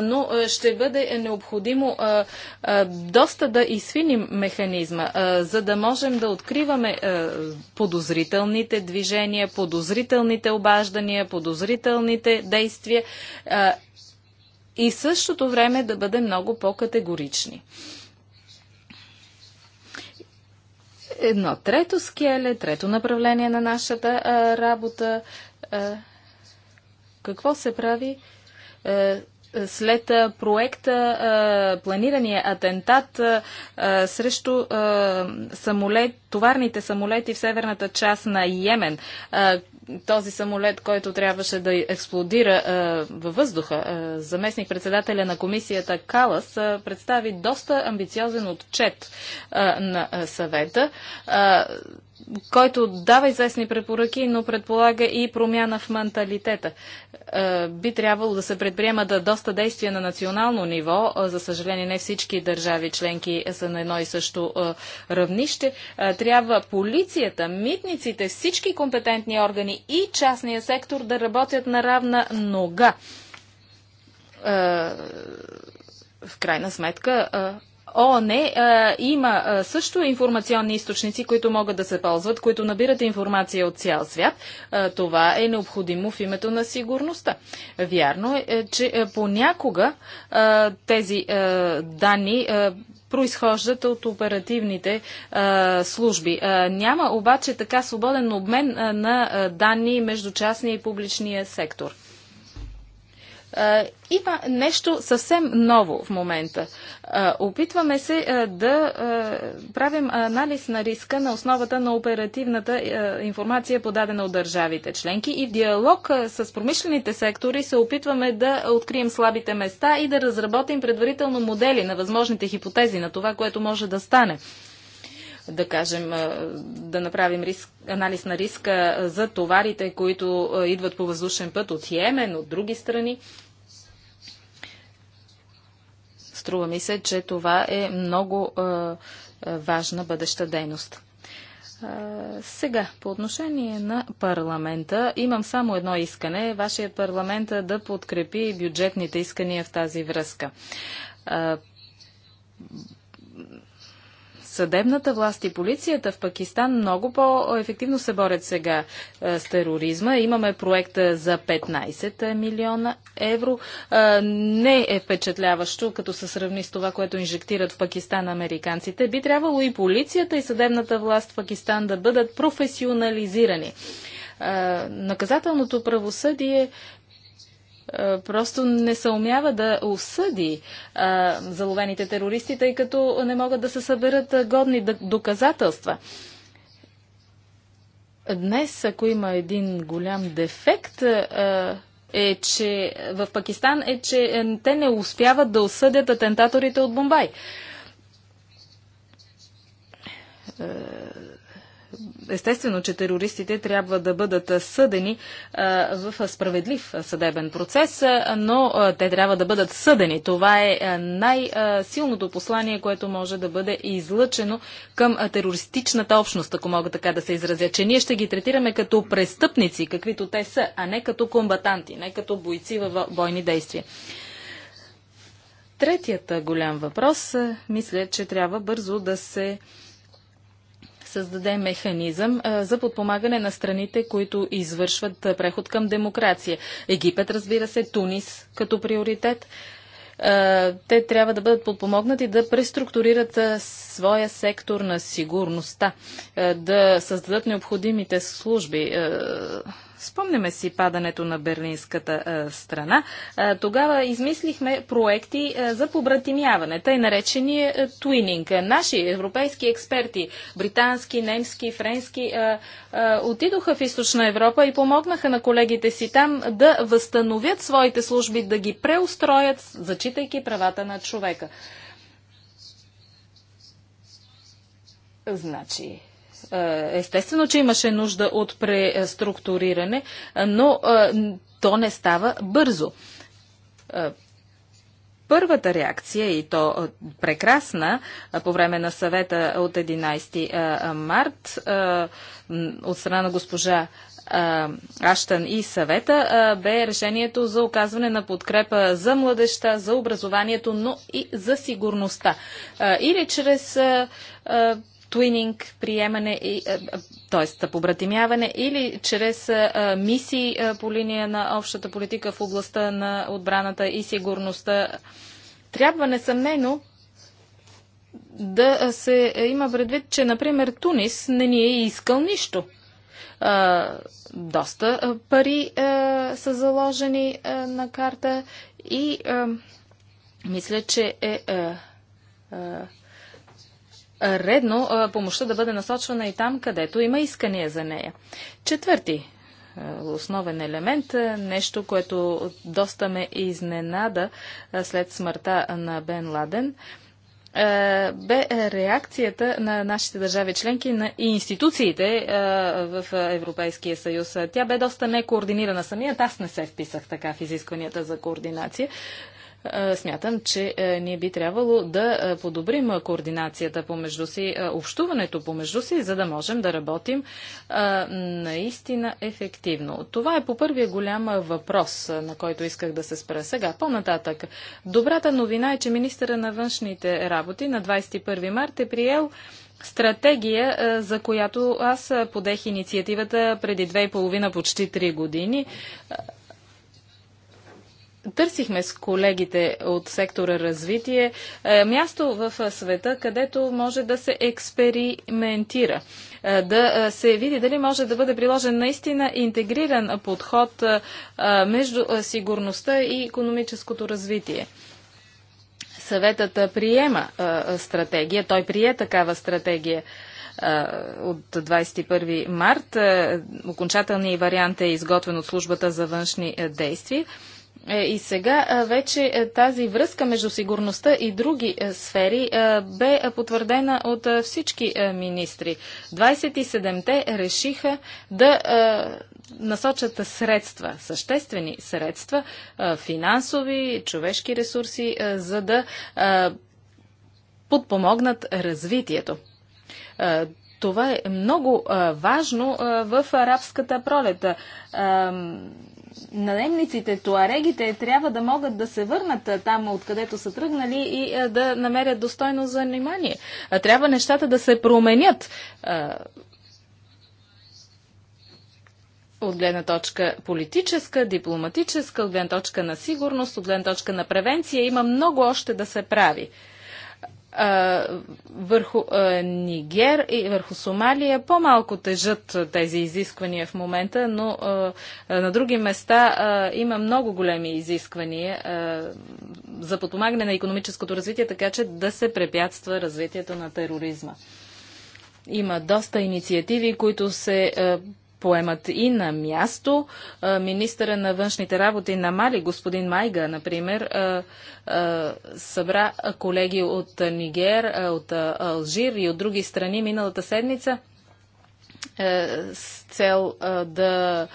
но ще бъде необходимо необходимо а, а, доста да изфиним механизма, а, за да можем да откриваме а, подозрителните движения, подозрителните обаждания, подозрителните действия а, и същото време да бъдем много по-категорични. Едно трето скеле, трето направление на нашата а, работа. А, какво се прави? след проекта планирания атентат срещу самолет, товарните самолети в северната част на Йемен. Този самолет, който трябваше да експлодира във въздуха, заместник председателя на комисията Калас представи доста амбициозен отчет на съвета който дава известни препоръки, но предполага и промяна в менталитета. Е, би трябвало да се предприемат да доста действия на национално ниво. Е, за съжаление, не всички държави членки са на едно и също е, равнище. Трябва полицията, митниците, всички компетентни органи и частния сектор да работят на равна нога. В крайна сметка, ООН е, е, има е, също информационни източници, които могат да се ползват, които набират информация от цял свят. Това е необходимо в името на сигурността. Вярно е, че понякога тези данни произхождат от оперативните а, служби. А, няма обаче така свободен обмен а, на данни между частния и публичния сектор. Има нещо съвсем ново в момента. Опитваме се да правим анализ на риска на основата на оперативната информация, подадена от държавите членки и в диалог с промишлените сектори се опитваме да открием слабите места и да разработим предварително модели на възможните хипотези на това, което може да стане да кажем, да направим риск, анализ на риска за товарите, които идват по въздушен път от Йемен, от други страни. Струва ми се, че това е много важна бъдеща дейност. Сега, по отношение на парламента, имам само едно искане. Вашия парламент да подкрепи бюджетните искания в тази връзка Съдебната власт и полицията в Пакистан много по-ефективно се борят сега е, с тероризма. Имаме проекта за 15 милиона евро. Е, не е впечатляващо, като се сравни с това, което инжектират в Пакистан американците. Би трябвало и полицията и съдебната власт в Пакистан да бъдат професионализирани е, наказателното правосъдие е, просто не съумява да осъди а, е, заловените терористи, тъй като не могат да се съберат е, годни доказателства. Днес, ако има един голям дефект, а, е, че в Пакистан е, че те не успяват да осъдят атентаторите от Бомбай. А, Естествено, че терористите трябва да бъдат съдени в справедлив съдебен процес, но те трябва да бъдат съдени. Това е най-силното послание, което може да бъде излъчено към терористичната общност, ако мога така да се изразя, че ние ще ги третираме като престъпници, каквито те са, а не като комбатанти, не като бойци в бойни действия. Третият голям въпрос, мисля, че трябва бързо да се създаде механизъм за подпомагане на страните, които извършват преход към демокрация. Египет, разбира се, Тунис като приоритет. Те трябва да бъдат подпомогнати да преструктурират своя сектор на сигурността, да създадат необходимите служби Спомняме си падането на Берлинската а, страна. А, тогава измислихме проекти а, за побратимяване, тъй наречени твининг. Е, Наши европейски експерти, британски, немски, френски, отидоха в Източна Европа и помогнаха на колегите си там да възстановят своите служби, да ги преустроят, зачитайки правата на човека. Значи, е, естествено, че имаше нужда от преструктуриране, е, но е, то не става бързо. Първата реакция, и то прекрасна, по време на съвета от 11 март от страна на госпожа Аштан и съвета бе решението за оказване на подкрепа за младеща, за образованието, но и за сигурността. Или чрез твининг, приемане, т.е. Е, побратимяване или чрез е, е, мисии по линия на общата политика в областта на отбраната и сигурността. Трябва несъмнено да се има предвид, че, например, Тунис не ни е искал нищо. доста пари са заложени на карта и мисля, че е редно помощта да бъде насочвана и там, където има искания за нея. Четвърти основен елемент, нещо, което доста ме изненада след смъртта на Бен Ладен, бе реакцията на нашите държави членки на институциите в Европейския съюз. Тя бе доста некоординирана. Самият аз не се вписах така в изискванията за координация. Е, смятам, че е, ние би трябвало да е, подобрим координацията помежду си, общуването помежду си, за да можем да работим наистина ефективно. Това е по първия голям въпрос, на който исках да се спра сега. По-нататък. Добрата новина е, че министъра на външните работи на 21 марта е приел стратегия, за която аз подех инициативата преди две и половина, почти три години. Търсихме с колегите от сектора развитие е, място в е, света, където може да се експериментира, е, да се види дали може да бъде приложен наистина интегриран подход между сигурността и економическото развитие съветът приема стратегия, той прие такава стратегия от 21 март. окончателният вариант е изготвен от службата за външни действия. Е, и сега вече е, тази връзка между сигурността и други е, сфери бе потвърдена от всички министри. 27-те решиха да насочат средства, съществени средства, финансови, човешки ресурси, за да подпомогнат развитието. Това е много важно в арабската пролета наемниците, туарегите трябва да могат да се върнат там, откъдето са тръгнали и да намерят достойно занимание. Трябва нещата да се променят от гледна точка политическа, дипломатическа, от гледна точка на сигурност, от гледна точка на превенция. Има много още да се прави върху Нигер и върху Сомалия по-малко тежат тези изисквания в момента, но на други места има много големи изисквания за подпомагане на економическото развитие, така че да се препятства развитието на тероризма. Има доста инициативи, които се поемат и на място. Министъра на външните работи на Мали, господин Майга, например, събра колеги от Нигер, от Алжир и от други страни миналата седмица е, с цел да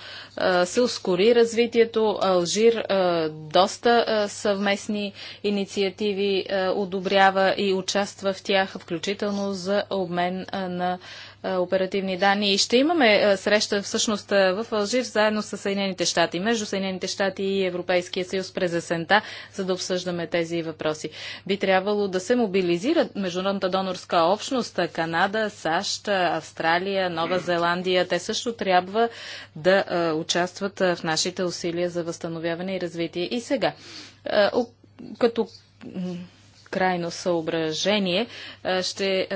се ускори развитието. Алжир доста съвместни инициативи одобрява и участва в тях, включително за обмен на е, оперативни данни. И ще имаме е, среща всъщност е, в Алжир заедно с Съединените щати, между Съединените щати и Европейския съюз през есента, за да обсъждаме тези въпроси. Би трябвало да се мобилизират международната донорска общност, Канада, САЩ, Австралия, Нова Зеландия. Те също трябва да участват в нашите усилия за възстановяване и развитие. И сега, като крайно съображение, ще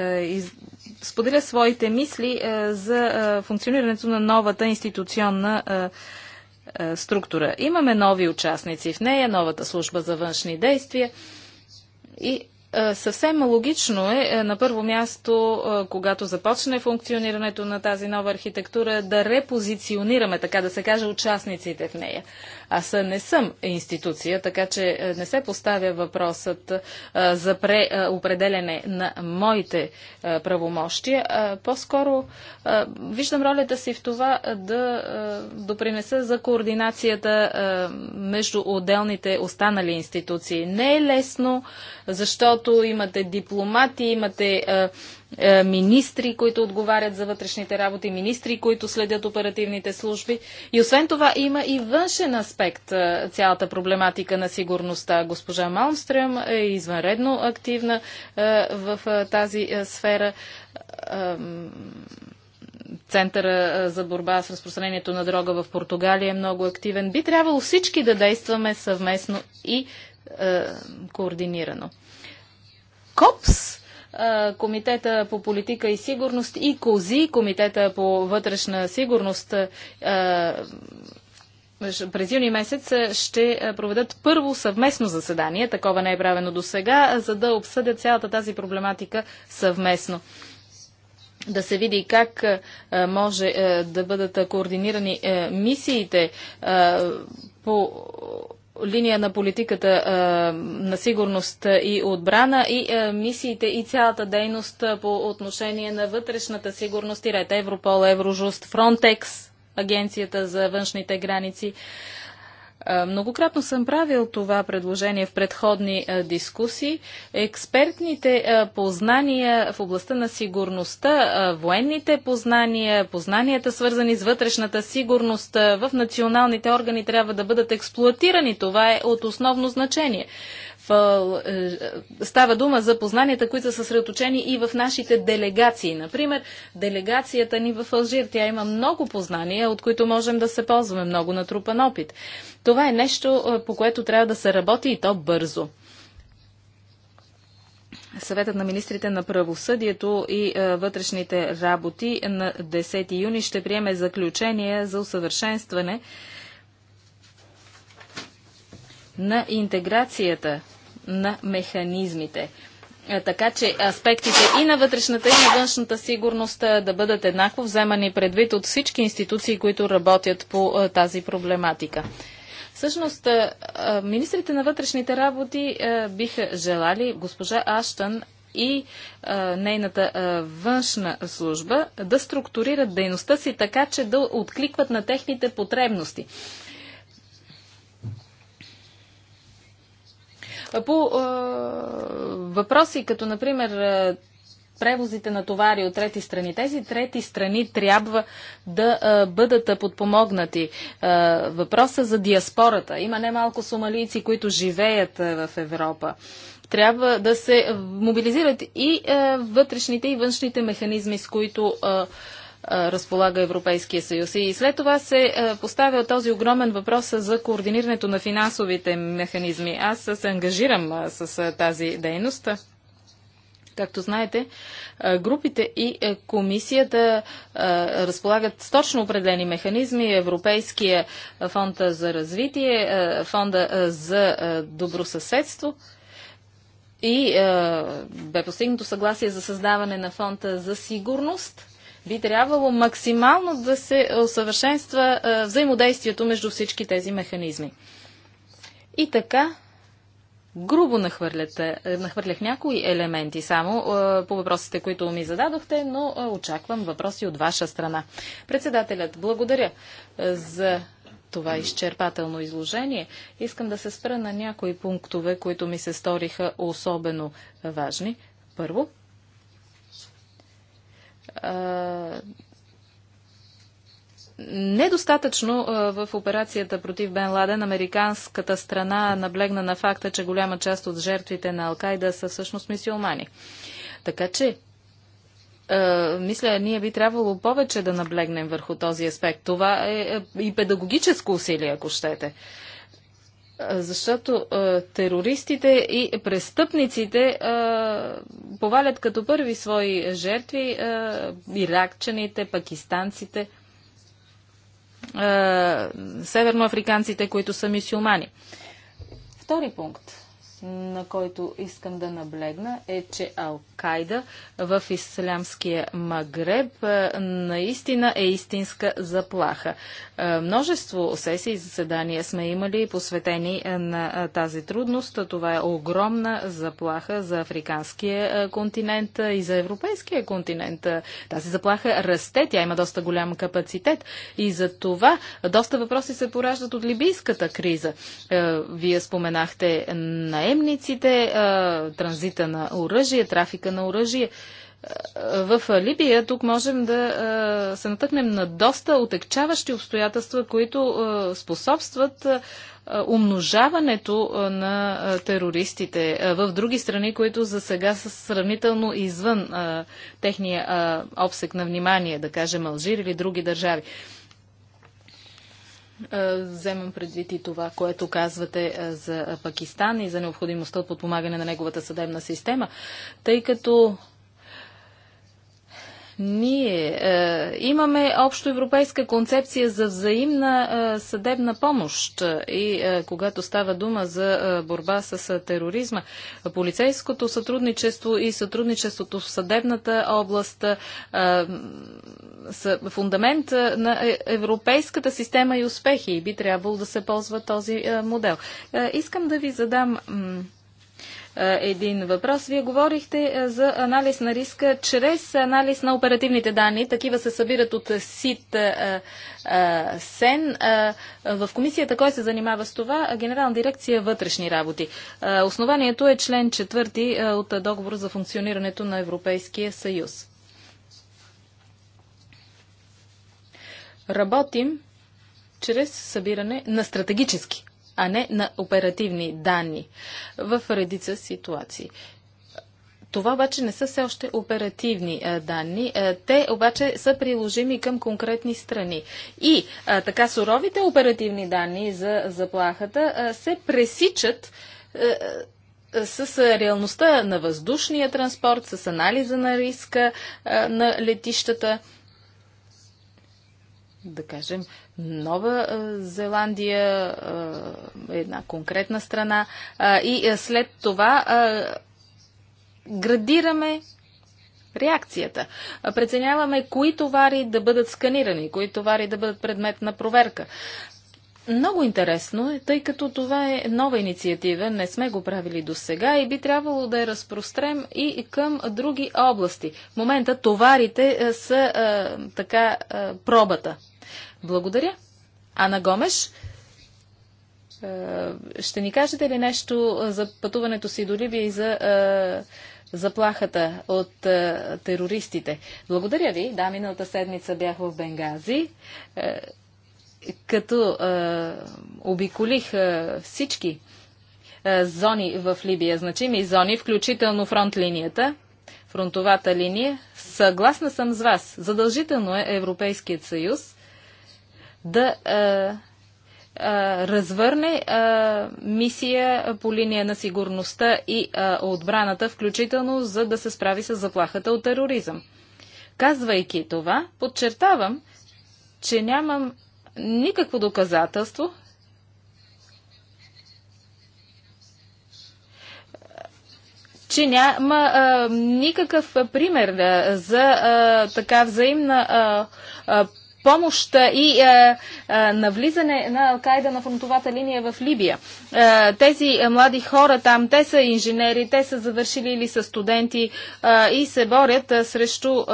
споделя своите мисли е, за е, функционирането на новата институционна е, структура. Имаме нови участници в нея, новата служба за външни действия и съвсем логично е на първо място, когато започне функционирането на тази нова архитектура, да репозиционираме, така да се каже, участниците в нея. Аз не съм институция, така че е, не се поставя въпросът е, за определене на моите е, правомощия. По-скоро виждам ролята си в това да допринеса за координацията между отделните останали институции. Не е лесно, защото имате дипломати, имате е, министри, които отговарят за вътрешните работи, министри, които следят оперативните служби. И освен това има и външен аспект е, цялата проблематика на сигурността. Госпожа Малмстрем е извънредно активна е, в тази сфера. Центъра за борба с разпространението на дрога в Португалия е много активен. Би трябвало всички да действаме съвместно и е, координирано. КОПС Комитета по политика и сигурност и КОЗИ, Комитета по вътрешна сигурност през юни месец ще проведат първо съвместно заседание, такова не е правено до сега, за да обсъдят цялата тази проблематика съвместно да се види как може да бъдат координирани мисиите по линия на политиката а, на сигурност и отбрана и а, мисиите и цялата дейност по отношение на вътрешната сигурност и ред Европол, Еврожуст, Фронтекс, Агенцията за външните граници. Е, многократно съм правил това предложение в предходни е, дискусии. Експертните е, познания в областта на сигурността, военните познания, познанията свързани с вътрешната сигурност в националните органи трябва да бъдат експлуатирани. Това е от основно значение. Е, става дума за познанията, които са съсредоточени и в нашите делегации. Например, делегацията ни в Алжир, тя има много познания, от които можем да се ползваме, много натрупан опит. Това е нещо, е, по което трябва да се работи и то бързо. Съветът на министрите на правосъдието и е, вътрешните работи на 10 юни ще приеме заключение за усъвършенстване на интеграцията на механизмите. Е, така че аспектите и на вътрешната, и на външната сигурност е, да бъдат еднакво вземани предвид от всички институции, които работят по е, тази проблематика. Всъщност, министрите на вътрешните работи биха желали госпожа Аштън и а, нейната а, външна служба да структурират дейността си така, че да откликват на техните потребности. по е, въпроси като, например, превозите на товари от трети страни. Тези трети страни трябва да а, бъдат подпомогнати. А, въпроса за диаспората. Има немалко сомалийци, които живеят а, в Европа. Трябва да се мобилизират и вътрешните и външните механизми, с които разполага Европейския съюз. И след това се поставя този огромен въпрос за координирането на финансовите механизми. Аз се ангажирам с тази дейност. Както знаете, групите и комисията разполагат с точно определени механизми. Европейския фонд за развитие, фонда за добросъседство и бе постигнато съгласие за създаване на фонда за сигурност – би трябвало максимално да се усъвършенства е, взаимодействието между всички тези механизми. И така, грубо е, нахвърлях някои елементи само е, по въпросите, които ми зададохте, но очаквам въпроси от ваша страна. Председателят, благодаря за това изчерпателно изложение, искам да се спра на някои пунктове, които ми се сториха особено важни. Първо, Недостатъчно в операцията против Бен Ладен американската страна наблегна на факта, че голяма част от жертвите на Алкайда са всъщност мисиомани. Така че, мисля, ние би трябвало повече да наблегнем върху този аспект. Това е, е и педагогическо усилие, ако щете. Защото е, терористите и престъпниците е, повалят като първи свои жертви е, иракчаните, пакистанците, северноафриканците, които са мисюлмани. Втори пункт на който искам да наблегна, е, че Ал-Кайда в исламския Магреб е, наистина е истинска заплаха. Е, множество сесии и заседания сме имали посветени е, на тази трудност. Това е огромна заплаха за африканския континент и за европейския континент. Тази заплаха расте, тя има доста голям капацитет и за това доста въпроси се пораждат от либийската криза. Вие споменахте наем наемниците, транзита на оръжие, трафика на оръжие. В Либия тук можем да се натъкнем на доста отекчаващи обстоятелства, които способстват умножаването на терористите в други страни, които за сега са сравнително извън техния обсек на внимание, да кажем Алжир или други държави. Е, вземам предвид и това, което казвате е, за Пакистан и за необходимостта от подпомагане на неговата съдебна система, тъй като ние е, имаме общо европейска концепция за взаимна е, съдебна помощ и е, когато става дума за е, борба с е, тероризма, полицейското сътрудничество и сътрудничеството в съдебната област е, са фундамент е, на е, европейската система и успехи и би трябвало да се ползва този е, модел. Е, искам да ви задам е, един въпрос. Вие говорихте е, за анализ на риска чрез анализ на оперативните данни. Такива се събират от СИТ е, СЕН. В комисията кой се занимава с това? Генерална дирекция вътрешни работи. Основанието е член 4 от договор за функционирането на Европейския съюз. Работим чрез събиране на стратегически а не на оперативни данни в редица ситуации. Това обаче не са все още оперативни а, данни. А, те обаче са приложими към конкретни страни. И а, така суровите оперативни данни за заплахата се пресичат с реалността на въздушния транспорт, с анализа на риска на летищата. Да кажем, Нова Зеландия една конкретна страна и след това градираме реакцията. Преценяваме кои товари да бъдат сканирани, кои товари да бъдат предмет на проверка. Много интересно е, тъй като това е нова инициатива, не сме го правили до сега и би трябвало да я разпрострем и към други области. В момента товарите е, са а, е, така а, е, пробата благодаря. Ана Гомеш, е, ще ни кажете ли нещо за пътуването си до Либия и за е, заплахата от е, терористите. Благодаря ви. Да, миналата седмица бях в Бенгази, като обиколих всички зони в Либия, значими зони, включително фронт линията, фронтовата линия. Съгласна съм с вас. Задължително е Европейският съюз да е, е, развърне а, е, мисия по линия на сигурността и а, отбраната, включително за да се справи с заплахата от тероризъм. Казвайки това, подчертавам, че нямам никакво доказателство, че няма а, никакъв пример да, за а, така взаимна а, а, помощ и е, е, навлизане на Алкайда на фронтовата линия в Либия. Е, тези е, млади хора там, те са инженери, те са завършили или са студенти е, и се борят е, срещу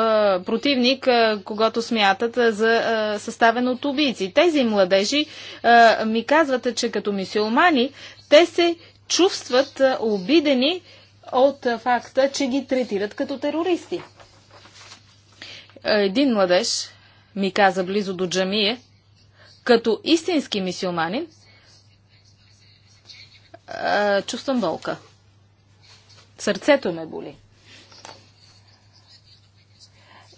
противник, когато смятат за съставен от убийци. Тези младежи ми казват, че като мисиомани, те се чувстват обидени от факта, че ги третират като терористи. Един младеж ми каза близо до джамие, като истински мисиоманин, чувствам болка. Сърцето ме боли.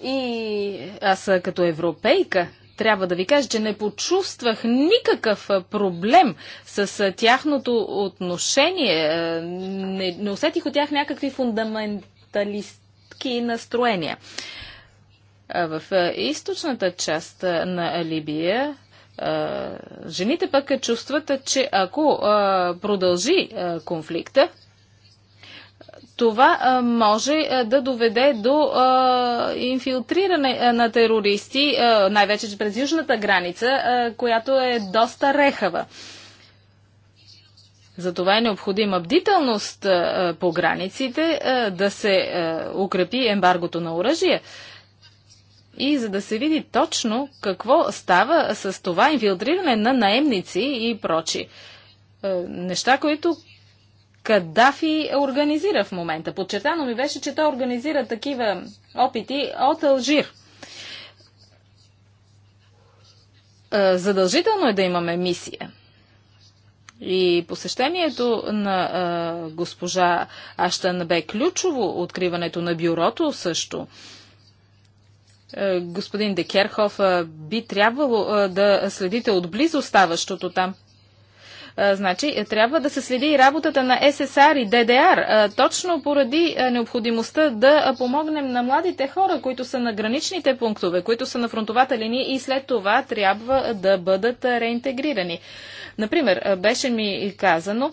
И аз като европейка трябва да ви кажа, че не почувствах никакъв проблем с тяхното отношение. Не, не усетих от тях някакви фундаменталистки настроения. В източната част на Либия жените пък чувстват, че ако продължи конфликта, това може да доведе до инфилтриране на терористи, най-вече през южната граница, която е доста рехава. Затова е необходима бдителност по границите, да се укрепи ембаргото на оръжие и за да се види точно какво става с това инфилтриране на наемници и прочи. Е, неща, които Кадафи организира в момента. Подчертано ми беше, че той организира такива опити от Алжир. Е, задължително е да имаме мисия. И посещението на а, е, госпожа Аштан бе ключово, откриването на бюрото също. А, е, господин Декерхов, е, би трябвало е, да следите отблизо ставащото там Значи, трябва да се следи и работата на СССР и ДДР, точно поради необходимостта да помогнем на младите хора, които са на граничните пунктове, които са на фронтовата линия и след това трябва да бъдат реинтегрирани. Например, беше ми казано,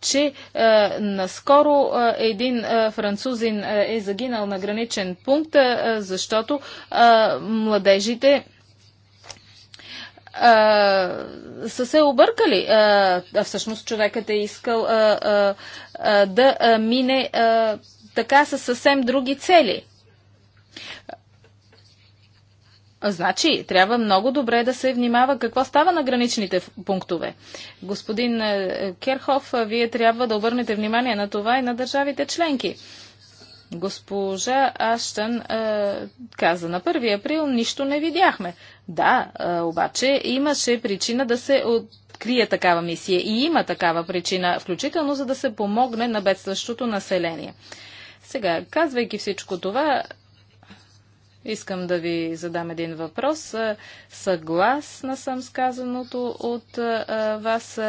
че е, наскоро е, един е, французин е загинал на граничен пункт, е, защото е, младежите а, са се объркали. А, всъщност човекът е искал а, а, а, да а, мине а, така със съвсем други цели. Значи, трябва много добре да се внимава какво става на граничните пунктове. Господин Керхов, вие трябва да обърнете внимание на това и на държавите членки. Госпожа Аштън е, каза, на 1 април нищо не видяхме. Да, е, обаче имаше причина да се открие такава мисия и има такава причина, включително за да се помогне на бедстващото население. Сега, казвайки всичко това, Искам да ви задам един въпрос. Съгласна съм с казаното от вас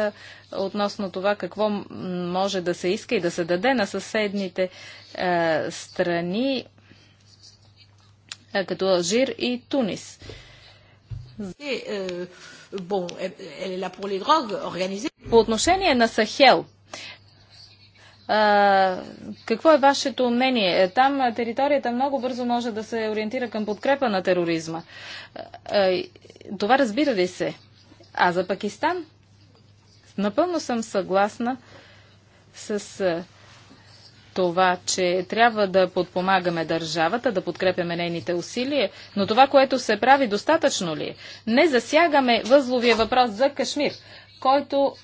относно това какво може да се иска и да се даде на съседните страни, като Алжир и Тунис. Е, е, е, По отношение на Сахел, а, какво е вашето мнение? Там територията много бързо може да се ориентира към подкрепа на тероризма. А, това разбира ли се? А за Пакистан? Напълно съм съгласна с това, че трябва да подпомагаме държавата, да подкрепяме нейните усилия, но това, което се прави, достатъчно ли е? Не засягаме възловия въпрос за Кашмир, който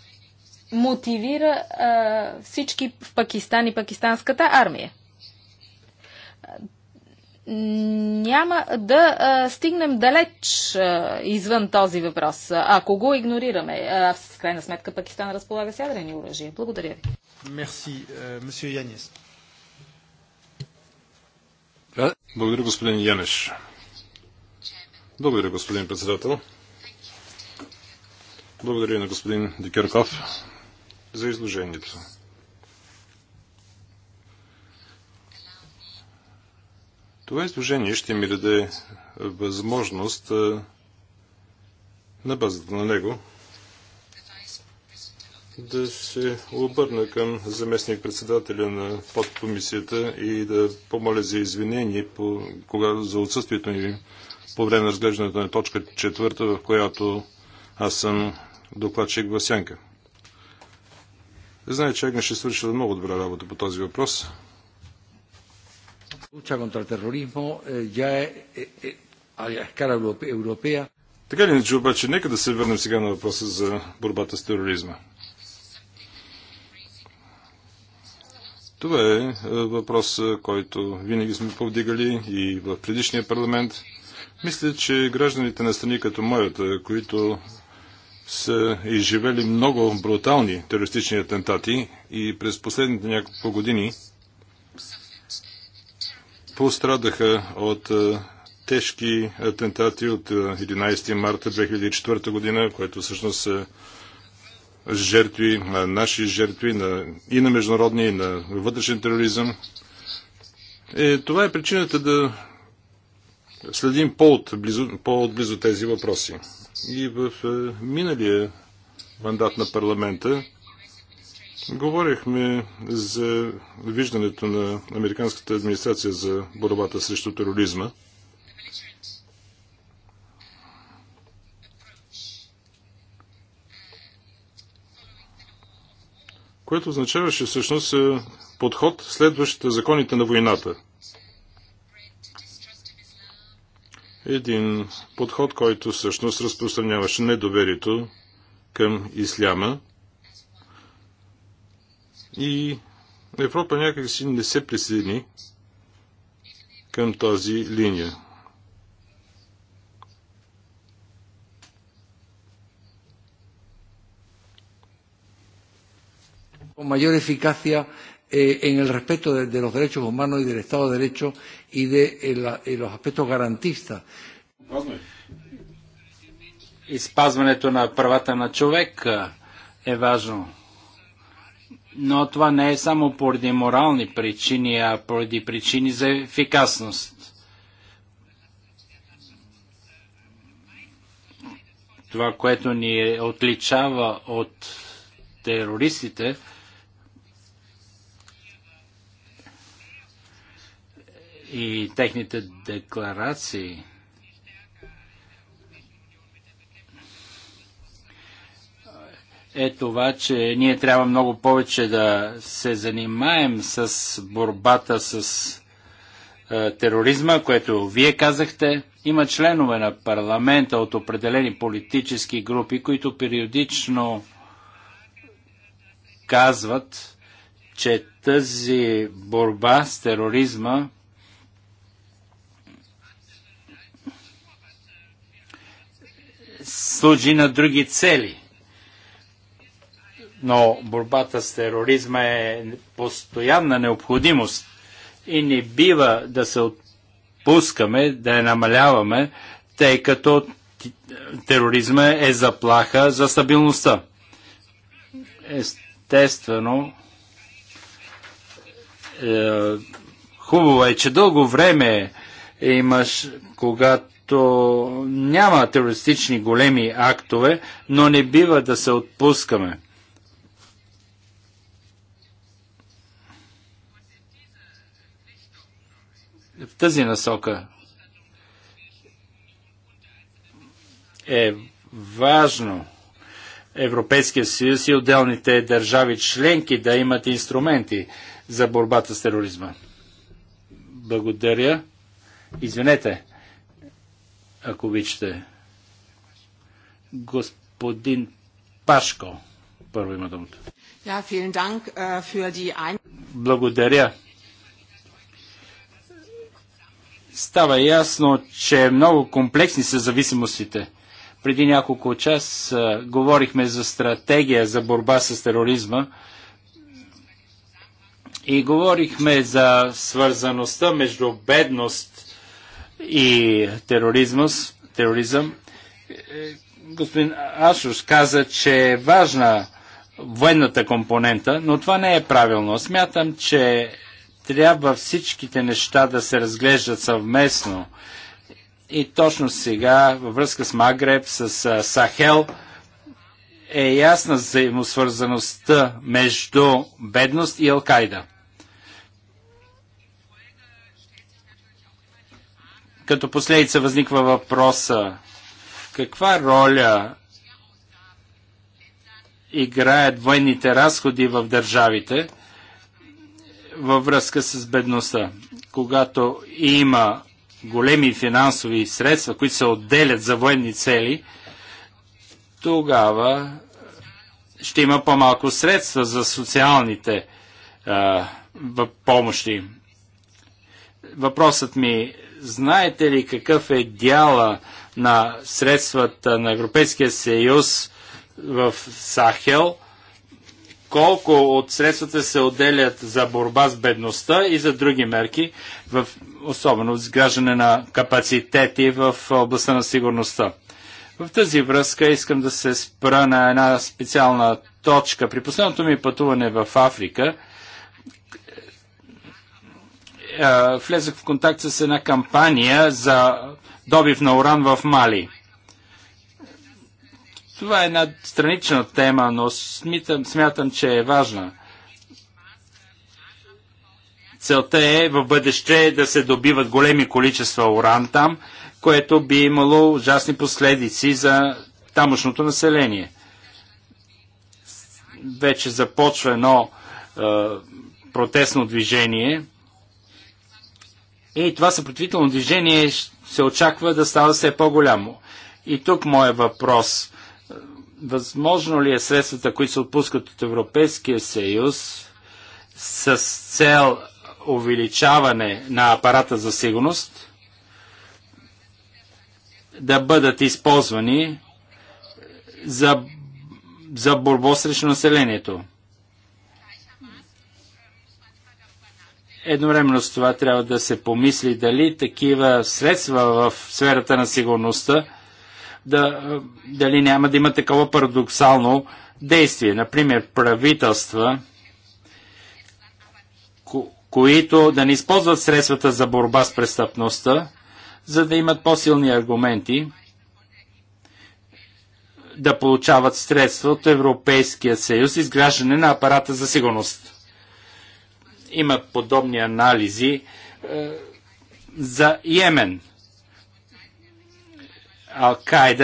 мотивира а, всички в Пакистан и пакистанската армия. Няма да а, стигнем далеч а, извън този въпрос, ако го игнорираме. А, в крайна сметка Пакистан разполага с ядрени оръжия. Благодаря ви. Мерси, месье Янис. Благодаря, господин Янеш. Благодаря, господин председател. Благодаря на господин Дикерков за изложението. Това изложение ще ми даде възможност на базата на него да се обърна към заместник председателя на подкомисията и да помоля за извинение по, кога, за отсъствието ни по време на разглеждането на точка четвърта, в която аз съм докладчик в Сянка. Знае, че Агнеш е свършила много добра работа по този въпрос. Е, е, е, така ли иначе обаче, нека да се върнем сега на въпроса за борбата с тероризма. Това е въпрос, който винаги сме повдигали и в предишния парламент. Мисля, че гражданите на страни като моята, които са изживели много брутални терористични атентати и през последните няколко години пострадаха от тежки атентати от 11 марта 2004 година, което всъщност са жертви, на наши жертви на, и на международния, и на вътрешен тероризъм. Е, това е причината да следим по-отблизо, по-отблизо тези въпроси. И в е, миналия мандат на парламента говорихме за виждането на Американската администрация за борбата срещу тероризма. което означаваше всъщност е, подход следващ законите на войната – един подход, който всъщност разпространяваше недоверието към исляма и Европа някакси не се присъедини към тази линия. Майор ефикация eh, en el respeto de, de los derechos humanos y del Estado de Derecho y de eh, la, y eh, los aspectos garantistas. Изпазването на правата на човек е важно. Но това не е само поради морални причини, а поради причини за ефикасност. Това, което ни е отличава от терористите, и техните декларации. е това, че ние трябва много повече да се занимаем с борбата с е, тероризма, което вие казахте. Има членове на парламента от определени политически групи, които периодично казват, че тази борба с тероризма служи на други цели. Но борбата с тероризма е постоянна необходимост и не бива да се отпускаме, да я намаляваме, тъй като тероризма е заплаха за стабилността. Естествено, е, хубаво е, че дълго време имаш, когато защото няма терористични големи актове, но не бива да се отпускаме. В тази насока е важно Европейския съюз и отделните държави членки да имат инструменти за борбата с тероризма. Благодаря. Извинете ако обичате. Господин Пашко, първо има думата. Äh, Благодаря. Става ясно, че много комплексни са зависимостите. Преди няколко час говорихме за стратегия за борба с тероризма и говорихме за свързаността между бедност и тероризмус, тероризъм. Господин Ашуш каза, че е важна военната компонента, но това не е правилно. Смятам, че трябва всичките неща да се разглеждат съвместно. И точно сега, във връзка с Магреб, с Сахел, е ясна взаимосвързаността между бедност и Алкайда. Като последица възниква въпроса каква роля играят военните разходи в държавите във връзка с бедността. Когато има големи финансови средства, които се отделят за военни цели, тогава ще има по-малко средства за социалните а, помощи. Въпросът ми знаете ли какъв е дяла на средствата на Европейския съюз в Сахел? Колко от средствата се отделят за борба с бедността и за други мерки, в, особено в изграждане на капацитети в областта на сигурността? В тази връзка искам да се спра на една специална точка. При последното ми пътуване в Африка – е, влезах в контакт с една кампания за добив на уран в Мали. Това е една странична тема, но смятам, смятам че е важна. Целта е в бъдеще да се добиват големи количества уран там, което би имало ужасни последици за тамошното население. Вече започва едно е, протестно движение – и това съпротивително движение се очаква да става все по-голямо. И тук моят въпрос. Възможно ли е средствата, които се отпускат от Европейския съюз с цел увеличаване на апарата за сигурност да бъдат използвани за, за борба срещу населението? Едновременно с това трябва да се помисли дали такива средства в сферата на сигурността да, дали няма да има такова парадоксално действие. Например, правителства, ко- които да не използват средствата за борба с престъпността, за да имат по-силни аргументи да получават средства от Европейския съюз изграждане на апарата за сигурност. Има подобни анализи е, за Йемен. ал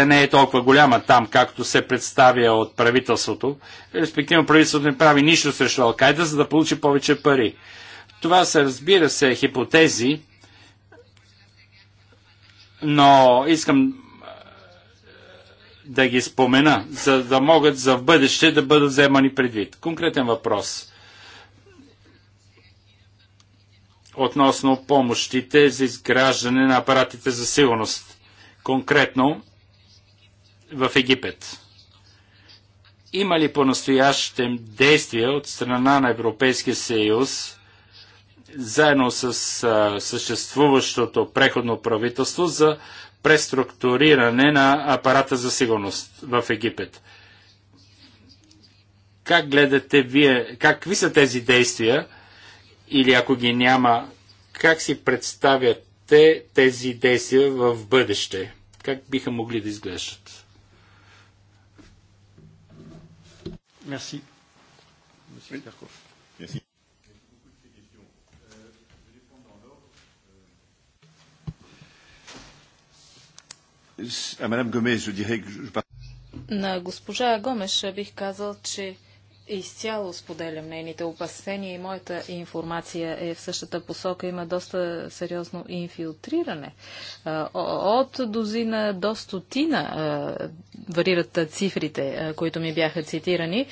не е толкова голяма там, както се представя от правителството. Респективно правителството не прави нищо срещу ал за да получи повече пари. Това са, разбира се, хипотези, но искам е, да ги спомена, за да могат за в бъдеще да бъдат вземани предвид. Конкретен въпрос. относно помощите за изграждане на апаратите за сигурност, конкретно в Египет. Има ли по-настоящем действия от страна на Европейския съюз заедно с а, съществуващото преходно правителство за преструктуриране на апарата за сигурност в Египет? Как гледате вие, какви са тези действия? или ако ги няма, как си представят те тези действия в бъдеще? Как биха могли да изглеждат? Мерси. На госпожа Гомеш бих казал, че Изцяло споделям нейните опасения и моята информация е в същата посока. Има доста сериозно инфилтриране. От дозина до стотина варират цифрите, които ми бяха цитирани.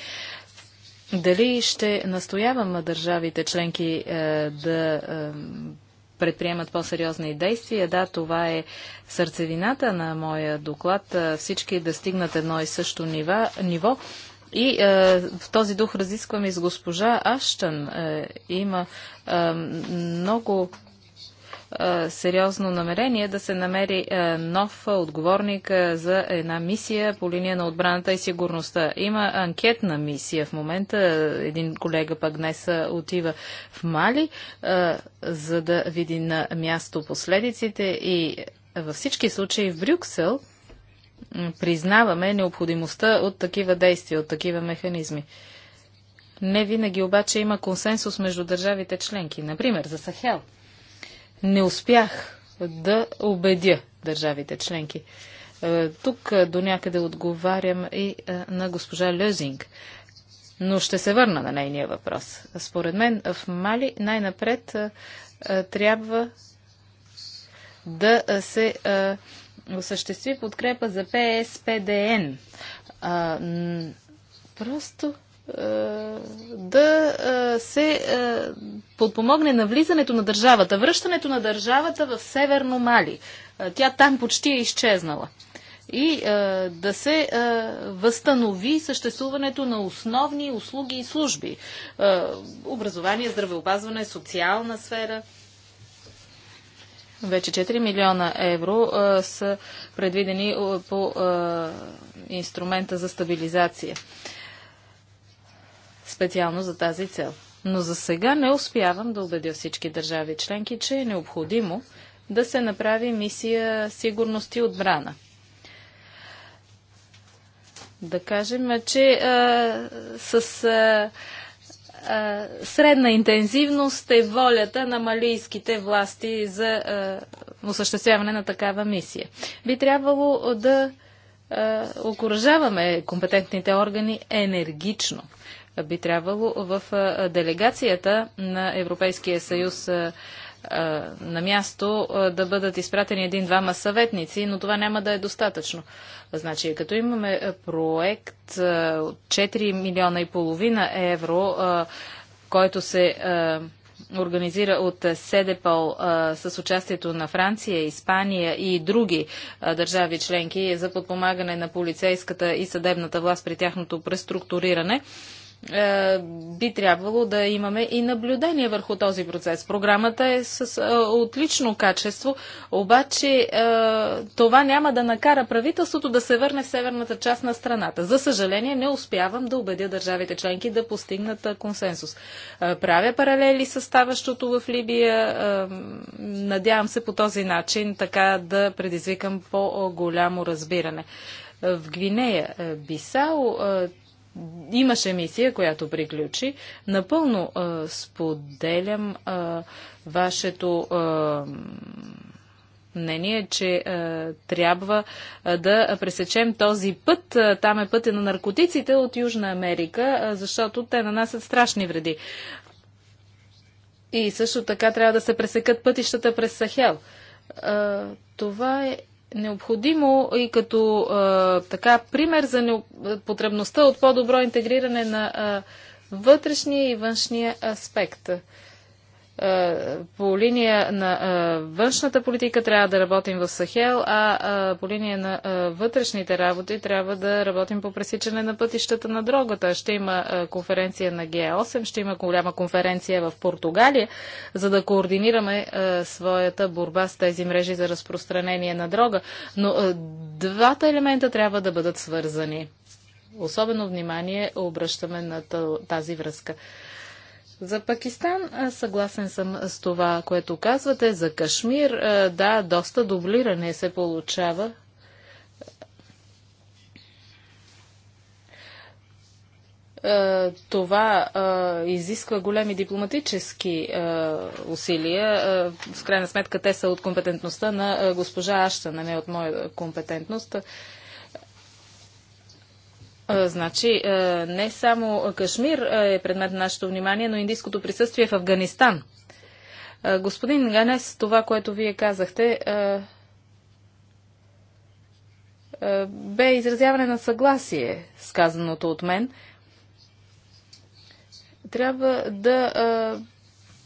Дали ще настоявам държавите членки да предприемат по-сериозни действия. Да, това е сърцевината на моя доклад. Всички да стигнат едно и също ниво и е, в този дух разискваме с госпожа Аштън. Е, има е, много е, сериозно намерение да се намери е, нов отговорник е, за една мисия по линия на отбраната и сигурността. Има анкетна мисия в момента. Един колега пък днес отива в Мали, за да види на място последиците и във всички случаи в Брюксел – признаваме необходимостта от такива действия, от такива механизми. Не винаги обаче има консенсус между държавите членки. Например, за Сахел. Не успях да убедя държавите членки. Е, тук е, до някъде отговарям и е, на госпожа Лезинг. Но ще се върна на нейния въпрос. Според мен в Мали най-напред трябва да се осъществи подкрепа за ПСПДН. А, просто да се подпомогне на влизането на държавата, връщането на държавата в Северно Мали. Тя там почти е изчезнала. И да се възстанови съществуването на основни услуги и служби. Образование, здравеопазване, социална сфера – вече 4 милиона евро а, са предвидени а, по а, инструмента за стабилизация. Специално за тази цел. Но за сега не успявам да убедя всички държави членки, че е необходимо да се направи мисия сигурност и отбрана. Да кажем, че а, с. А, средна интензивност е волята на малийските власти за а, осъществяване на такава мисия. Би трябвало да окоръжаваме компетентните органи енергично. Би трябвало в делегацията на Европейския съюз на място да бъдат изпратени един-двама съветници, но това няма да е достатъчно. Значи, като имаме проект от 4 милиона и половина евро, който се организира от СЕДЕПОЛ с участието на Франция, Испания и други държави членки за подпомагане на полицейската и съдебната власт при тяхното преструктуриране. Е, би трябвало да имаме и наблюдение върху този процес. Програмата е с е, отлично качество, обаче е, това няма да накара правителството да се върне в северната част на страната. За съжаление, не успявам да убедя държавите членки да постигнат консенсус. Правя паралели с ставащото в Либия. Надявам се по този начин така да предизвикам по-голямо разбиране. В Гвинея, Бисао, имаше мисия, която приключи. Напълно а, споделям а, вашето а, мнение, че а, трябва а, да пресечем този път. А, там е пътя на наркотиците от Южна Америка, а, защото те нанасят страшни вреди. И също така трябва да се пресекат пътищата през Сахел. А, това е необходимо и като а, така пример за не, потребността от по-добро интегриране на а, вътрешния и външния аспект. Е, по линия на е, външната политика трябва да работим в Сахел, а по линия на е, вътрешните работи трябва да работим по пресичане на пътищата на дрогата. Ще има конференция на Г8, ще има голяма конференция в Португалия, за да координираме своята борба с тези мрежи за разпространение на дрога. Но двата елемента трябва да бъдат свързани. Особено внимание обръщаме на тази връзка. За Пакистан съгласен съм с това, което казвате. За Кашмир, да, доста дублиране се получава. това изисква големи дипломатически усилия. в крайна сметка те са от компетентността на госпожа Ашта, не от моя компетентност. Значи, не само Кашмир е предмет на нашето внимание, но индийското присъствие в Афганистан. Господин Ганес, това, което вие казахте, бе изразяване на съгласие с казаното от мен. Трябва да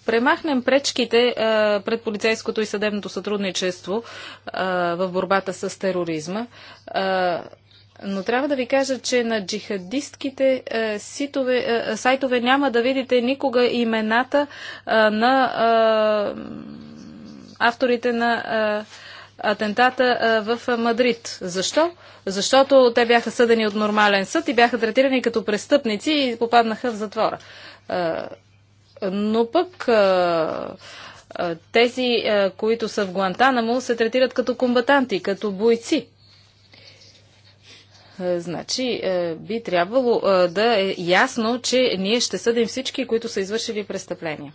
премахнем пречките пред полицейското и съдебното сътрудничество в борбата с тероризма. Но трябва да ви кажа, че на джихадистките е, ситове, е, е сайтове няма да видите никога имената е, на е, авторите на е, атентата в Мадрид. Защо? Защото те бяха съдени от нормален съд и бяха третирани като престъпници и попаднаха в затвора. Но пък тези, които са в Гуантанамо, се третират като комбатанти, като бойци. Е, значи, е, би трябвало е, да е ясно, че ние ще съдим всички, които са извършили престъпления.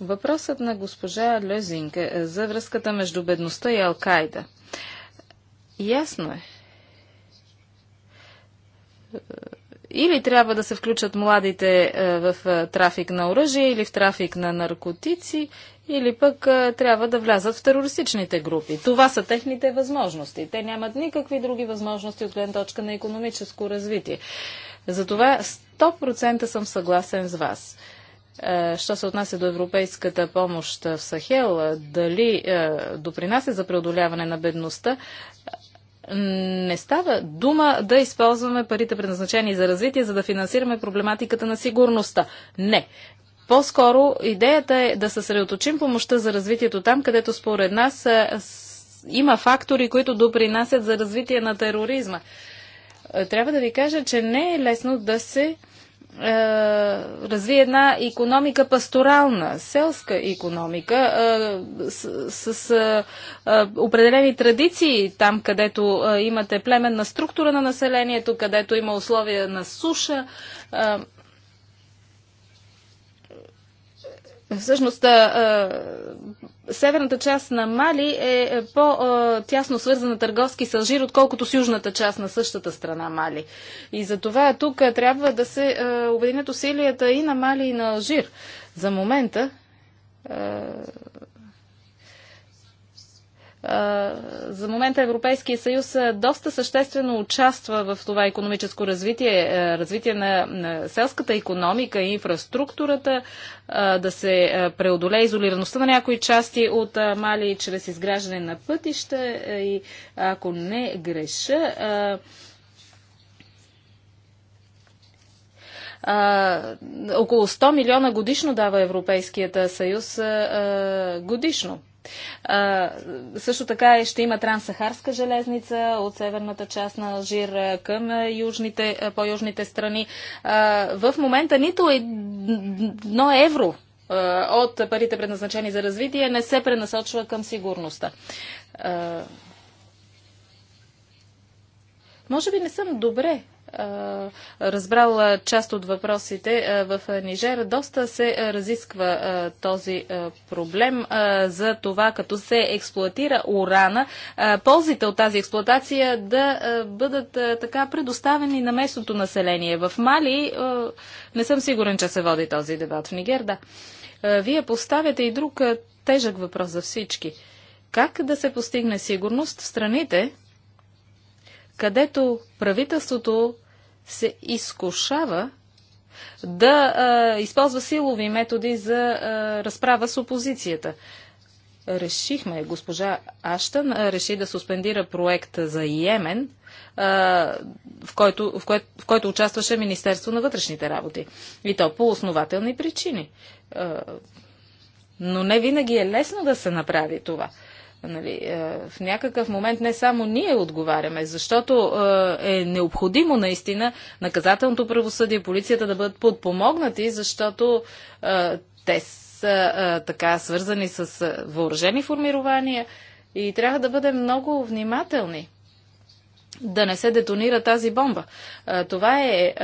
Въпросът на госпожа Лезинг за връзката между бедността и Алкайда. Ясно е или трябва да се включат младите е, в е, трафик на оръжие, или в трафик на наркотици, или пък е, трябва да влязат в терористичните групи. Това са техните възможности. Те нямат никакви други възможности от гледна точка на економическо развитие. Затова 100% съм съгласен с вас. Що се отнася до европейската помощ в Сахел, дали допринася за преодоляване на бедността, не става дума да използваме парите предназначени за развитие, за да финансираме проблематиката на сигурността. Не. По-скоро идеята е да съсредоточим помощта за развитието там, където според нас има фактори, които допринасят за развитие на тероризма. Е, трябва да ви кажа, че не е лесно да се е, разви една економика пасторална, селска економика, е, с, с е, определени традиции там, където имате племенна структура на населението, където има условия на суша. Всъщност, северната част на Мали е по-тясно свързана търговски с Алжир, отколкото с южната част на същата страна Мали. И за това тук трябва да се обединят усилията и на Мали, и на Алжир. За момента за момента Европейския съюз доста съществено участва в това економическо развитие, развитие на, селската економика и инфраструктурата, да се преодолее изолираността на някои части от Мали чрез изграждане на пътища и ако не греша, а, около 100 милиона годишно дава Европейският съюз а, годишно а, също така е, ще има транссахарска железница от северната част на Алжир към южните, по-южните страни. А, в момента нито едно евро от парите предназначени за развитие не се пренасочва към сигурността. Може би не съм добре разбрал част от въпросите в Нижер. Доста се разисква този проблем за това, като се експлуатира урана, ползите от тази експлуатация да бъдат така предоставени на местното население. В Мали не съм сигурен, че се води този дебат. В Нигер, да. Вие поставяте и друг тежък въпрос за всички. Как да се постигне сигурност в страните, където правителството се изкушава да а, използва силови методи за а, разправа с опозицията. Решихме, госпожа Аштън а, реши да суспендира проект за Йемен, а, в, който, в, кое, в който участваше Министерство на вътрешните работи. И то по основателни причини. А, но не винаги е лесно да се направи това. А, Нали, е, в някакъв момент не само ние отговаряме, защото е, е необходимо наистина наказателното правосъдие, и полицията да бъдат подпомогнати, защото е, те са така свързани с въоръжени формирования и трябва да бъдем много внимателни да не се детонира тази бомба. това е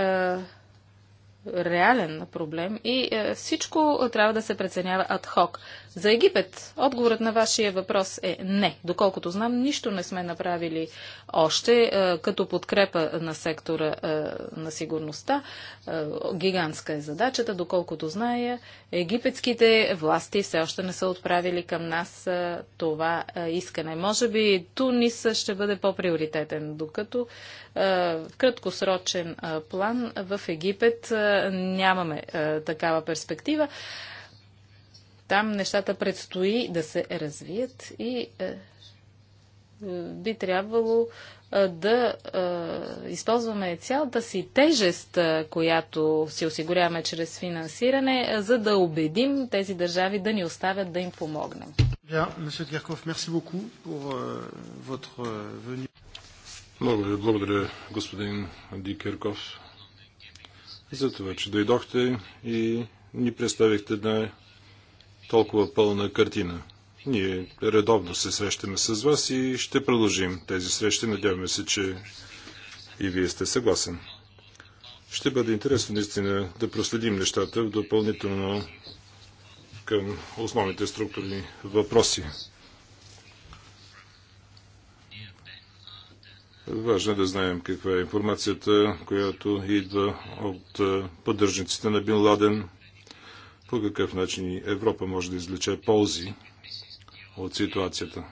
реален проблем и всичко трябва да се преценява адхок. За Египет отговорът на вашия въпрос е не. Доколкото знам, нищо не сме направили още е, като подкрепа на сектора е, на сигурността. Е, гигантска е задачата. Доколкото зная, египетските власти все още не са отправили към нас това искане. Може би Тунис ще бъде по-приоритетен, докато в краткосрочен план в Египет нямаме такава перспектива. Там нещата предстои да се развият и е, е, би трябвало е, да използваме цялата си тежест, която си осигуряваме чрез финансиране, за да убедим тези държави да ни оставят да им помогнем. Благодаря, благодаря господин Дикерков, за това, че дойдохте и ни представихте на толкова пълна картина. Ние редовно се срещаме с вас и ще продължим тези срещи. Надяваме се, че и вие сте съгласен. Ще бъде интересно наистина да проследим нещата в допълнително към основните структурни въпроси. Важно е да знаем каква е информацията, която идва от поддържниците на Бин Ладен, по какъв начин Европа може да извлече ползи от ситуацията.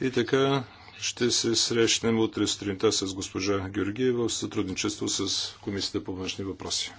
И така ще се срещнем утре сутринта с госпожа Георгиева в сътрудничество с Комисията по външни въпроси.